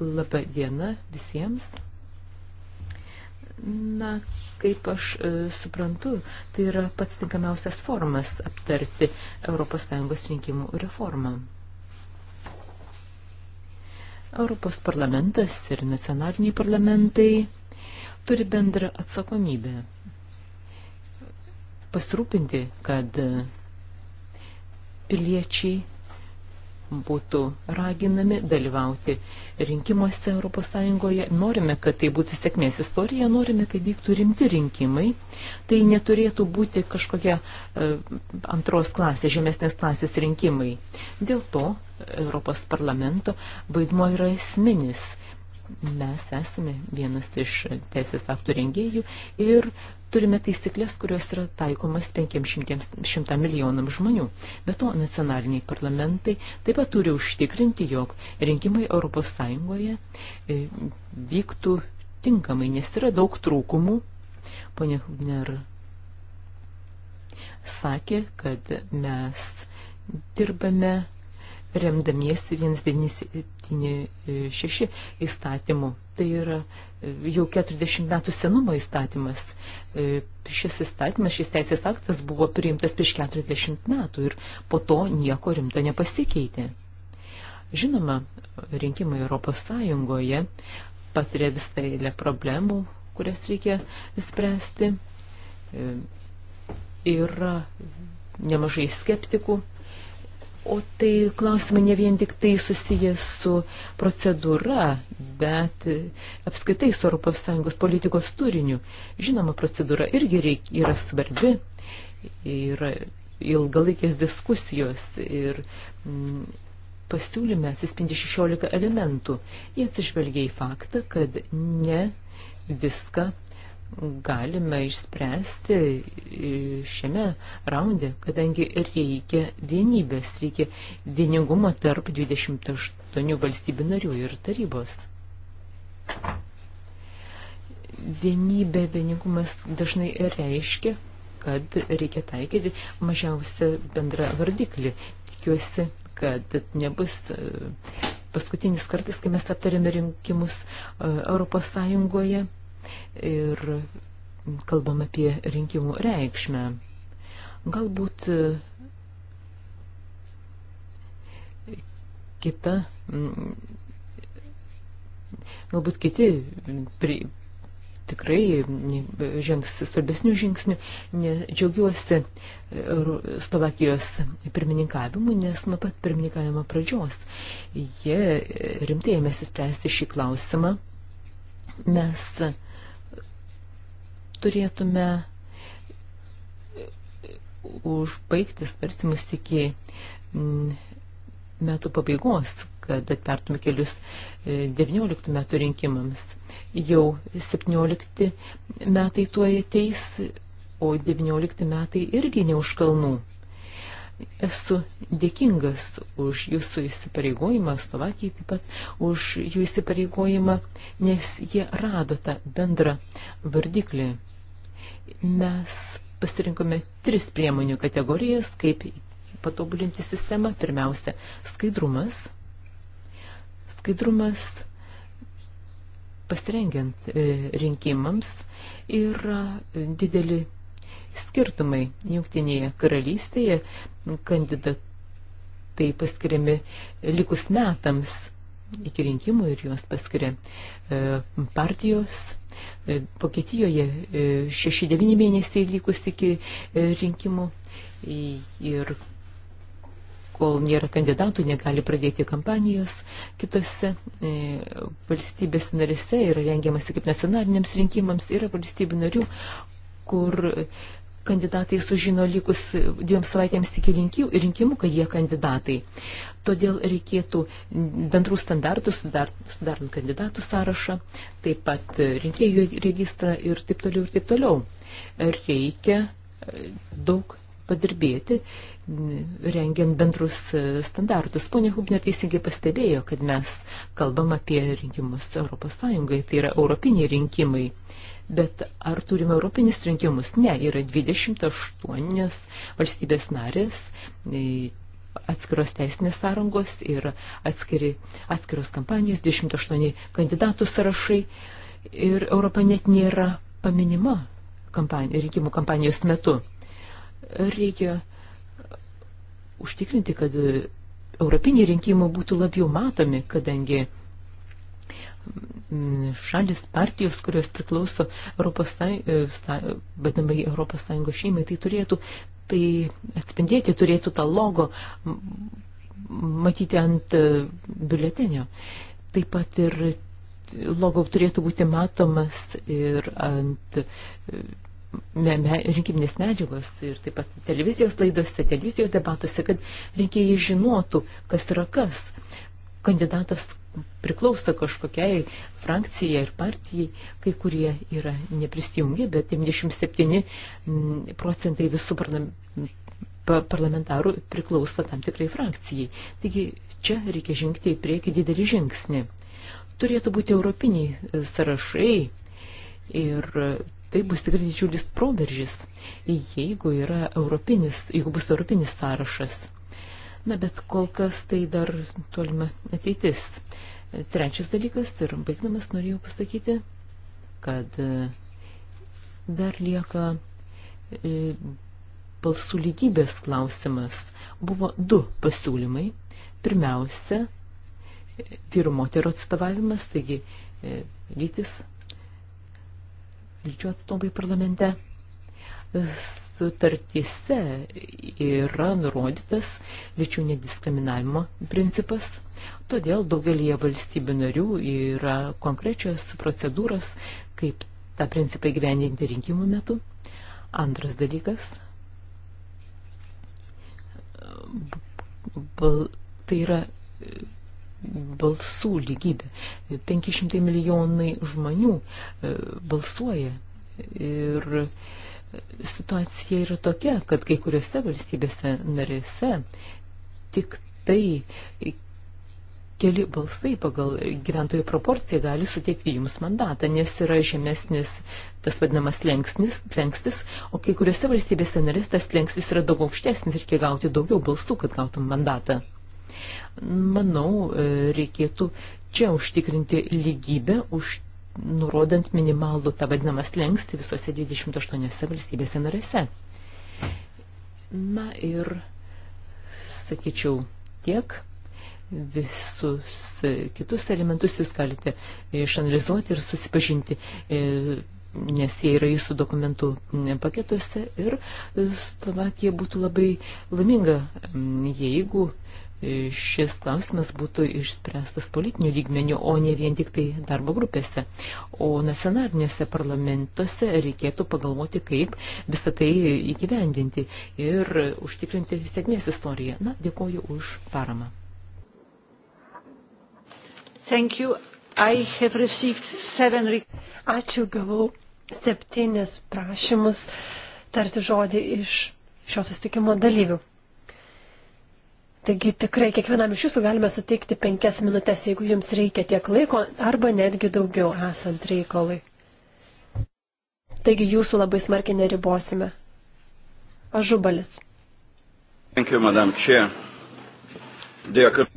Labą dieną visiems. Na, kaip aš e, suprantu, tai yra pats tinkamiausias formas aptarti ES rinkimų reformą. Europos parlamentas ir nacionaliniai parlamentai turi bendrą atsakomybę pasirūpinti, kad piliečiai būtų raginami dalyvauti rinkimuose ES. Norime, kad tai būtų sėkmės istorija, norime, kad vyktų rimti rinkimai. Tai neturėtų būti kažkokie antros klasės, žemesnės klasės rinkimai. Dėl to Europos parlamento vaidmo yra esminis mes esame vienas iš teisės aktų rengėjų ir turime taisyklės, kurios yra taikomas 500 milijonam žmonių. Be to, nacionaliniai parlamentai taip pat turi užtikrinti, jog rinkimai Europos Sąjungoje e, vyktų tinkamai, nes yra daug trūkumų. Pone Hubner sakė, kad mes dirbame remdamiesi 1976 e, įstatymu. Tai yra e, jau 40 metų senumo įstatymas. E, šis įstatymas, šis teisės aktas buvo priimtas prieš 40 metų ir po to nieko rimto nepasikeitė. Žinoma, rinkimai Europos Sąjungoje patiria visą eilę problemų, kurias reikia spręsti. Yra nemažai skeptikų, O tai klausimai ne vien tik tai susijęs su procedūra, bet apskaitai su ES politikos turiniu. Žinoma, procedūra irgi reik, yra svarbi, yra ilgalaikės diskusijos ir mm, pasiūlyme atsispindi 16 elementų. Jie atsižvelgia į faktą, kad ne viską galime išspręsti šiame raunde, kadangi reikia vienybės, reikia vieningumo tarp 28 valstybių narių ir tarybos. Vienybė, vieningumas dažnai reiškia, kad reikia taikyti mažiausią bendrą vardiklį. Tikiuosi, kad nebus e, paskutinis kartas, kai mes aptarėme rinkimus e, Europos Sąjungoje ir kalbam apie rinkimų reikšmę. Galbūt e, kita, galbūt kiti pri, tikrai žengs svarbesnių žingsnių. Džiaugiuosi e, Slovakijos pirmininkavimu, nes nuo pat pirmininkavimo pradžios jie rimtai ėmėsi spręsti šį klausimą. Mes uh, turėtume užbaigti svarstymus iki mm, metų pabaigos, kad atvertume kelius 19 e, metų rinkimams. Jau 17 metai tuo ateis, o 19 metai irgi neuž kalnų esu dėkingas už jūsų įsipareigojimą Slovakijai, taip pat už jų įsipareigojimą, nes jie rado tą bendrą vardiklį. Mes pasirinkome tris priemonių kategorijas, kaip patobulinti sistemą. Pirmiausia, skaidrumas. Skaidrumas pasirengiant e, rinkimams yra didelį skirtumai. Jungtinėje karalystėje kandidatai paskiriami likus metams iki rinkimų ir juos paskiria e, partijos. E, Vokietijoje 6-9 e, mėnesiai likus iki rinkimų ir kol nėra kandidatų, negali pradėti kampanijos kitose e, valstybės narise, yra rengiamasi kaip nacionaliniams rinkimams, yra valstybių narių, kur kandidatai sužino likus dviem savaitėms iki rinkimų, kad jie kandidatai. Todėl reikėtų bendrų standartų, sudarant kandidatų sąrašą, taip pat rinkėjų registrą ir taip toliau ir taip toliau. Reikia e, daug padirbėti, rengiant bendrus e, standartus. Pone Hubner teisingai pastebėjo, kad mes kalbam apie rinkimus Europos Sąjungai, tai yra europiniai rinkimai. Bet ar turime europinius rinkimus? Ne, yra 28 valstybės narės, e, atskiros teisinės sąrangos ir atskiri, atskiros kampanijos, 28 kandidatų sąrašai ir Europa net nėra paminima kampanijų, rinkimų kampanijos metu. Reikia užtikrinti, kad europiniai rinkimai būtų labiau matomi, kadangi šalis, partijos, kurios priklauso Europos, e, vadinamai Europos Sąjungos šeimai, tai turėtų tai atspindėti, turėtų tą logo matyti ant e, biuletenio. Taip pat ir logo turėtų būti matomas ir ant e, me, me, rinkiminės medžiagos ir taip pat televizijos laidose, televizijos debatuose, kad rinkėjai žinotų, kas yra kas. Kandidatas, priklauso kažkokiai frakcijai ir partijai, kai kurie yra neprisijungę, bet 97 mm, procentai visų parlamentarų priklauso tam tikrai frakcijai. Taigi čia reikia žengti į priekį didelį žingsnį. Turėtų būti europiniai e, sąrašai ir tai bus tikrai didžiulis proveržis, jeigu yra europinis, jeigu bus europinis sąrašas. Na, bet kol kas tai dar tolima ateitis. Trečias dalykas, ir baigdamas norėjau pasakyti, kad e, dar lieka e, balsų lygybės klausimas. Buvo du pasiūlymai. Pirmiausia, vyru moterų atstovavimas, taigi e, lytis, lyčių atstovai parlamente. Sutartyse yra nurodytas lyčių nediskriminavimo principas, Todėl daugelie valstybių narių yra konkrečios procedūros, kaip tą principą įgyvendinti rinkimų metu. Antras dalykas. Bal, tai yra balsų lygybė. 500 milijonai žmonių e, balsuoja ir situacija yra tokia, kad kai kuriuose valstybėse narėse tik tai keli balsai pagal gyventojų proporciją gali suteikti jums mandatą, nes yra žemesnis tas vadinamas lenksnis, lenkstis, o kai kuriuose valstybėse narės tas lenkstis yra daug aukštesnis, reikia gauti daugiau balsų, kad gautum mandatą. Manau, e, reikėtų čia užtikrinti lygybę, už, nurodant minimalų tą vadinamą slenkstį visose 28 valstybėse narėse. Na ir, sakyčiau, tiek visus kitus elementus jūs galite išanalizuoti ir susipažinti e, nes jie yra jūsų dokumentų paketuose ir Slovakija būtų labai laiminga, jeigu e, šis klausimas būtų išspręstas politiniu lygmeniu, o ne vien tik tai darbo grupėse. O nacionaliniuose parlamentuose reikėtų pagalvoti, kaip visą tai įgyvendinti ir užtikrinti sėkmės istoriją. Na, dėkoju už paramą. Thank you. I have received seven... Ačiū, gavau septynis prašymus tarti žodį iš šio sustikimo dalyvių. Taigi tikrai kiekvienam iš jūsų galime suteikti penkias minutės, jeigu jums reikia tiek laiko, arba netgi daugiau esant reikalui. Taigi jūsų labai smarkiai neribosime. Ažubalis. Dėkui, madam čia. Dėkui.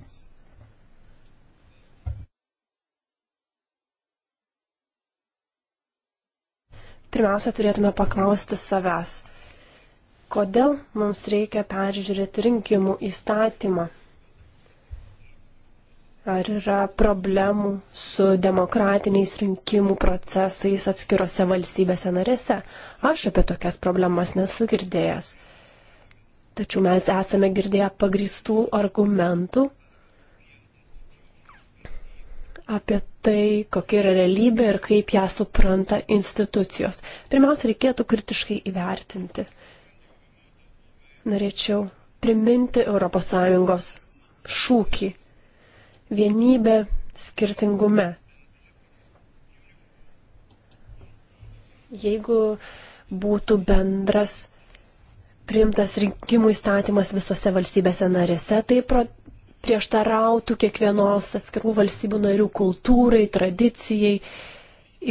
pirmiausia turėtume paklausti savęs, kodėl mums reikia peržiūrėti rinkimų įstatymą. Ar yra problemų su demokratiniais rinkimų procesais atskirose valstybėse narėse? Aš apie tokias problemas nesu girdėjęs. Tačiau mes esame girdėję pagristų argumentų apie tai, kokia yra realybė ir kaip ją supranta institucijos. Pirmiausia, reikėtų kritiškai įvertinti. Norėčiau priminti ES šūkį - vienybė skirtingume. Jeigu būtų bendras priimtas rinkimų įstatymas visose valstybėse narėse, tai pro, prieštarautų kiekvienos atskirų valstybių narių kultūrai, tradicijai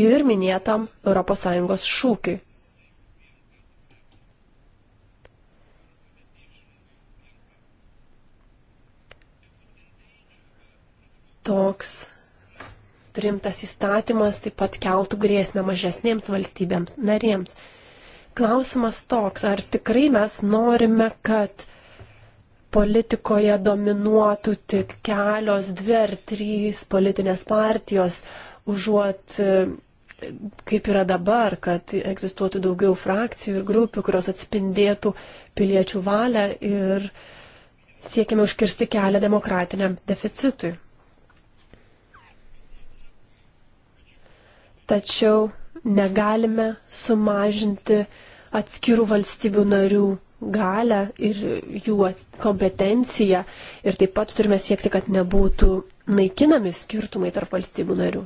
ir minėtam ES šūkiui. Toks primtas įstatymas taip pat keltų grėsmę mažesnėms valstybėms narėms. Klausimas toks, ar tikrai mes norime, kad politikoje dominuotų tik kelios, dvi ar trys politinės partijos, užuot kaip yra dabar, kad egzistuotų daugiau frakcijų ir grupių, kurios atspindėtų piliečių valią ir siekime užkirsti kelią demokratiniam deficitui. Tačiau negalime sumažinti atskirų valstybių narių galę ir jų kompetenciją ir taip pat turime siekti, kad nebūtų naikinami skirtumai tarp valstybių narių.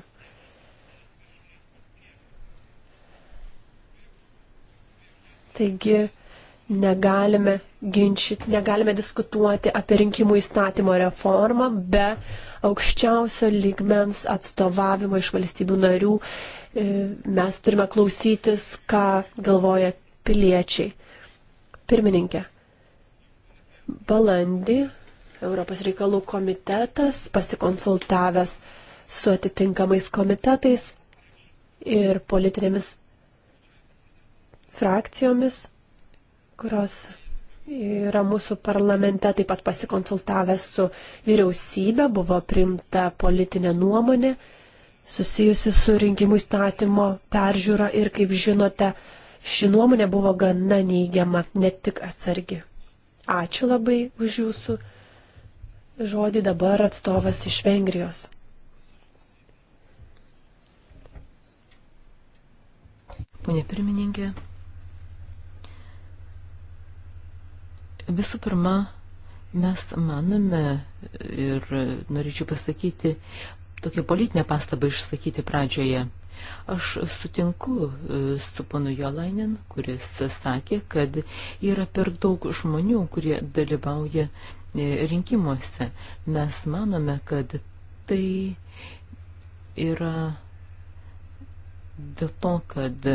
Taigi negalime ginčyti, negalime diskutuoti apie rinkimų įstatymo reformą be aukščiausio lygmens atstovavimo iš valstybių narių. E, mes turime klausytis, ką galvoja piliečiai. Pirmininkė, balandį Europos reikalų komitetas pasikonsultavęs su atitinkamais komitetais ir politinėmis frakcijomis, kurios yra mūsų parlamente taip pat pasikonsultavęs su vyriausybė, buvo primta politinė nuomonė susijusi su rinkimų statymo peržiūra ir, kaip žinote, Ši nuomonė buvo gana neigiama, ne tik atsargi. Ačiū labai už jūsų žodį dabar atstovas iš Vengrijos. Pone pirmininkė, visų pirma, mes manome ir norėčiau pasakyti, tokią politinę pastabą išsakyti pradžioje. Aš sutinku e, su panu Jolainin, kuris sakė, kad yra per daug žmonių, kurie dalyvauja e, rinkimuose. Mes manome, kad tai yra dėl to, kad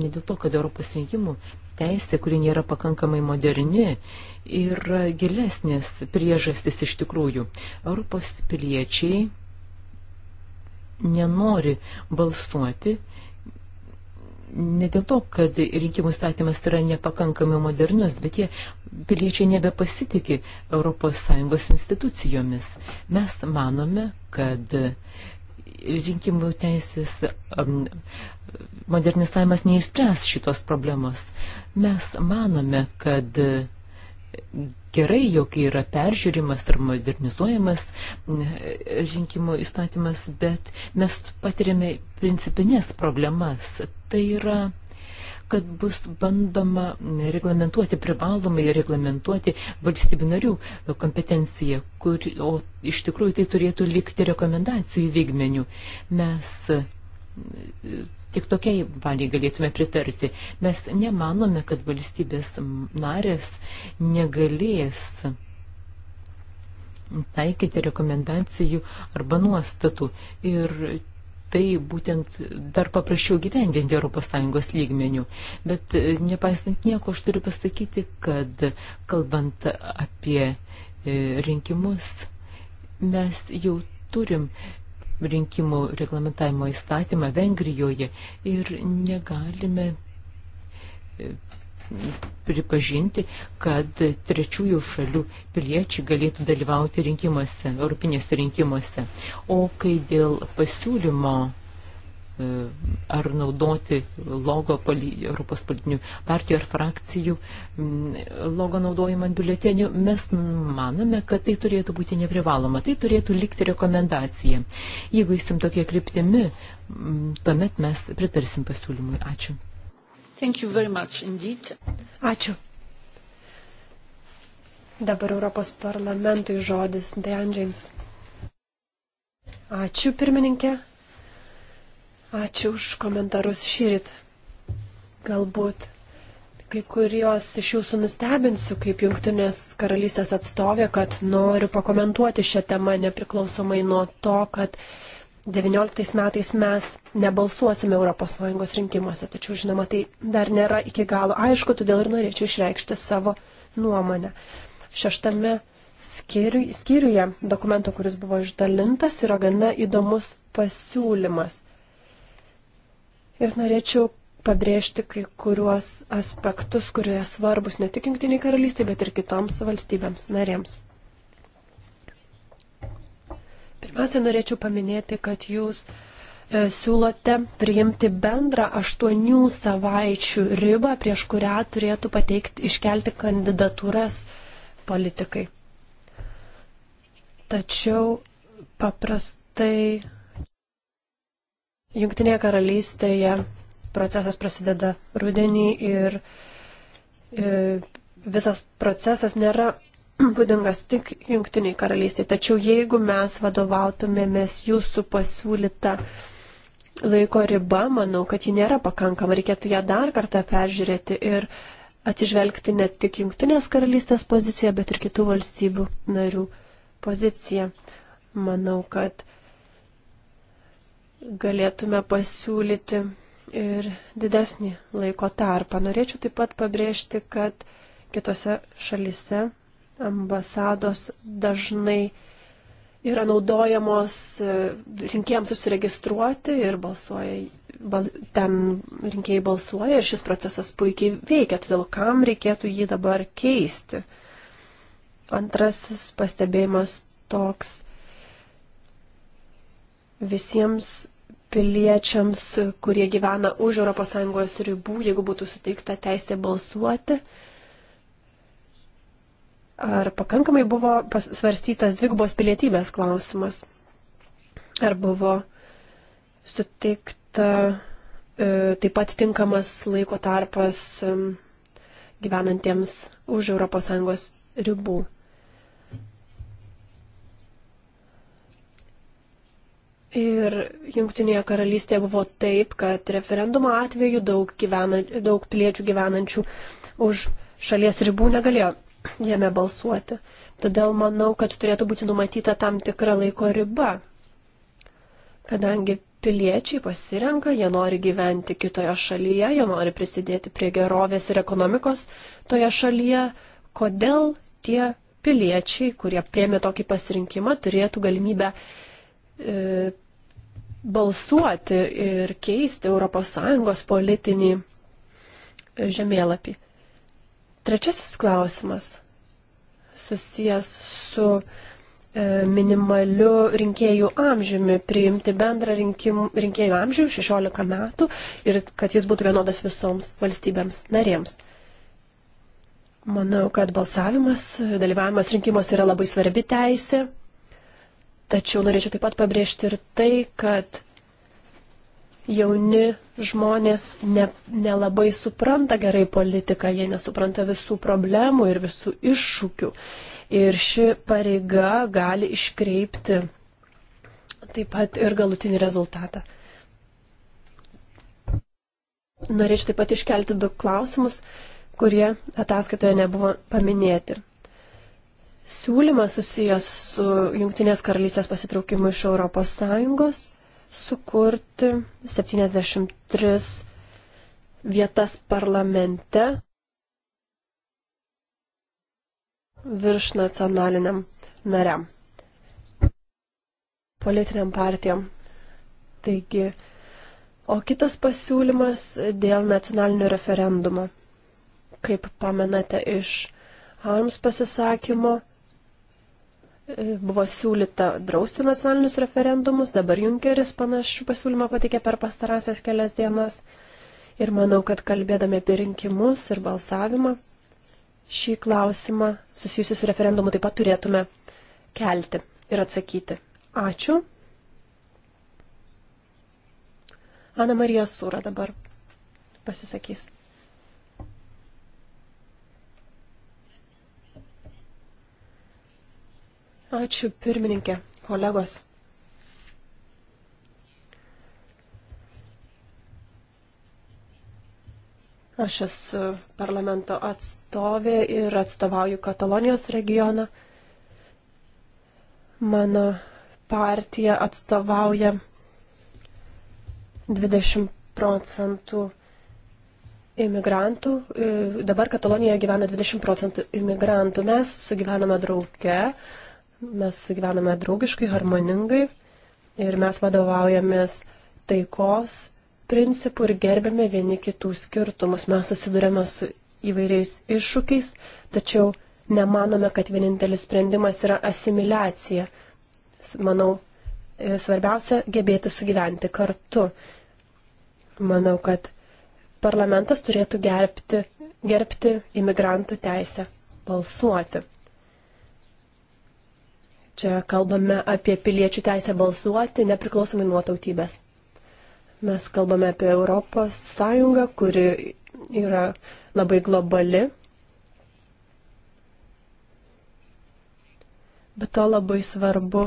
ne dėl to, kad Europos rinkimų teisė, kuri nėra pakankamai moderni, yra gilesnės priežastis iš tikrųjų. Europos piliečiai nenori balsuoti, ne dėl to, kad rinkimų statymas yra nepakankamai modernus, bet jie piliečiai nebepasitikė ES institucijomis. Mes manome, kad rinkimų teisės modernizavimas neįspręs šitos problemos. Mes manome, kad gerai, jog yra peržiūrimas ar modernizuojamas rinkimų įstatymas, bet mes patiriame principinės problemas. Tai yra kad bus bandoma reglamentuoti, privalomai reglamentuoti valstybinarių kompetenciją, kur, o iš tikrųjų tai turėtų likti rekomendacijų lygmenių. Mes Tik tokiai valiai galėtume pritarti. Mes nemanome, kad valstybės narės negalės taikyti rekomendacijų arba nuostatų. Ir tai būtent dar paprasčiau gyvendinti ES lygmenių. Bet e, nepaisant nieko, aš turiu pasakyti, kad kalbant apie e, rinkimus, mes jau turim rinkimų reglamentavimo įstatymą Vengrijoje ir negalime e, pripažinti, kad trečiųjų šalių piliečiai galėtų dalyvauti rinkimuose, europinėse rinkimuose. O kai dėl pasiūlymo E, ar naudoti logo poli, Europos politinių partijų ar frakcijų logo naudojimą ant biuletenių, mes manome, kad tai turėtų būti neprivaloma, tai turėtų likti rekomendacija. Jeigu įsim tokie kryptimi, tuomet mes pritarsim pasiūlymui. Ačiū. Thank you very much indeed. Ačiū. Dabar Europos parlamentui žodis Dejan James. Ačiū pirmininkė. Ačiū už komentarus šyrit. Galbūt kai kurios iš jūsų nustebinsiu, kaip jungtinės karalystės atstovė, kad noriu pakomentuoti šią temą nepriklausomai nuo to, kad 19 metais mes nebalsuosime ES rinkimuose. Tačiau, žinoma, tai dar nėra iki galo aišku, todėl ir norėčiau išreikšti savo nuomonę. Šeštame skyriuje dokumento, kuris buvo išdalintas, yra gana įdomus pasiūlymas Ir norėčiau pabrėžti kai kuriuos aspektus, kurie svarbus ne tik Junktiniai karalystiai, bet ir kitoms valstybėms narėms. Pirmiausia, norėčiau paminėti, kad jūs e, siūlote priimti bendrą aštuonių savaičių ribą, prieš kurią turėtų pateikti iškelti kandidatūras politikai. Tačiau paprastai Junktinėje karalystėje procesas prasideda rudenį ir e, visas procesas nėra būdingas tik jungtiniai karalystiai. Tačiau jeigu mes vadovautumėmės jūsų pasiūlyta laiko riba, manau, kad ji nėra pakankama. Reikėtų ją dar kartą peržiūrėti ir atsižvelgti ne tik jungtinės karalystės poziciją, bet ir kitų valstybių narių poziciją. Manau, kad galėtume pasiūlyti ir didesnį laiko tarpą. Norėčiau taip pat pabrėžti, kad kitose šalise ambasados dažnai yra naudojamos e, rinkėjams susiregistruoti ir balsuoja, bal, ten rinkėjai balsuoja ir šis procesas puikiai veikia, todėl kam reikėtų jį dabar keisti. Antrasis pastebėjimas toks, visiems piliečiams, kurie gyvena už ES ribų, jeigu būtų suteikta teisė balsuoti. Ar pakankamai buvo svarstytas dvigubos pilietybės klausimas? Ar buvo suteikta e, taip pat tinkamas laiko tarpas e, gyvenantiems už ES ribų? Ir Junktinėje karalystėje buvo taip, kad referendumo atveju daug, gyvena, daug piliečių gyvenančių už šalies ribų negalėjo jame balsuoti. Todėl manau, kad turėtų būti numatyta tam tikra laiko riba, kadangi piliečiai pasirenka, jie nori gyventi kitoje šalyje, jie nori prisidėti prie gerovės ir ekonomikos toje šalyje. Kodėl tie piliečiai, kurie priemė tokį pasirinkimą, turėtų galimybę E, balsuoti ir keisti ES politinį žemėlapį. Trečiasis klausimas susijęs su e, minimaliu rinkėjų amžiumi, priimti bendrą rinkim, rinkėjų amžių 16 metų ir kad jis būtų vienodas visoms valstybėms narėms. Manau, kad balsavimas, dalyvavimas rinkimuose yra labai svarbi teisė. Tačiau norėčiau taip pat pabrėžti ir tai, kad jauni žmonės ne, nelabai supranta gerai politiką, jie nesupranta visų problemų ir visų iššūkių. Ir ši pareiga gali iškreipti taip pat ir galutinį rezultatą. Norėčiau taip pat iškelti du klausimus, kurie ataskaitoje nebuvo paminėti siūlymas susijęs su Junktinės karalystės pasitraukimu iš ES sukurti 73 vietas parlamente virš nacionaliniam nariam, politiniam partijom. Taigi, o kitas pasiūlymas dėl nacionalinio referendumo. Kaip pamenate iš Arms pasisakymo, E, buvo siūlyta drausti nacionalinius referendumus, dabar Junkeris panašų pasiūlymą patikė per pastarąsias kelias dienas. Ir manau, kad kalbėdami apie rinkimus ir balsavimą, šį klausimą susijusiu su referendumu taip pat turėtume kelti ir atsakyti. Ačiū. Ana Marija Sūra dabar pasisakys. Ačiū pirmininkė, kolegos. Aš esu parlamento atstovė ir atstovauju Katalonijos regioną. Mano partija atstovauja 20 procentų imigrantų. Dabar Katalonijoje gyvena 20 procentų imigrantų. Mes sugyvename drauge, Mes sugyvename draugiškai, harmoningai ir mes vadovaujamės taikos principų ir gerbėme vieni kitų skirtumus. Mes susidurėme su įvairiais iššūkiais, tačiau nemanome, kad vienintelis sprendimas yra asimiliacija. Manau, e, svarbiausia gebėti sugyventi kartu. Manau, kad parlamentas turėtų gerbti, gerbti imigrantų teisę balsuoti. Čia kalbame apie piliečių teisę balsuoti nepriklausomai nuo tautybės. Mes kalbame apie Europos Sąjungą, kuri yra labai globali. Bet to labai svarbu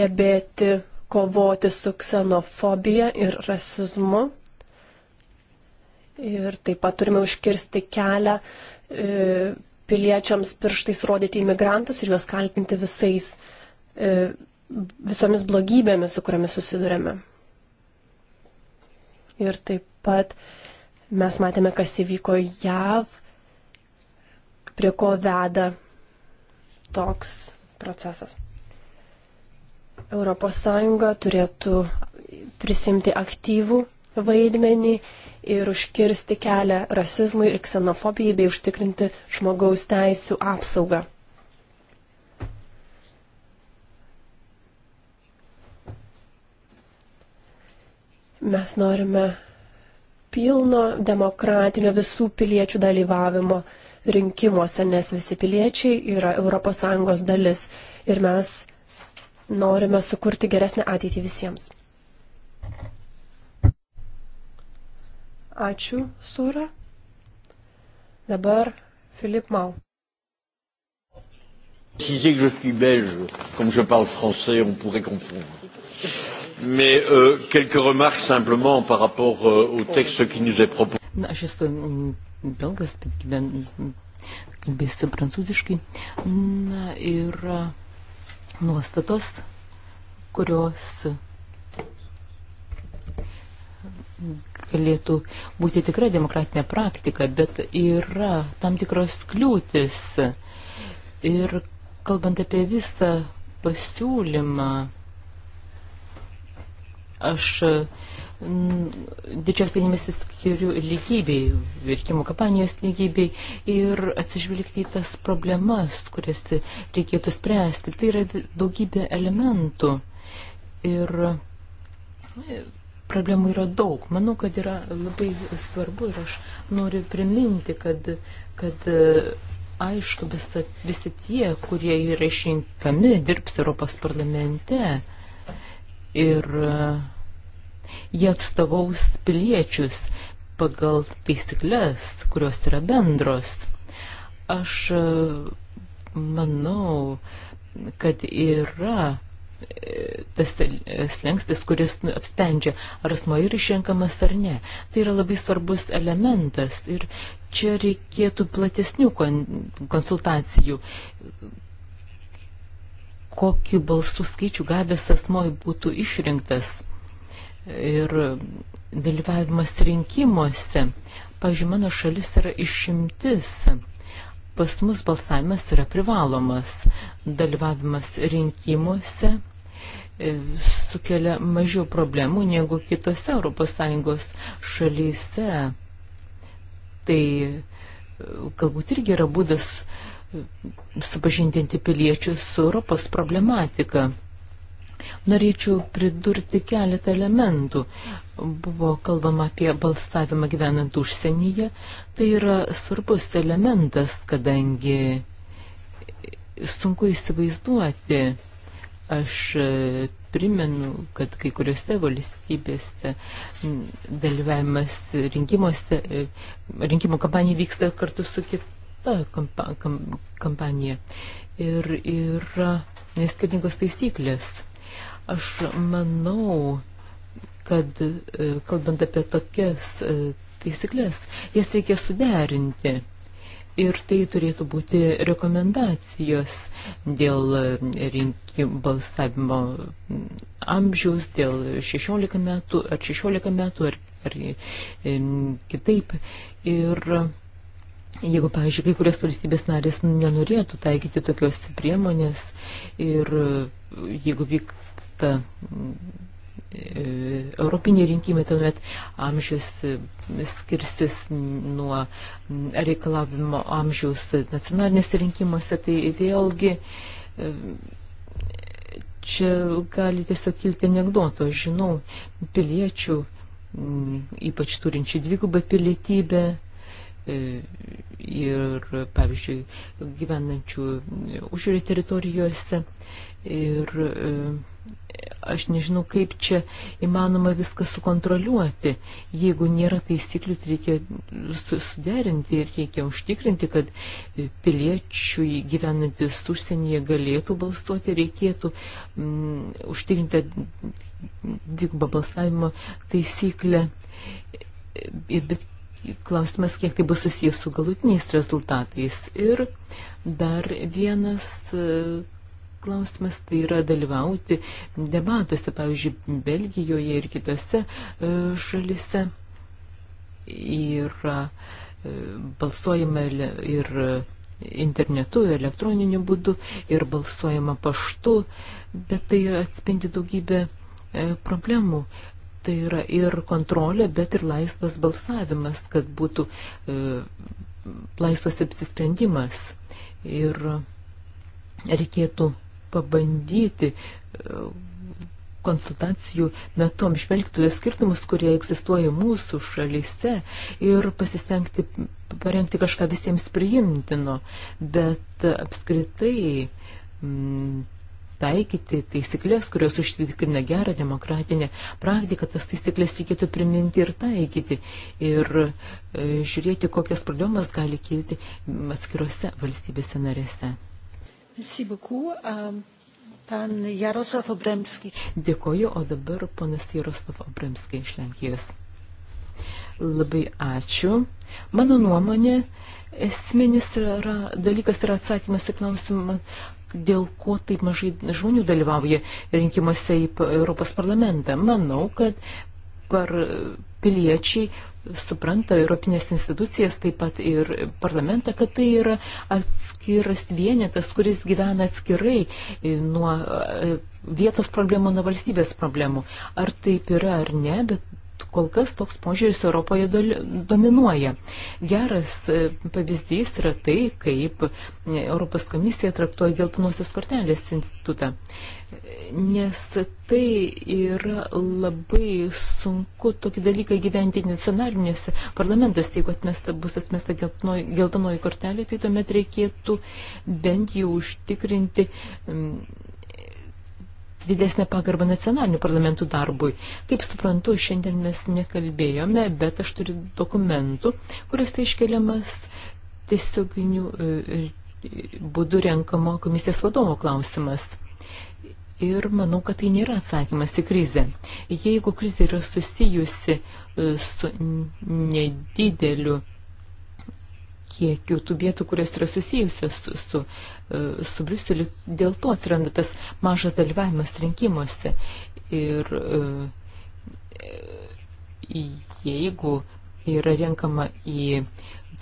gebėti kovoti su ksenofobija ir rasizmu. Ir taip pat turime užkirsti kelią e, piliečiams pirštais rodyti imigrantus ir juos kaltinti visais, e, visomis blogybėmis, su kuriamis susidurėme. Ir taip pat mes matėme, kas įvyko JAV, prie ko veda toks procesas. ES turėtų prisimti aktyvų vaidmenį ir užkirsti kelią rasizmui ir ksenofobijai bei užtikrinti žmogaus teisų apsaugą. Mes norime pilno demokratinio visų piliečių dalyvavimo rinkimuose, nes visi piliečiai yra ES dalis ir mes norime sukurti geresnę ateitį visiems. Ačiū, Sūra. Dabar Filip Mau. Préciser que je suis belge, comme je parle français, on pourrait confondre. Mais euh, quelques remarques simplement par rapport euh, au texte qui nous est proposé. Na, aš esu mm, belgas, bet gyven, kalbėsiu prancūziškai. Na ir nuostatos, kurios galėtų būti tikra demokratinė praktika, bet yra tam tikros kliūtis. Ir kalbant apie visą pasiūlymą, aš didžiausiai dėmesį skiriu lygybei, virkimų kampanijos lygybei ir atsižvelgti į tas problemas, kurias reikėtų spręsti. Tai yra daugybė elementų. Ir problemų yra daug. Manau, kad yra labai svarbu ir aš noriu priminti, kad, kad e, aišku, visa, visi tie, kurie yra išrinkami, dirbs Europos parlamente ir e, jie atstovaus piliečius pagal taisyklės, kurios yra bendros. Aš e, manau, kad yra tas slengstis, kuris nu, apsprendžia, ar asmo yra išrenkamas ar ne. Tai yra labai svarbus elementas ir čia reikėtų platesnių konsultacijų. Kokiu balsų skaičiu gavęs asmo būtų išrinktas ir dalyvavimas rinkimuose. Pavyzdžiui, mano šalis yra išimtis pas mus balsavimas yra privalomas, dalyvavimas rinkimuose E, sukelia mažiau problemų negu kitose ES šalyse. Tai e, galbūt irgi yra būdas e, supažindinti piliečius su Europos problematika. Norėčiau pridurti keletą elementų. Buvo kalbama apie balsavimą gyvenant užsienyje. Tai yra svarbus elementas, kadangi sunku įsivaizduoti Aš e, primenu, kad kai kuriuose valstybėse dalyvavimas rinkimuose, e, rinkimų kampanija vyksta kartu su kita kampa, kam, kampanija. Ir yra skirtingos taisyklės. Aš manau, kad e, kalbant apie tokias taisyklės, jas reikia suderinti ir tai turėtų būti rekomendacijos dėl rinkimų balsavimo amžiaus, dėl 16 metų ar 16 metų ar, ar e, kitaip. Ir Jeigu, pavyzdžiui, kai kurias valstybės narės nenorėtų taikyti tokios priemonės ir jeigu vyksta E, Europiniai rinkimai tuomet amžius e, skirsis nuo reikalavimo amžiaus nacionalinėse rinkimuose, tai vėlgi e, čia gali tiesiog kilti anegdoto. Aš žinau piliečių, ypač turinčių dvigubą pilietybę, ir, pavyzdžiui, gyvenančių užžiūrė teritorijose. Ir aš nežinau, kaip čia įmanoma viską sukontroliuoti. Jeigu nėra taisyklių, tai reikia suderinti ir reikia užtikrinti, kad piliečiui gyvenantis užsienyje galėtų balsuoti, reikėtų m, mm, užtikrinti dvigubą balsavimo taisyklę. Bet klausimas, kiek tai bus susijęs su galutiniais rezultatais. Ir dar vienas klausimas tai yra dalyvauti debatuose, pavyzdžiui, Belgijoje ir kitose e, šalise yra e, balsuojama ir internetu, elektroniniu būdu ir balsuojama paštu, bet tai atspindi daugybę e, problemų. Tai yra ir kontrolė, bet ir laisvas balsavimas, kad būtų e, laisvas apsisprendimas. Ir reikėtų pabandyti e, konsultacijų metu apžvelgti tuos skirtumus, kurie egzistuoja mūsų šalyse ir pasistengti parengti kažką visiems priimtino, bet apskritai m, mm, taikyti taisyklės, kurios užtikrina gerą demokratinę praktiką, tas taisyklės reikėtų priminti ir taikyti ir e, žiūrėti, kokias problemas gali kilti atskirose valstybėse narėse. Merci beaucoup. Um... Pan Jarosław Obremski. Dėkoju, o dabar panas Jaroslav Obremski iš Lenkijos. Labai ačiū. Mano nuomonė, esminis yra, dalykas yra atsakymas į klausimą, dėl ko taip mažai žmonių dalyvauja rinkimuose į Europos parlamentą. Manau, kad par piliečiai supranta Europinės institucijas, taip pat ir parlamentą, kad tai yra atskiras vienetas, kuris gyvena atskirai nuo e, vietos problemų, nuo valstybės problemų. Ar taip yra ar ne, bet kol kas toks požiūris Europoje dominuoja. Geras e, pavyzdys yra tai, kaip Europos komisija traktuoja geltonosios kortelės institutą. Nes tai yra labai sunku tokį dalyką gyventi nacionaliniuose parlamentuose. Jeigu atmesta, bus atmesta geltonoji, geltonoji kortelė, tai tuomet reikėtų bent jau užtikrinti. Mm, didesnę pagarbą nacionalinių parlamentų darbui. Kaip suprantu, šiandien mes nekalbėjome, bet aš turiu dokumentų, kuris tai iškeliamas tiesioginių e, būdų renkamo komisijos vadovo klausimas. Ir manau, kad tai nėra atsakymas į krizę. Jeigu krizė yra susijusi e, su nedideliu kiekiu, tų vietų, kurios yra susijusios su, su, e, su Briuseliu, dėl to atsiranda tas mažas dalyvavimas rinkimuose. Ir e, jeigu yra renkama į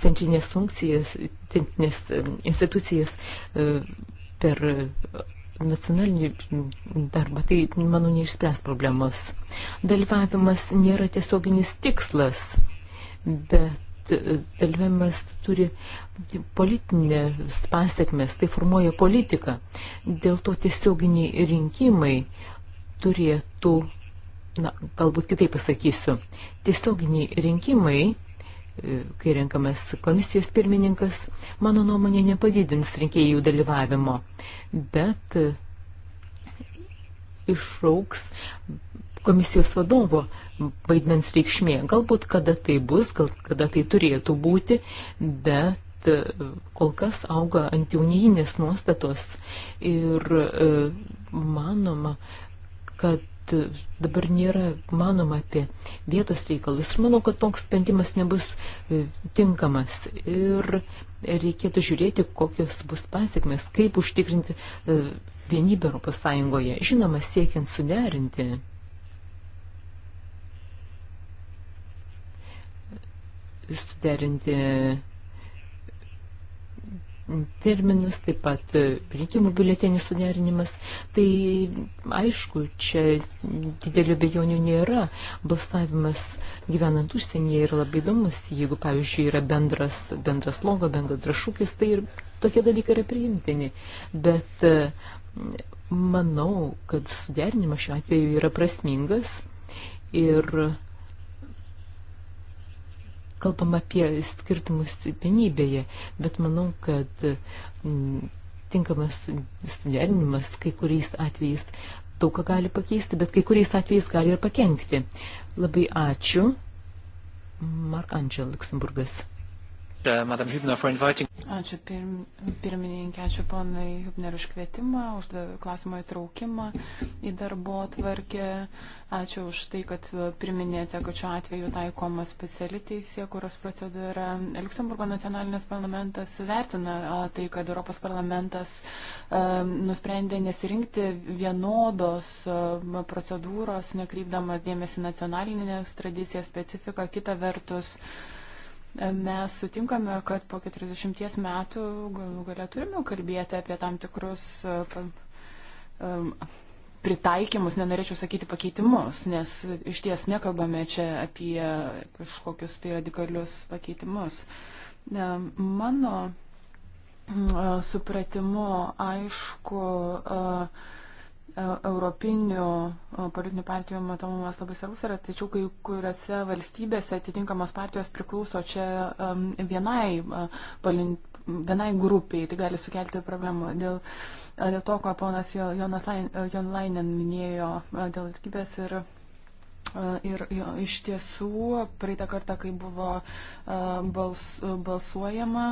centrinės funkcijas, centrinės e, institucijas per nacionalinį darbą, tai, manau, neišspręs problemos. Dalyvavimas nėra tiesioginis tikslas, bet E, dalyvavimas turi politinės pasiekmes, tai formuoja politiką. Dėl to tiesioginiai rinkimai turėtų, na, galbūt kitaip pasakysiu, tiesioginiai rinkimai, e, kai renkamas komisijos pirmininkas, mano nuomonė nepadidins rinkėjų dalyvavimo, bet e, išauks komisijos vadovo vaidmens reikšmė. Galbūt kada tai bus, gal kada tai turėtų būti, bet e, kol kas auga antiunijinės nuostatos ir e, manoma, kad dabar nėra manoma apie vietos reikalus. Ir manau, kad toks sprendimas nebus e, tinkamas. Ir reikėtų žiūrėti, kokios bus pasiekmes, kaip užtikrinti vienybę Europos Sąjungoje. Žinoma, siekiant suderinti suderinti terminus, taip pat rinkimų biuletenių suderinimas. Tai aišku, čia didelių bejonių nėra. Balsavimas gyvenant užsienyje yra labai įdomus. Jeigu, pavyzdžiui, yra bendras, bendras logo, bendras šūkis, tai ir tokie dalykai yra priimtini. Bet e, manau, kad suderinimas šiuo atveju yra prasmingas ir kalbam apie skirtumus vienybėje, bet manau, kad mm, tinkamas suderinimas kai kuriais atvejais daug ką gali pakeisti, bet kai kuriais atvejais gali ir pakengti. Labai ačiū. Mark Angel, Luxemburgas. Uh, Madam Hübner, for inviting. Ačiū pirm, pirmininkė, ačiū ponai Hübner už kvietimą, už klausimo įtraukimą į darbo atvarkę. Ačiū už tai, kad priminėte, kad šiuo atveju taikoma speciali teisė, kurios procedūra. Luxemburgo nacionalinis parlamentas vertina tai, kad Europos parlamentas nusprendė nesirinkti vienodos procedūros, nekrypdamas dėmesį nacionalinės tradicijas specifiką. Kita vertus, uh, mes sutinkame, kad po 40 metų galų galia turime kalbėti apie tam tikrus um, um, pritaikymus, nenorėčiau sakyti pakeitimus, nes iš ties nekalbame čia apie kažkokius tai radikalius pakeitimus. Um, mano uh, supratimu, aišku, uh, E, europinių e, politinių partijų matomumas labai svarbus yra, tačiau kai kuriuose valstybėse atitinkamos partijos priklauso čia vienai, e, vienai grupiai, tai gali sukelti problemų. Dėl, dėl to, ko ponas Jonas Lainen minėjo, dėl lygybės ir Ir iš tiesų, praeitą kartą, kai buvo bals, balsuojama,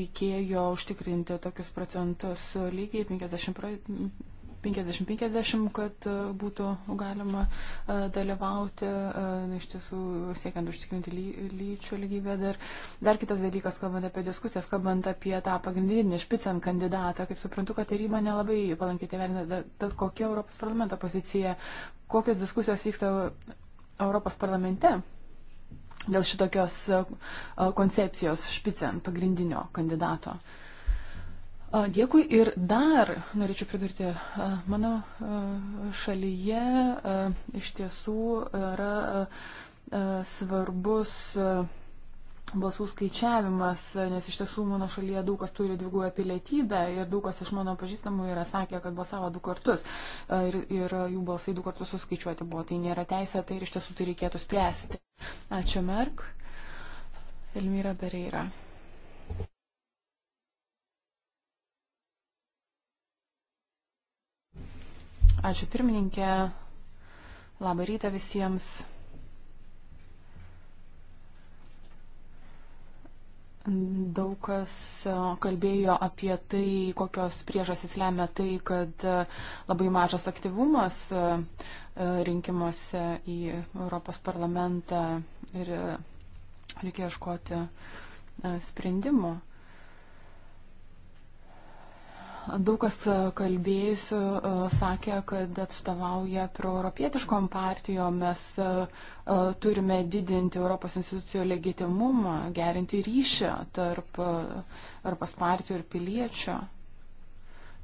reikėjo užtikrinti tokius procentus lygiai 50 50-50, kad e, būtų galima e, dalyvauti, e, iš tiesų siekiant užtikrinti lyčių lygybę. Dar, dar kitas dalykas, kalbant apie diskusijas, kalbant apie tą pagrindinį špicen kandidatą, kaip suprantu, kad taryba nelabai palankiai tai vertina, tad kokia Europos parlamento pozicija, kokios diskusijos vyksta Europos parlamente dėl šitokios koncepcijos špicen pagrindinio kandidato. Uh, Dėkui ir dar norėčiau pridurti, mano šalyje iš tiesų yra svarbus balsų skaičiavimas, nes iš tiesų mano šalyje daug kas turi dvigubą pilietybę ir daug kas iš mano pažįstamų yra sakę, kad balsavo du kartus ir, ir jų balsai du kartus suskaičiuoti buvo. Tai nėra teisė, tai ir iš tiesų tai reikėtų spręsti. Ačiū Merk. Elmyra Bereira. Ačiū pirmininkė. Labą rytą visiems. Daug kas e, kalbėjo apie tai, kokios priežasys lemia tai, kad e, labai mažas aktyvumas e, rinkimuose į Europos parlamentą ir reikia ieškoti sprendimų daug kas e, kalbėjusių e, sakė, kad atstovauja proeuropietiškom partijom, mes e, turime didinti Europos institucijų legitimumą, gerinti ryšį tarp Europos partijų ir piliečio.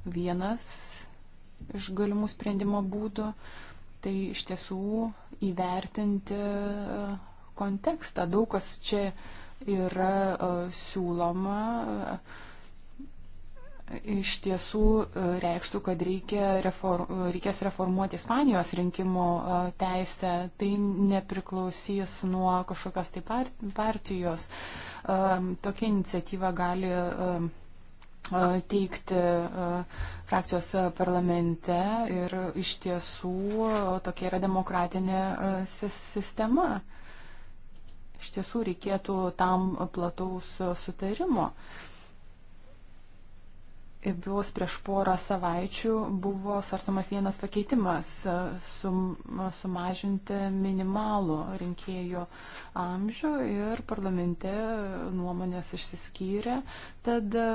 Vienas iš galimų sprendimo būdų tai iš tiesų įvertinti kontekstą. Daug kas čia yra siūloma. Uh, iš tiesų e, reikštų, kad reikia reform, reikės reformuoti Ispanijos rinkimų e, teisę. Tai nepriklausys nuo kažkokios tai partijos. E, tokia iniciatyva gali teikti frakcijos parlamente ir iš tiesų tokia yra demokratinė sistema. Iš tiesų reikėtų tam plataus sutarimo. Uh, Vos prieš porą savaičių buvo svarstomas vienas pakeitimas e, sum, e, sumažinti minimalų rinkėjų amžių ir parlamente nuomonės išsiskyrė. Tad e,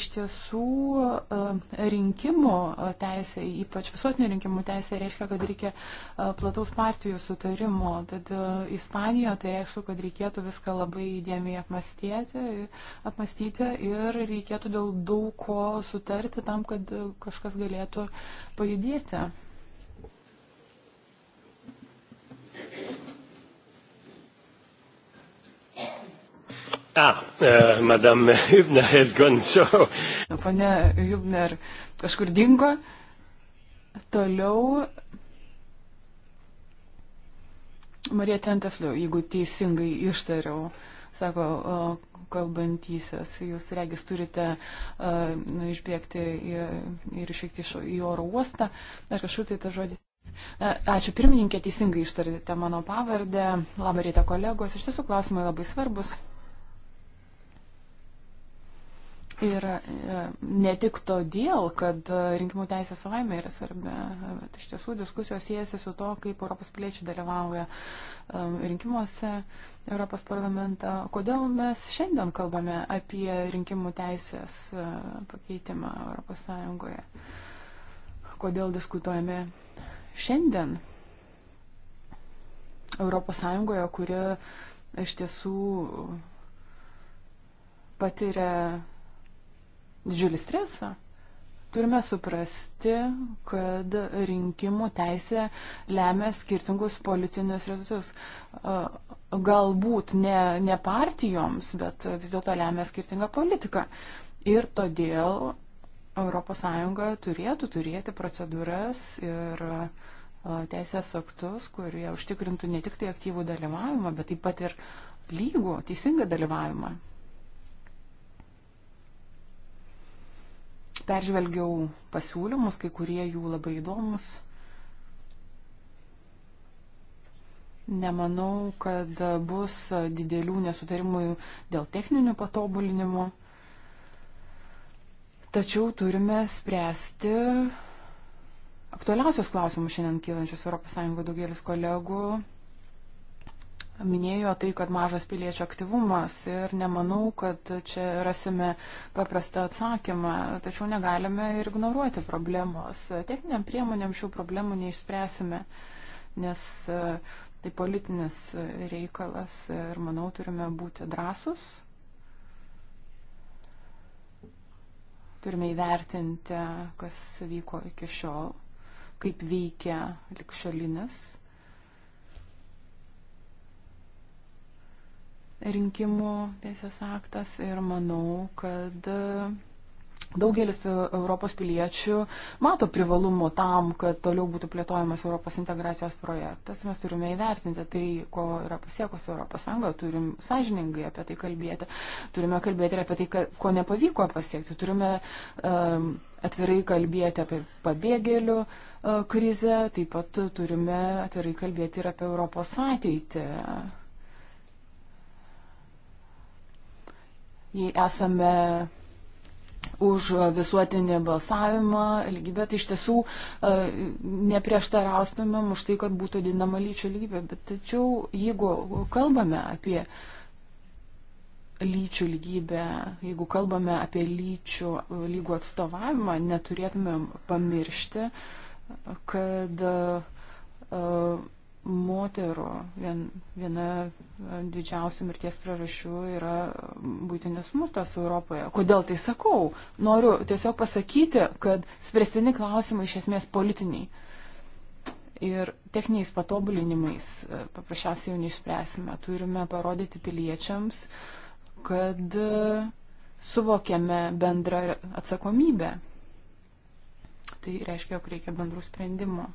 iš tiesų rinkimų teisė, ypač visuotinių rinkimų teisė, reiškia, kad reikia plataus partijų sutarimo. Tad Ispanijoje tai reiškia, kad reikėtų viską labai įdėmiai apmastyti, apmastyti ir reikėtų dėl daug ko sutarti tam, kad kažkas galėtų pajudėti. Ah, uh, Madame Hübner has gone, so. Pane Hübner kažkur dingo. Toliau Marija Tentefliu, jeigu teisingai ištariau, sako kalbantysis. Jūs regis turite uh, išbėgti į, ir išvykti į oro uostą. Ar kažkur tai tas žodis. Ačiū pirmininkė, teisingai ištardėte mano pavardę. Labą rytą kolegos. Iš tiesų klausimai labai svarbus. Ir e, ne tik todėl, kad e, rinkimų teisė savaime yra svarbi, e, bet iš tiesų diskusijos siejasi su to, kaip Europos piliečiai dalyvauja rinkimuose Europos parlamentą. Kodėl mes šiandien kalbame apie rinkimų teisės pakeitimą Europos Sąjungoje? Kodėl diskutuojame šiandien Europos Sąjungoje, kuri iš tiesų patiria didžiulį stresą. Turime suprasti, kad rinkimų teisė lemia skirtingus politinius rezultatus. Galbūt ne, ne partijoms, bet vis dėlto lemia skirtingą politiką. Ir todėl ES turėtų turėti procedūras ir teisės aktus, kurie užtikrintų ne tik tai aktyvų dalyvavimą, bet taip pat ir lygų, teisingą dalyvavimą. Peržvelgiau pasiūlymus, kai kurie jų labai įdomus. Nemanau, kad bus didelių nesutarimų dėl techninių patobulinimų. Tačiau turime spręsti aktualiausius klausimus šiandien kylančius ES daugelis kolegų minėjo tai, kad mažas piliečio aktyvumas ir nemanau, kad čia rasime paprastą atsakymą, tačiau negalime ir ignoruoti problemos. Techniniam priemonėm šių problemų neišspręsime, nes e, tai politinis reikalas ir manau turime būti drąsus. Turime įvertinti, kas vyko iki šiol, kaip veikia likšalinis rinkimų teisės aktas ir manau, kad daugelis Europos piliečių mato privalumų tam, kad toliau būtų plėtojamas Europos integracijos projektas. Mes turime įvertinti tai, ko yra pasiekusi Europos Sąjunga, turim sąžiningai apie tai kalbėti, turime kalbėti ir apie tai, ko nepavyko pasiekti, turime um, atvirai kalbėti apie pabėgėlių uh, krizę, taip pat turime atvirai kalbėti ir apie Europos ateitį. Uh, jei esame už visuotinį balsavimą, lygybę, tai iš tiesų e, neprieštaraustumėm už tai, kad būtų didinama lyčių lygybė. Bet tačiau, jeigu kalbame apie lyčių lygybę, jeigu kalbame apie lyčių lygų atstovavimą, neturėtumėm pamiršti, kad uh, moterų vien, viena didžiausių mirties priežasčių yra būtinis smurtas Europoje. Kodėl tai sakau? Noriu tiesiog pasakyti, kad spręstini klausimai iš esmės politiniai. Ir techniniais patobulinimais e, paprasčiausiai jau neišspręsime. Turime parodyti piliečiams, kad e, suvokiame bendrą atsakomybę. Tai reiškia, jog reikia bendrų sprendimų.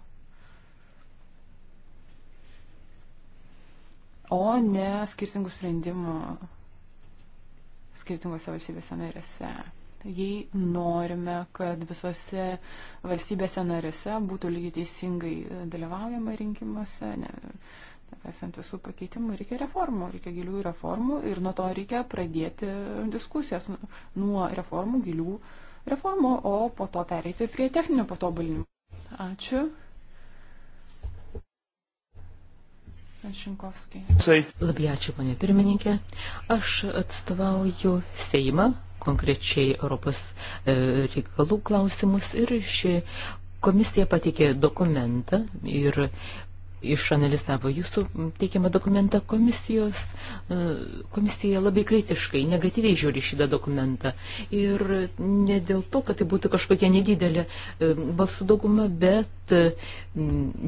o ne skirtingų sprendimų skirtingose valstybėse narėse. Jei norime, kad visose valstybėse narėse būtų lygiai teisingai dalyvaujama rinkimuose, ne, esant visų pakeitimų, reikia reformų, reikia gilių reformų ir nuo to reikia pradėti diskusijas nuo reformų, gilių reformų, o po to pereiti prie techninio patobulinimo. Ačiū. Ponas Šinkovskiai. Labai ačiū, ponė pirmininkė. Aš atstovauju Seimą, konkrečiai Europos e, reikalų klausimus ir ši komisija pateikė dokumentą ir išanalizavo jūsų teikiamą dokumentą komisijos. E, komisija labai kritiškai, negatyviai žiūri šitą dokumentą. Ir ne dėl to, kad tai būtų kažkokia nedidelė e, balsų dauguma, bet e,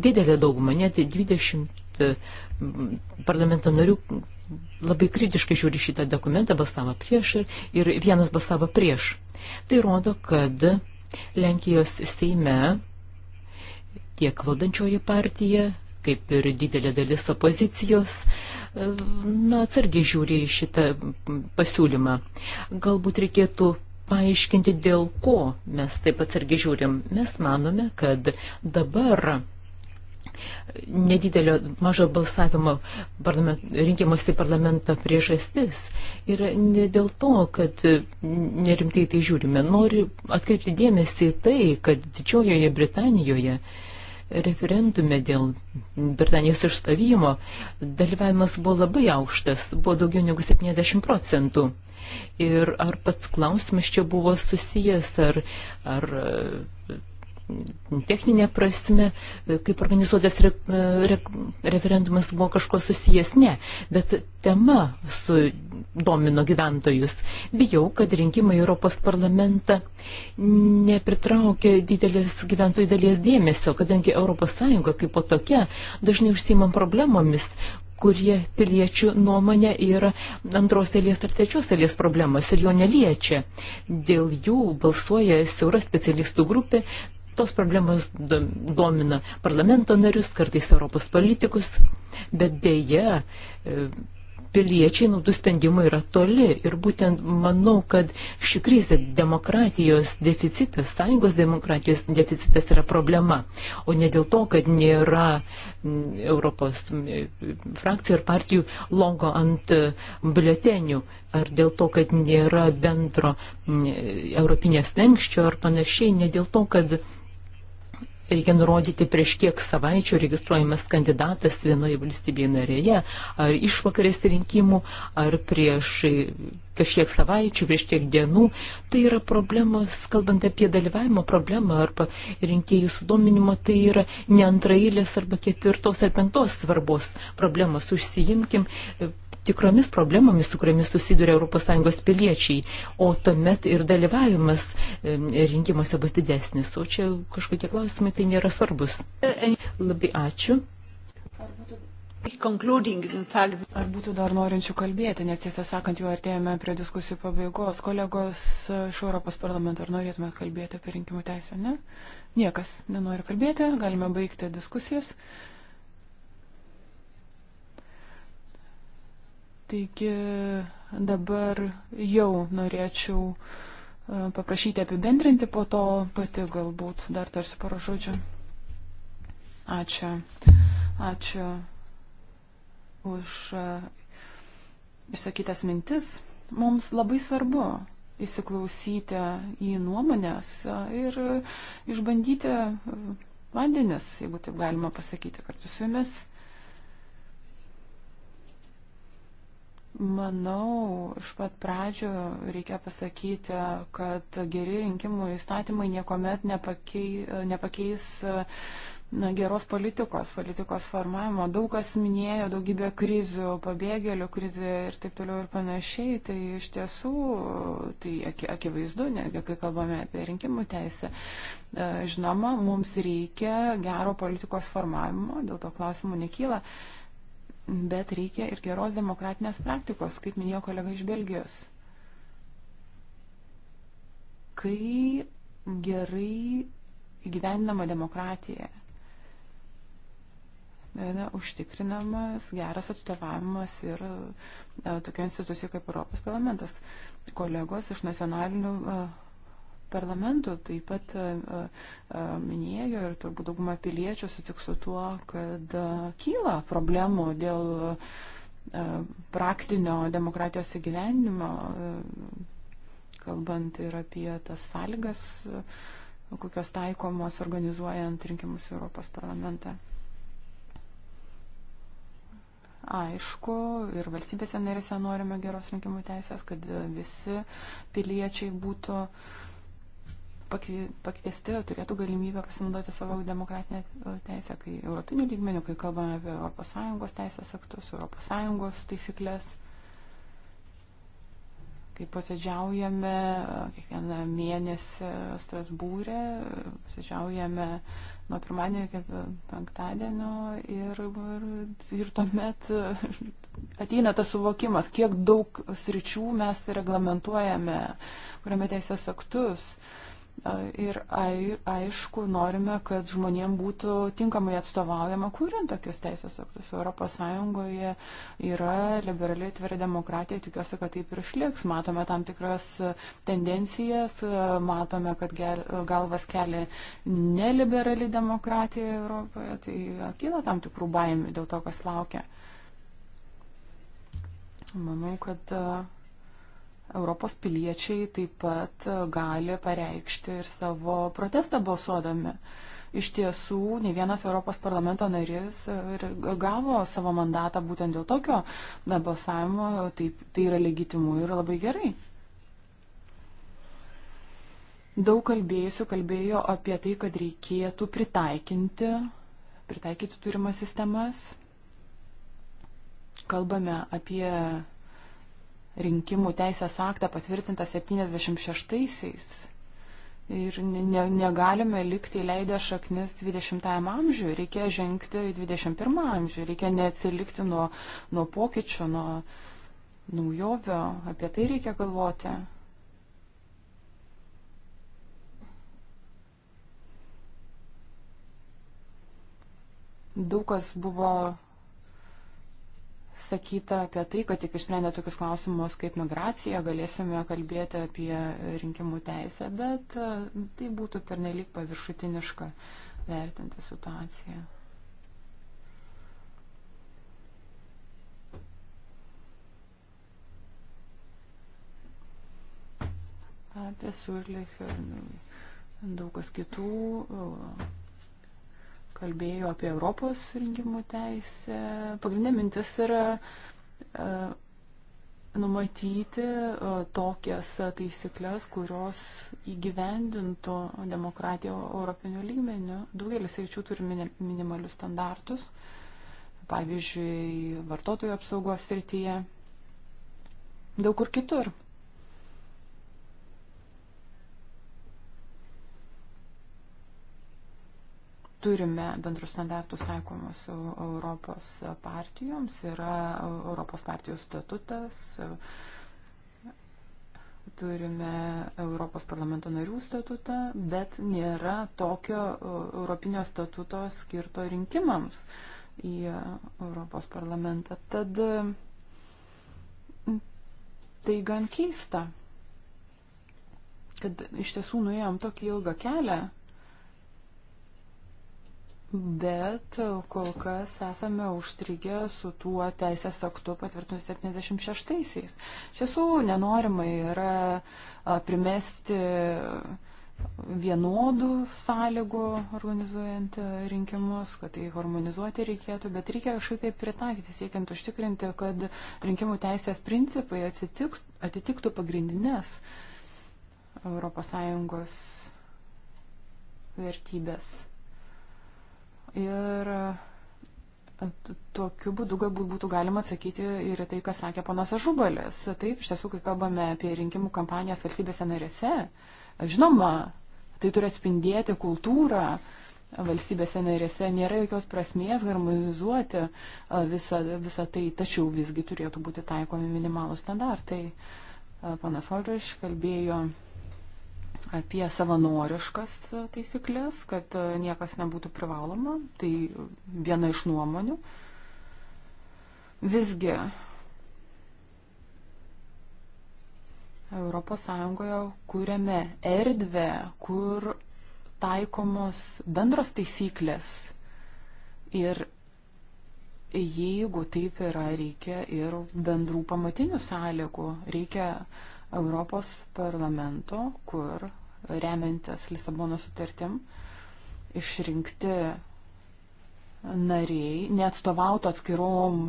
didelė dauguma, net 20 parlamento narių labai kritiškai žiūri šitą dokumentą, balsavo prieš ir, ir vienas balsavo prieš. Tai rodo, kad Lenkijos Seime tiek valdančioji partija, kaip ir didelė dalis opozicijos, e, na, atsargiai žiūri į šitą pasiūlymą. Galbūt reikėtų paaiškinti, dėl ko mes taip atsargiai žiūrim. Mes manome, kad dabar nedidelio mažo balsavimo rinkimuose į parlamentą priežastis ir ne dėl to, kad nerimtai tai žiūrime. Noriu atkreipti dėmesį į tai, kad Didžiojoje Britanijoje uh, referendume dėl Britanijos išstovimo dalyvavimas buvo labai aukštas, buvo daugiau negu 70 procentų. Ir ar pats klausimas čia buvo susijęs, ar, ar techninė prasme, kaip organizuotas re, re, referendumas buvo kažko susijęs, ne, bet tema sudomino gyventojus. Bijau, kad rinkimai Europos parlamentą nepritraukia didelės gyventojų dalies dėmesio, kadangi ES kaip po tokia dažnai užsimam problemomis, kurie piliečių nuomonė yra antros dalies ar trečios dalies problemas ir jo neliečia. Dėl jų balsuoja siaura specialistų grupė, tos problemos domina parlamento narius, kartais Europos politikus, bet dėja e, piliečiai naudų sprendimai yra toli. Ir būtent manau, kad ši krizė demokratijos deficitas, sąjungos demokratijos deficitas yra problema. O ne dėl to, kad nėra Europos frakcijų ir partijų logo ant biuletenių, ar dėl to, kad nėra bendro europinės lenkščio ar panašiai, ne dėl to, kad reikia nurodyti prieš kiek savaičių registruojamas kandidatas vienoje valstybėje narėje, ar išvakarės rinkimų, ar prieš kažkiek savaičių, prieš kiek dienų. Tai yra problemos, kalbant apie dalyvavimo problemą arba rinkėjų sudominimo, tai yra ne antrailės arba ketvirtos ar penktos svarbos problemos. Užsijimkim tikromis problemomis, su kuriamis susiduria ES piliečiai, o tuomet ir dalyvavimas rinkimuose bus didesnis. O čia kažkokie klausimai tai nėra svarbus. Labai ačiū. Ar būtų dar norinčių kalbėti, nes tiesą sakant, jau artėjame prie diskusijų pabaigos. Kolegos iš Europos parlamento, ar norėtumėt kalbėti apie rinkimų teisę, ne? Niekas nenori kalbėti, galime baigti diskusijas. Taigi dabar jau norėčiau e, paprašyti apibendrinti, po to pati galbūt dar tarsi parašodžiu. Ačiū. Ačiū už e, išsakytas mintis. Mums labai svarbu įsiklausyti į nuomonės e, ir išbandyti vandenis, jeigu taip galima pasakyti, kartu su jumis. Manau, iš pat pradžio reikia pasakyti, kad geri rinkimų įstatymai niekuomet nepakei, nepakeis na, geros politikos, politikos formavimo. Daug kas minėjo daugybę krizių, pabėgėlių krizė ir taip toliau ir panašiai. Tai iš tiesų, tai akivaizdu, netgi kai kalbame apie rinkimų teisę. E, žinoma, mums reikia gero politikos formavimo, dėl to klausimų nekyla bet reikia ir geros demokratinės praktikos, kaip minėjo kolega iš Belgijos. Kai gerai įgyvendinama demokratija, na, užtikrinamas geras atstovavimas ir na, e, tokia institucija kaip Europos parlamentas. Kolegos iš nacionalinių uh, parlamento taip pat e, e, minėjo ir turbūt dauguma piliečių sutiks su tuo, kad e, kyla problemų dėl praktinio demokratijos įgyvenimo, kalbant ir apie tas sąlygas, kokios taikomos organizuojant rinkimus Europos parlamentą aišku, ir valstybėse narėse norime geros rinkimų teisės, kad visi piliečiai būtų uh, pakviesti turėtų galimybę pasinaudoti savo demokratinę e, teisę, kai europinių lygmenių, kai kalbame apie ES teisės aktus, ES taisyklės, kai posėdžiaujame e, kiekvieną mėnesį Strasbūrė, e, posėdžiaujame nuo pirmadienio iki penktadienio ir, ir, ir tuomet ateina tas suvokimas, kiek daug sričių mes reglamentuojame, kuriame teisės aktus. Uh, Ir aišku, norime, kad žmonėm būtų tinkamai atstovaujama, kuriant tokius teisės aktus. Europos Sąjungoje yra liberaliai atvira demokratija, tikiuosi, kad taip ir išliks. Matome tam tikras tendencijas, matome, kad galvas kelia neliberali demokratija Europoje, tai kyla tam tikrų baimių dėl to, kas laukia. Manau, kad uh, Europos piliečiai taip pat gali pareikšti ir savo protestą balsuodami. Iš tiesų, ne vienas Europos parlamento narys ir gavo savo mandatą būtent dėl tokio na, balsavimo, taip, tai yra legitimu ir labai gerai. Daug kalbėjusių kalbėjo apie tai, kad reikėtų pritaikinti, pritaikyti turimas sistemas. Kalbame apie rinkimų teisės aktą patvirtintą 76-aisiais. Ir ne, negalime likti leidę šaknis 20-ajam amžiui, reikia žengti į 21-ą amžių, reikia neatsilikti nuo, nuo pokyčių, nuo naujovio, apie tai reikia galvoti. daug kas buvo sakyta apie tai, kad tik išsprendę tokius klausimus kaip migracija galėsime kalbėti apie rinkimų teisę, bet e, tai būtų pernelyg paviršutiniška vertinti situaciją. Apie Surlich ir daug kas kitų kalbėjo apie Europos rinkimų teisę. Pagrindinė mintis yra e, numatyti e, tokias taisyklės, kurios įgyvendintų demokratiją europinių lygmenių. Daugelis ryčių turi minimalius standartus, pavyzdžiui, vartotojų apsaugos srityje, daug kur kitur. turime bendrus standartus taikomus Europos partijoms, yra Europos partijų statutas, turime Europos parlamento narių statutą, bet nėra tokio Europinio statuto skirto rinkimams į Europos parlamentą. Tad tai gan keista, kad iš tiesų nuėjom tokį ilgą kelią Bet kol kas esame užstrigę su tuo teisės aktu patvirtinu 76-aisiais. Šiesų nenorima yra primesti vienodų sąlygų organizuojant rinkimus, kad tai harmonizuoti reikėtų, bet reikia kažkaip tai pritaikyti, siekiant užtikrinti, kad rinkimų teisės principai atitiktų, atitiktų pagrindinės ES vertybės. Ir e, tokiu būdu galbūt būtų galima atsakyti ir tai, ką sakė ponas Ažubalis. Taip, iš tiesų, kai kalbame apie rinkimų kampanijas valstybėse narėse, žinoma, tai turi atspindėti kultūrą, valstybėse narėse nėra jokios prasmės harmonizuoti visą, e, visą tai, tačiau visgi turėtų būti taikomi minimalų standartai. E, Panas Aldriš kalbėjo apie savanoriškas taisyklės, kad e, niekas nebūtų privaloma. Tai viena iš nuomonių. Visgi ES kūrėme erdvę, kur taikomos bendros taisyklės. Ir jeigu taip yra, reikia ir bendrų pamatinių sąlygų. Reikia uh, Europos parlamento, kur remiantis Lisabono sutartim išrinkti nariai neatstovautų atskirom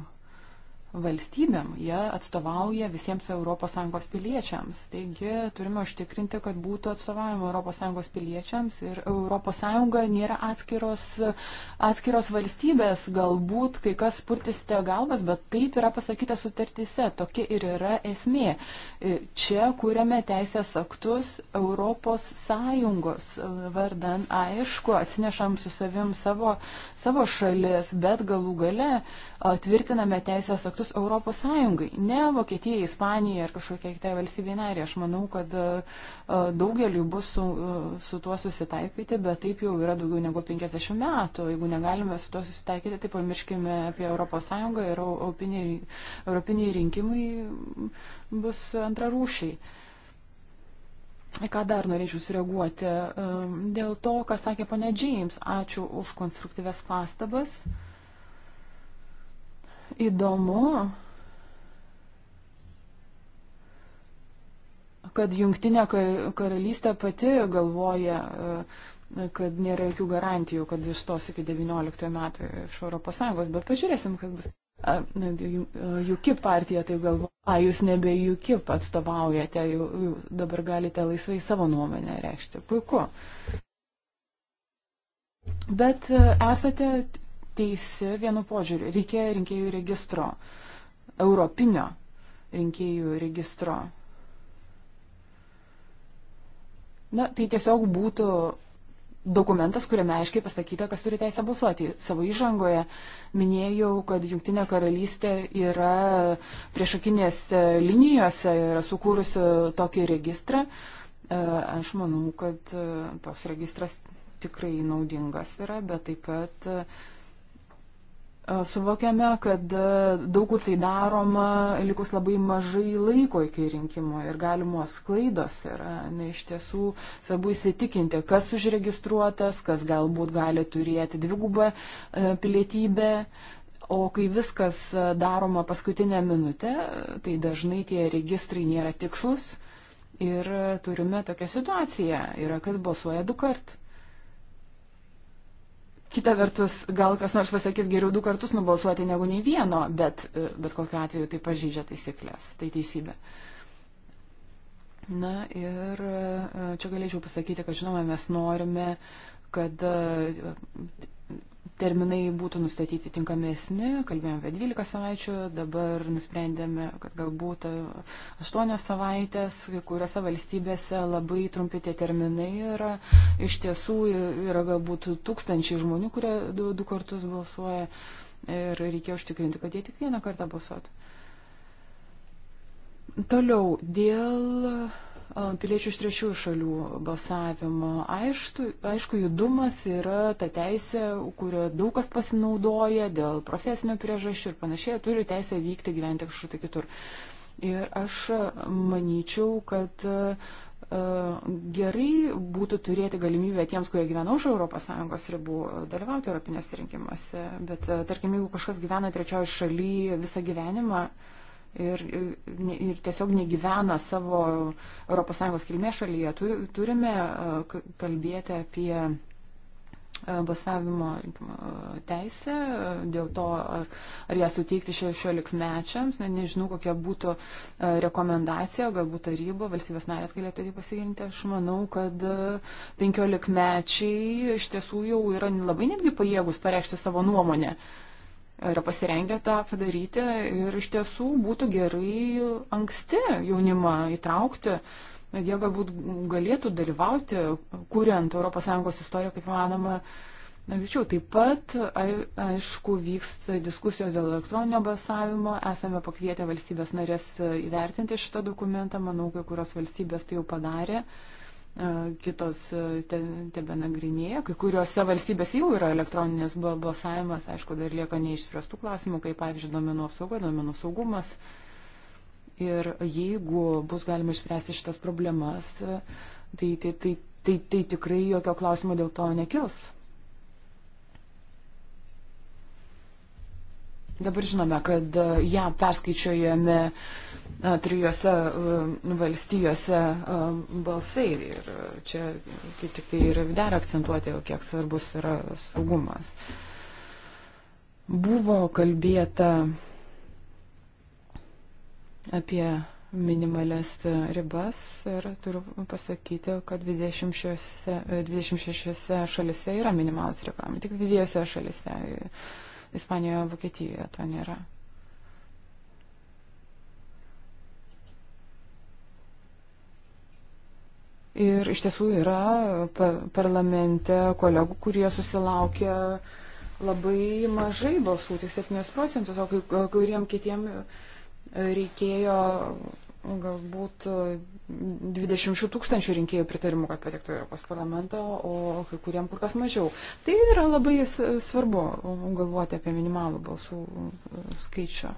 valstybėm, jie atstovauja visiems ES piliečiams. Taigi turime užtikrinti, kad būtų atstovavimo ES piliečiams ir ES nėra atskiros, atskiros valstybės, galbūt kai kas spurtisite galvas, bet taip yra pasakyta sutartyse, tokia ir yra esmė. E, čia kūrėme teisės aktus ES e, vardan, aišku, atsinešam su savim savo, savo šalis, bet galų gale e, tvirtiname teisės aktus standartus ES, ne Vokietijai, Ispanijai ar kažkokiai kitai valstybei nariai. Aš manau, kad e, e, daugeliu bus su, e, su tuo susitaikyti, bet taip jau yra daugiau negu 50 metų. Jeigu negalime su tuo susitaikyti, tai pamirškime apie ES ir europiniai, europiniai rinkimai bus antrarūšiai. Ką dar norėčiau sureaguoti? Dėl to, ką sakė ponia James, ačiū už konstruktyves pastabas. Uh, įdomu, kad jungtinė karalystė pati galvoja, e, kad nėra jokių garantijų, kad išstos iki 19 metų iš ES, bet pažiūrėsim, kas bus. Juki partija tai galvoja, a, jūs nebe Juki atstovaujate, jūs dabar galite laisvai savo nuomonę reikšti. Puiku. Bet e, esate teisi vienu požiūriu. Reikėjo rinkėjų registro, europinio rinkėjų registro. Na, tai tiesiog būtų dokumentas, kuriame aiškiai pasakyta, kas turi teisę balsuoti. Savo įžangoje minėjau, kad Junktinė karalystė yra priešakinės linijose, yra sukūrusi tokį registrą. E, aš manau, kad e, toks registras tikrai naudingas yra, bet taip pat e, Suvokiame, kad daug kur tai daroma, likus labai mažai laiko iki rinkimų ir galimos klaidos yra. Na, iš tiesų, svarbu įsitikinti, kas užregistruotas, kas galbūt gali turėti dvigubą pilietybę. O kai viskas daroma paskutinę minutę, tai dažnai tie registrai nėra tikslus ir turime tokią situaciją. Yra kas balsuoja du kart. Kita vertus, gal kas nors pasakys geriau du kartus nubalsuoti negu nei vieno, bet, e, bet kokiu atveju tai pažydžia taisyklės, tai teisybė. Na ir e, e, čia galėčiau pasakyti, kad žinoma, mes norime, kad terminai būtų nustatyti tinkamesni, kalbėjome apie 12 savaičių, dabar nusprendėme, kad galbūt 8 e, savaitės, kai kuriuose valstybėse labai trumpi tie terminai yra, iš tiesų e, yra galbūt tūkstančiai žmonių, kurie du, du kartus balsuoja ir reikia užtikrinti, kad jie tik vieną kartą balsuotų. Toliau, dėl piliečių iš trečiųjų šalių balsavimo. Aišku, aišku, judumas yra ta teisė, kurio daug kas pasinaudoja dėl profesinių priežasčių ir panašiai, turi teisę vykti gyventi kažkur tai kitur. Ir aš manyčiau, kad gerai būtų turėti galimybę tiems, kurie gyvena už ES ribų, dalyvauti Europinėse rinkimuose. Bet tarkim, jeigu kažkas gyvena trečiojo šalyje visą gyvenimą, uh, ir, ir tiesiog negyvena savo ES kilmės šalyje. Turime kalbėti apie balsavimo teisę, dėl to ar, ar ją suteikti 16-mečiams, ne, nežinau, kokia būtų rekomendacija, galbūt taryba, valstybės narės galėtų tai pasigilinti. Aš manau, kad 15-mečiai iš tiesų jau yra labai netgi pajėgus pareikšti savo nuomonę. Uh, yra pasirengę tą padaryti ir iš tiesų būtų gerai anksti jaunimą įtraukti, kad jie galbūt galėtų dalyvauti, kuriant ES istoriją kaip manoma. Anksčiau taip pat, aišku, vyksta diskusijos dėl elektroninio balsavimo. Esame pakvietę valstybės narės įvertinti šitą dokumentą. Manau, kai kurios valstybės tai jau padarė. Uh, E, kitos e, tebe nagrinėja. Kai kuriuose valstybėse jau yra elektroninės balsavimas, aišku, dar lieka neišspręstų klausimų, kaip pavyzdžiui, domenų apsauga, domenų saugumas. Ir jeigu bus galima išspręsti šitas problemas, e, tai, tai, tai, tai, tai tikrai jokio klausimo dėl to nekils. Dabar žinome, kad ją perskaičiuojame uh, trijose e, valstijose e, balsai. Ir čia kaip tik tai ir dera akcentuoti, kiek svarbus yra saugumas. Buvo kalbėta apie minimales ribas ir turiu pasakyti, kad 26, 26 šalise yra minimalus reikalavimai, tik dviejose šalise, Ispanijoje, Vokietijoje to nėra. Ir iš tiesų yra parlamente kolegų, kurie susilaukia labai mažai balsų, tik 7 procentus, o kai kuriem kitiem reikėjo galbūt 20 tūkstančių rinkėjų pritarimų, kad patektų į Europos parlamentą, o kai kuriem kur kas mažiau. Tai yra labai svarbu galvoti apie minimalų balsų e, skaičių,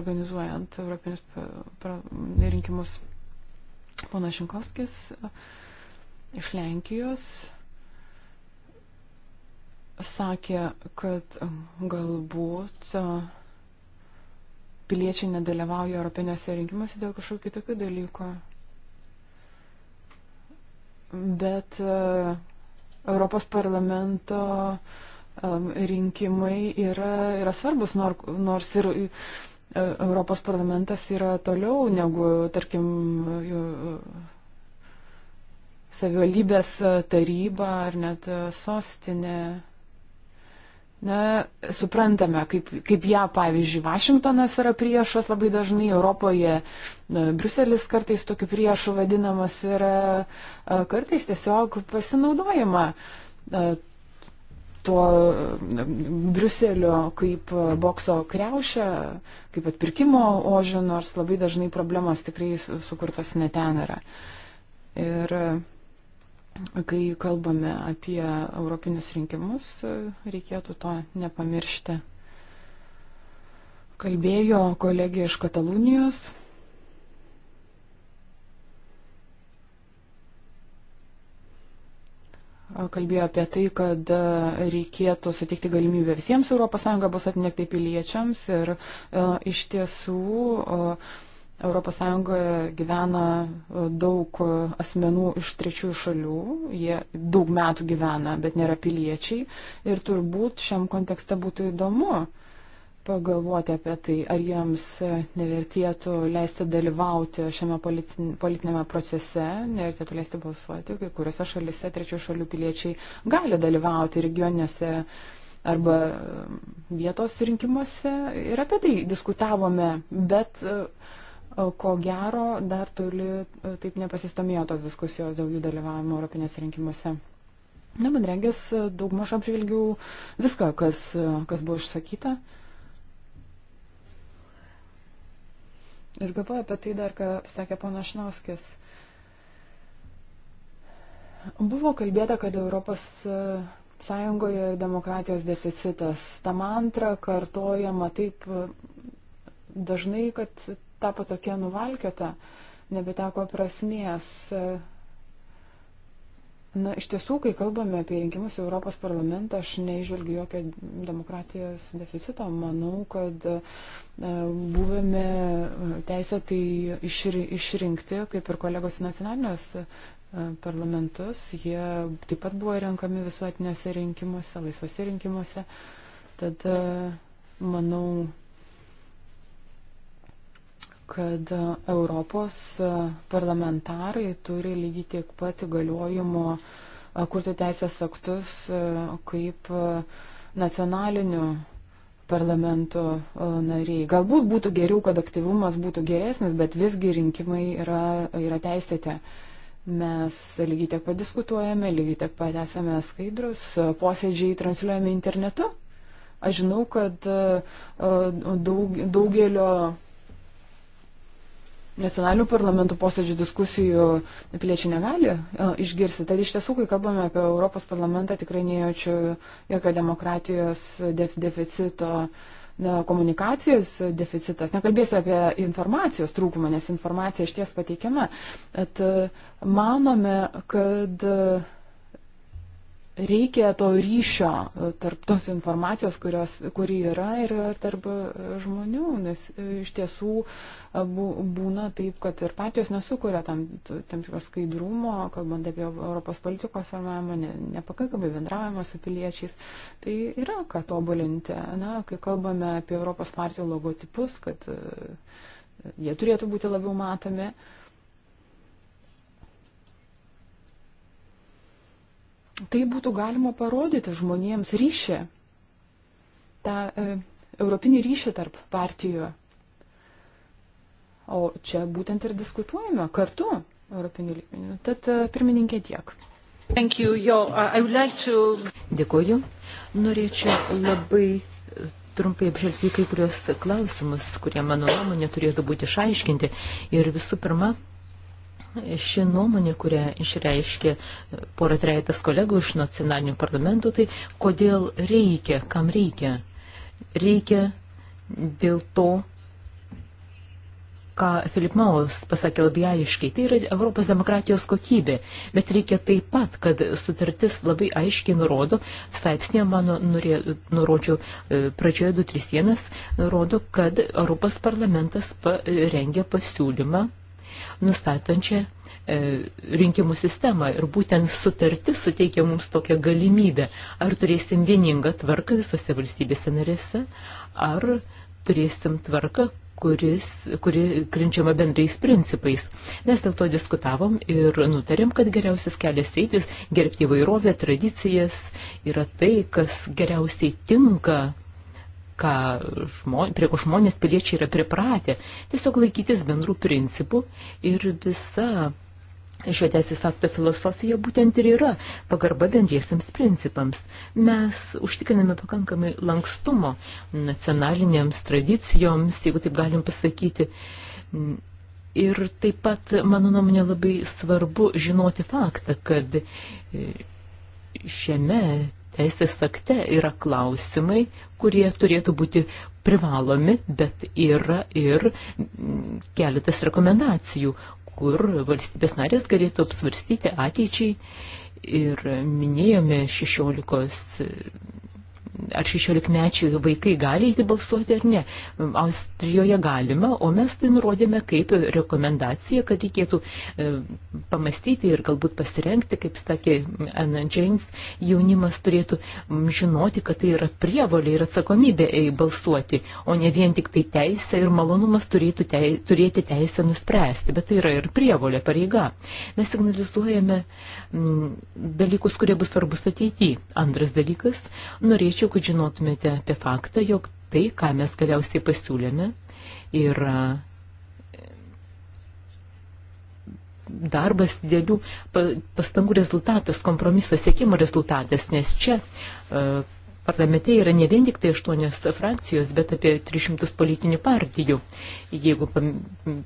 organizuojant Europinius e, rinkimus Pono Šinkovskis e, iš Lenkijos sakė, kad galbūt e, piliečiai nedalyvauja Europinėse rinkimuose dėl kažkokių kitokių dalykų. Bet e, Europos parlamento rinkimai yra, yra svarbus, nors ir E, Europos parlamentas yra toliau negu, tarkim, e, savivaldybės taryba ar net sostinė. Na, suprantame, kaip, kaip ją, pavyzdžiui, Vašingtonas yra priešas labai dažnai, Europoje na, e, Bruselis kartais tokiu priešu vadinamas yra, kartais tiesiog pasinaudojama tuo mm, Briuselio kaip mm, bokso kreušę, kaip atpirkimo ožį, nors labai dažnai problemas tikrai sukurtas neten yra. Ir mm, kai kalbame apie europinius rinkimus, reikėtų to nepamiršti. Kalbėjo kolegija iš Katalonijos kalbėjo apie tai, kad e, reikėtų suteikti galimybę visiems ES balsuoti, ne tik piliečiams. Ir e, iš tiesų ES gyvena e, daug asmenų iš trečiųjų šalių, jie daug metų gyvena, bet nėra piliečiai. Ir turbūt šiam kontekste būtų įdomu pagalvoti apie tai, ar jiems nevertėtų leisti dalyvauti šiame politinėme procese, nevertėtų leisti balsuoti. Kai kuriuose šalise trečių šalių piliečiai gali dalyvauti regioninėse arba vietos rinkimuose. Ir apie tai diskutavome, bet e, ko gero dar toli e, taip nepasistomėjo tos diskusijos dėl jų dalyvavimo Europinėse rinkimuose. Na, man regis, daugmaž apžvelgiau viską, kas, kas buvo išsakyta. Uh, Ir galvoju apie tai dar, ką sakė pana Šnovskis. Buvo kalbėta, kad Europos e, Sąjungoje demokratijos deficitas. Ta mantra kartojama taip e, dažnai, kad tapo tokia nuvalkiota, nebeteko prasmės. E, Na, iš tiesų, kai kalbame apie rinkimus į Europos parlamentą, aš neižvelgiu jokio demokratijos deficito. Manau, kad e, buvome e, teisę tai išrinkti, kaip ir kolegos į nacionalinės e, parlamentus. Jie taip pat buvo renkami visuotiniuose rinkimuose, laisvose rinkimuose. Tad, manau, kad Europos parlamentarai turi lygiai tiek pat įgaliojimo kurti teisės aktus kaip nacionalinių parlamento nariai. Galbūt būtų geriau, kad aktyvumas būtų geresnis, bet visgi rinkimai yra, yra teisėte. Mes lygiai tiek padiskutuojame, lygiai tiek pat esame skaidrus, posėdžiai transliuojami internetu. Aš žinau, kad daug, daugelio nacionalinių parlamentų posėdžių diskusijų piliečiai negali e, išgirsti. Tad iš tiesų, kai kalbame apie Europos parlamentą, tikrai nejaučiu jokio demokratijos deficito na, komunikacijos deficitas, nekalbėsiu apie informacijos trūkumą, nes informacija iš ties pateikiama, bet manome, kad reikia to ryšio e, tarp tos informacijos, kurios, kuri yra ir tarp e, žmonių, nes e, iš tiesų būna taip, kad ir partijos nesukuria tam, tam tikros skaidrumo, kalbant apie Europos politikos formavimą, ne, nepakankamai bendravimą su piliečiais. Tai yra ką tobulinti. Na, kai kalbame apie Europos partijų logotipus, kad jie turėtų būti labiau matomi. Uh, tai būtų galima parodyti žmonėms ryšį, tą e, europinį ryšį tarp partijų. O čia būtent ir diskutuojame kartu europinių lygmenių. Tad e, pirmininkė tiek. You, Yo, uh, like to... Dėkuoju. Norėčiau labai e, trumpai apžvelgti kai kurios klausimus, kurie mano nuomonė turėtų būti išaiškinti. Ir visų pirma, ši nuomonė, kurią išreiškė porą trejetas kolegų iš nacionalinių parlamentų, tai kodėl reikia, kam reikia? Reikia dėl to, ką Filip Maus pasakė labai aiškiai, tai yra Europos demokratijos kokybė, bet reikia taip pat, kad sutartis labai aiškiai nurodo, straipsnė mano nurė, nurodžiau e, pradžioje 231, nurodo, kad Europos parlamentas rengia pasiūlymą nustatančią e, rinkimų sistemą ir būtent sutartis suteikia mums tokią galimybę, ar turėsim vieningą tvarką visose valstybėse narėse, ar turėsim tvarką, kuris, kuri krinčiama bendrais principais. Mes dėl to diskutavom ir nutarėm, kad geriausias kelias eitis, gerbti įvairovę, tradicijas, yra tai, kas geriausiai tinka ką žmonės, prie ko žmonės piliečiai yra pripratę, tiesiog laikytis bendrų principų ir visa šio teisės akto filosofija būtent ir yra pagarba bendriesiams principams. Mes užtikriname pakankamai lankstumo nacionalinėms tradicijoms, jeigu taip galim pasakyti. Ir taip pat, mano nuomonė, labai svarbu žinoti faktą, kad e, šiame teisės akte yra klausimai, kurie turėtų būti privalomi, bet yra ir mm, keletas rekomendacijų, kur valstybės narės galėtų apsvarstyti ateičiai. Ir minėjome 16 ar 16-mečiai vaikai gali eiti balsuoti ar ne. Austrijoje galima, o mes tai nurodėme kaip rekomendaciją, kad reikėtų e, pamastyti ir galbūt pasirenkti, kaip sakė Anna James, jaunimas turėtų žinoti, kad tai yra prievolė ir atsakomybė balsuoti, o ne vien tik tai teisė ir malonumas turėtų tei, turėti teisę nuspręsti, bet tai yra ir prievolė, pareiga. Mes signalizuojame m, dalykus, kurie bus svarbus ateityje. Antras dalykas, norėčiau norėčiau, kad žinotumėte apie faktą, jog tai, ką mes galiausiai pasiūlėme, yra darbas dėlių pastangų rezultatas, kompromiso siekimo rezultatas, nes čia uh, parlamente yra ne vien tik tai aštuonios frakcijos, bet apie 300 politinių partijų, jeigu pam,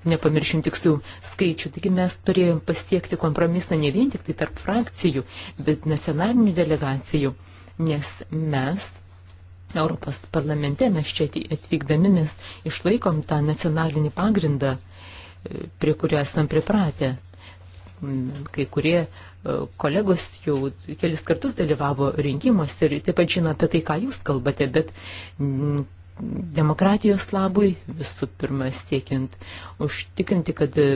nepamiršim tikslių skaičių. Taigi mes turėjom pasiekti kompromisą ne vien tik tai tarp frakcijų, bet nacionalinių delegacijų. Uh, nes mes Europos parlamente, mes čia atvykdami, mes išlaikom tą nacionalinį pagrindą, e, prie kurio esam pripratę. Mm, kai kurie e, kolegos jau kelis kartus dalyvavo rinkimuose ir taip pat žino apie tai, ką jūs kalbate, bet mm, demokratijos labui, visų pirma, siekiant užtikrinti, kad e,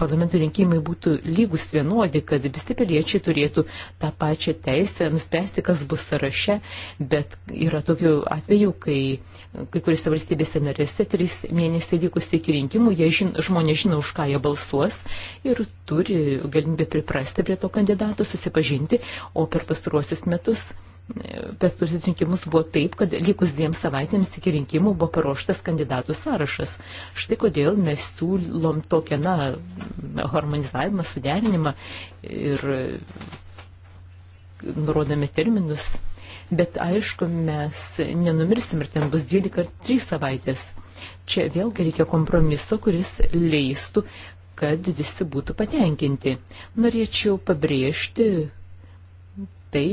parlamentų rinkimai būtų lygus vienodi, kad visi piliečiai turėtų tą pačią teisę nuspręsti, kas bus sąraše, bet yra tokių atvejų, kai kai kuriuose valstybėse narėse trys mėnesiai likus iki rinkimų, žin, žmonės žino, už ką jie balsuos ir turi galimybę priprasti prie to kandidato, susipažinti, o per pastaruosius metus per tuos rinkimus buvo taip, kad likus dviem savaitėms iki rinkimų buvo paruoštas kandidatų sąrašas. Štai kodėl mes siūlom tokią, na, harmonizavimą, suderinimą ir nurodami terminus. Bet aišku, mes nenumirsim ir ten bus 12 ar 3 savaitės. Čia vėlgi reikia kompromiso, kuris leistų, kad visi būtų patenkinti. Norėčiau pabrėžti tai,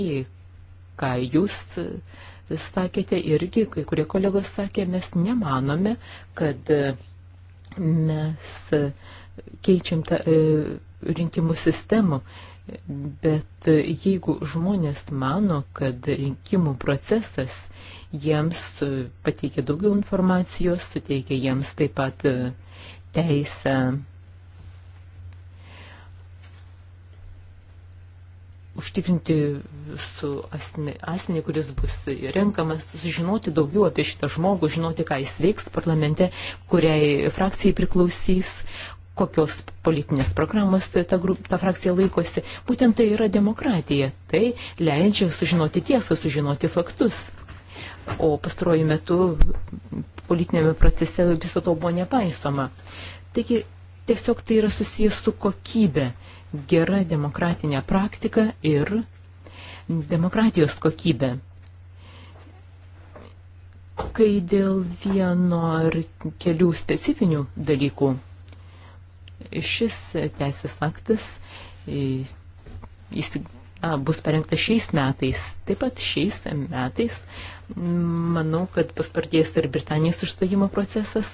ką jūs sakėte irgi, kai kurie kolegos sakė, mes nemanome, kad e, mes keičiam tą e, rinkimų sistemą, bet jeigu žmonės mano, kad rinkimų procesas jiems pateikia daugiau informacijos, suteikia jiems taip pat e, teisę užtikrinti su asmenį, kuris bus renkamas, žinoti daugiau apie šitą žmogų, žinoti, ką jis veiks parlamente, kuriai frakcijai priklausys, kokios politinės programos ta, grup, ta frakcija laikosi. Būtent tai yra demokratija. Tai leidžia sužinoti tiesą, sužinoti faktus. O pastaruoju metu politinėme procese viso to buvo nepaisoma. Taigi tiesiog tai yra susijęs su kokybė gera demokratinė praktika ir demokratijos kokybė. Kai dėl vieno ar kelių specifinių dalykų šis teisės aktas e, jis a, bus parengta šiais metais. Taip pat šiais metais manau, kad paspartės ir Britanijos išstojimo procesas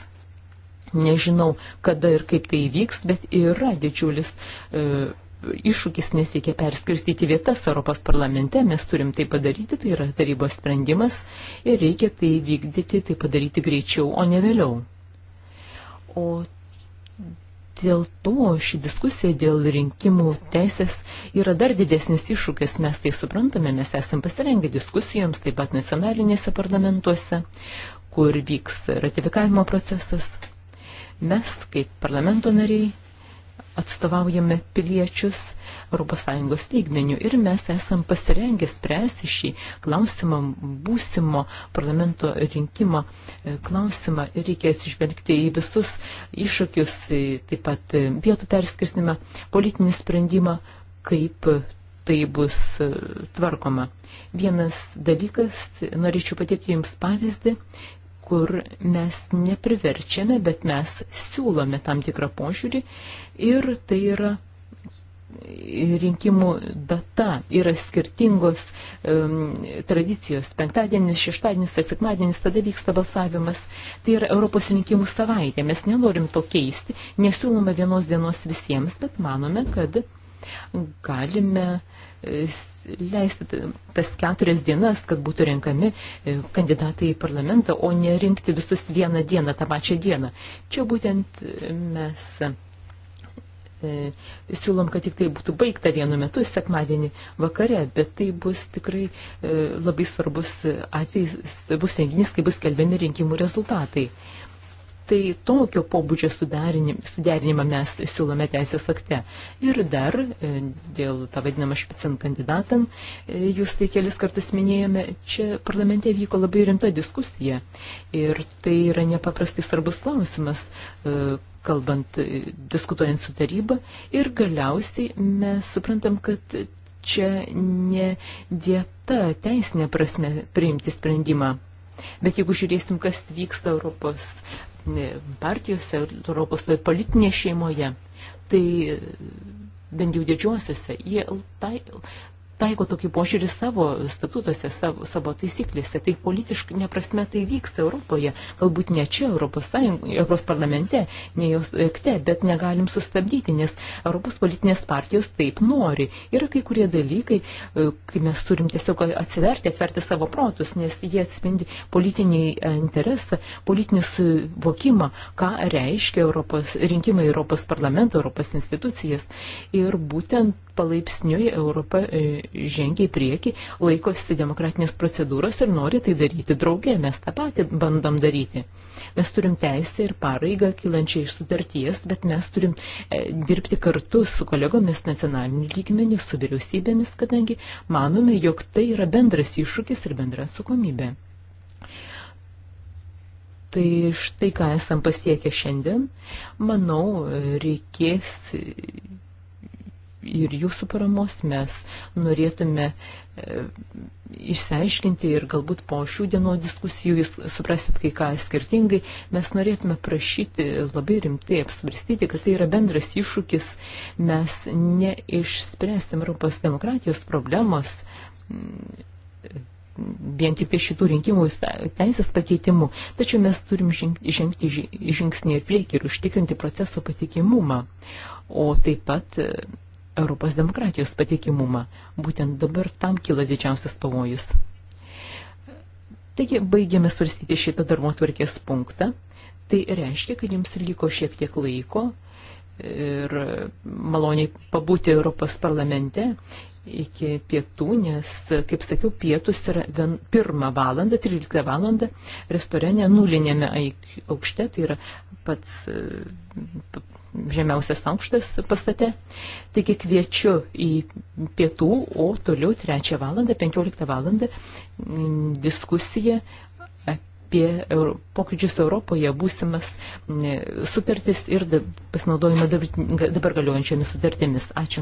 Nežinau, kada ir kaip tai įvyks, bet yra didžiulis e, iššūkis, nes reikia perskirstyti vietas Europos parlamente, mes turim tai padaryti, tai yra tarybos sprendimas ir reikia tai vykdyti, tai padaryti greičiau, o ne vėliau. O dėl to ši diskusija dėl rinkimų teisės yra dar didesnis iššūkis, mes tai suprantame, mes esam pasirengę diskusijoms, taip pat nacionalinėse parlamentuose, kur vyks ratifikavimo procesas Mes, kaip parlamento nariai, atstovaujame piliečius ES lygmenių ir mes esam pasirengę spręsti šį klausimą, būsimo parlamento rinkimo e, klausimą ir reikia atsižvelgti į visus iššūkius, e, taip pat e, vietų perskirstimą, politinį sprendimą, kaip tai bus tvarkoma. Vienas dalykas, norėčiau pateikti Jums pavyzdį, kur mes nepriverčiame, bet mes siūlome tam tikrą požiūrį ir tai yra rinkimų data yra skirtingos um, tradicijos. Penktadienis, šeštadienis, sekmadienis, tada vyksta balsavimas. Tai yra Europos rinkimų savaitė. Mes nenorim to keisti, nesiūloma vienos dienos visiems, bet manome, kad galime uh, leisti tas keturias dienas, kad būtų renkami e, kandidatai į parlamentą, o ne rinkti visus vieną dieną, tą pačią dieną. Čia būtent mes e, siūlom, kad tik tai būtų baigta vienu metu sekmadienį vakare, bet tai bus tikrai e, labai svarbus atvejs, bus renginys, kai bus kelbiami rinkimų rezultatai tai tokio pobūdžio suderinimą mes siūlome teisės akte. Ir dar e, dėl tą vadinamą špicen kandidatam, e, jūs tai kelis kartus minėjome, čia parlamente vyko labai rimta diskusija. Ir tai yra nepaprastai svarbus klausimas, e, kalbant, diskutuojant su taryba. Ir galiausiai mes suprantam, kad čia nedėta teisinė prasme priimti sprendimą. Bet jeigu žiūrėsim, kas vyksta Europos partijose, Europos politinėje šeimoje. Tai bent jau didžiuosiuose, jie tai, taiko tokį požiūrį savo statutuose, savo, savo taisyklėse. Tai politiškai neprasme tai vyksta Europoje, galbūt ne čia Europos, Sąjungo, Europos parlamente, ne jos ekte, bet negalim sustabdyti, nes Europos politinės partijos taip nori. Yra kai kurie dalykai, e, kai mes turim tiesiog atsiverti, atverti savo protus, nes jie atspindi politinį interesą, politinį suvokimą, ką reiškia Europos, rinkimai Europos parlamento, Europos institucijas. Ir būtent palaipsniui Europa e, žengia į priekį, laikosi demokratinės procedūros ir nori tai daryti draugė, mes tą patį bandom daryti. Mes turim teisę ir pareigą kilančią iš sutarties, bet mes turim e, dirbti kartu su kolegomis nacionaliniu lygmeniu, su vyriausybėmis, kadangi manome, jog tai yra bendras iššūkis ir bendra atsakomybė. Tai štai ką esam pasiekę šiandien, manau, reikės ir jūsų paramos mes norėtume e, išsiaiškinti ir galbūt po šių dienų diskusijų jūs suprasit kai ką skirtingai, mes norėtume prašyti labai rimtai apsvarstyti, kad tai yra bendras iššūkis, mes neišspręsim Europos demokratijos problemos mm, vien tik tai šitų rinkimų teisės pakeitimų, tačiau mes turim žengti žingsnį ir priekį ir užtikrinti proceso patikimumą, o taip pat e, Europos demokratijos patikimumą. Būtent dabar tam kyla didžiausias pavojus. Taigi baigėme svarstyti šitą darbo tvarkės punktą. Tai reiškia, kad jums liko šiek tiek laiko ir maloniai pabūti Europos parlamente iki pietų, nes, kaip sakiau, pietus yra vien, pirmą valandą, 13 valandą restorane nulinėme aukšte, tai yra pats žemiausias aukštas pastate. Taigi kviečiu į pietų, o toliau 3 valandą, 15 valandą mm, diskusiją apie pokyčius Europoje, būsimas mm, sutartis ir pasinaudojimą dabar galiojančiomis sutartimis. Ačiū.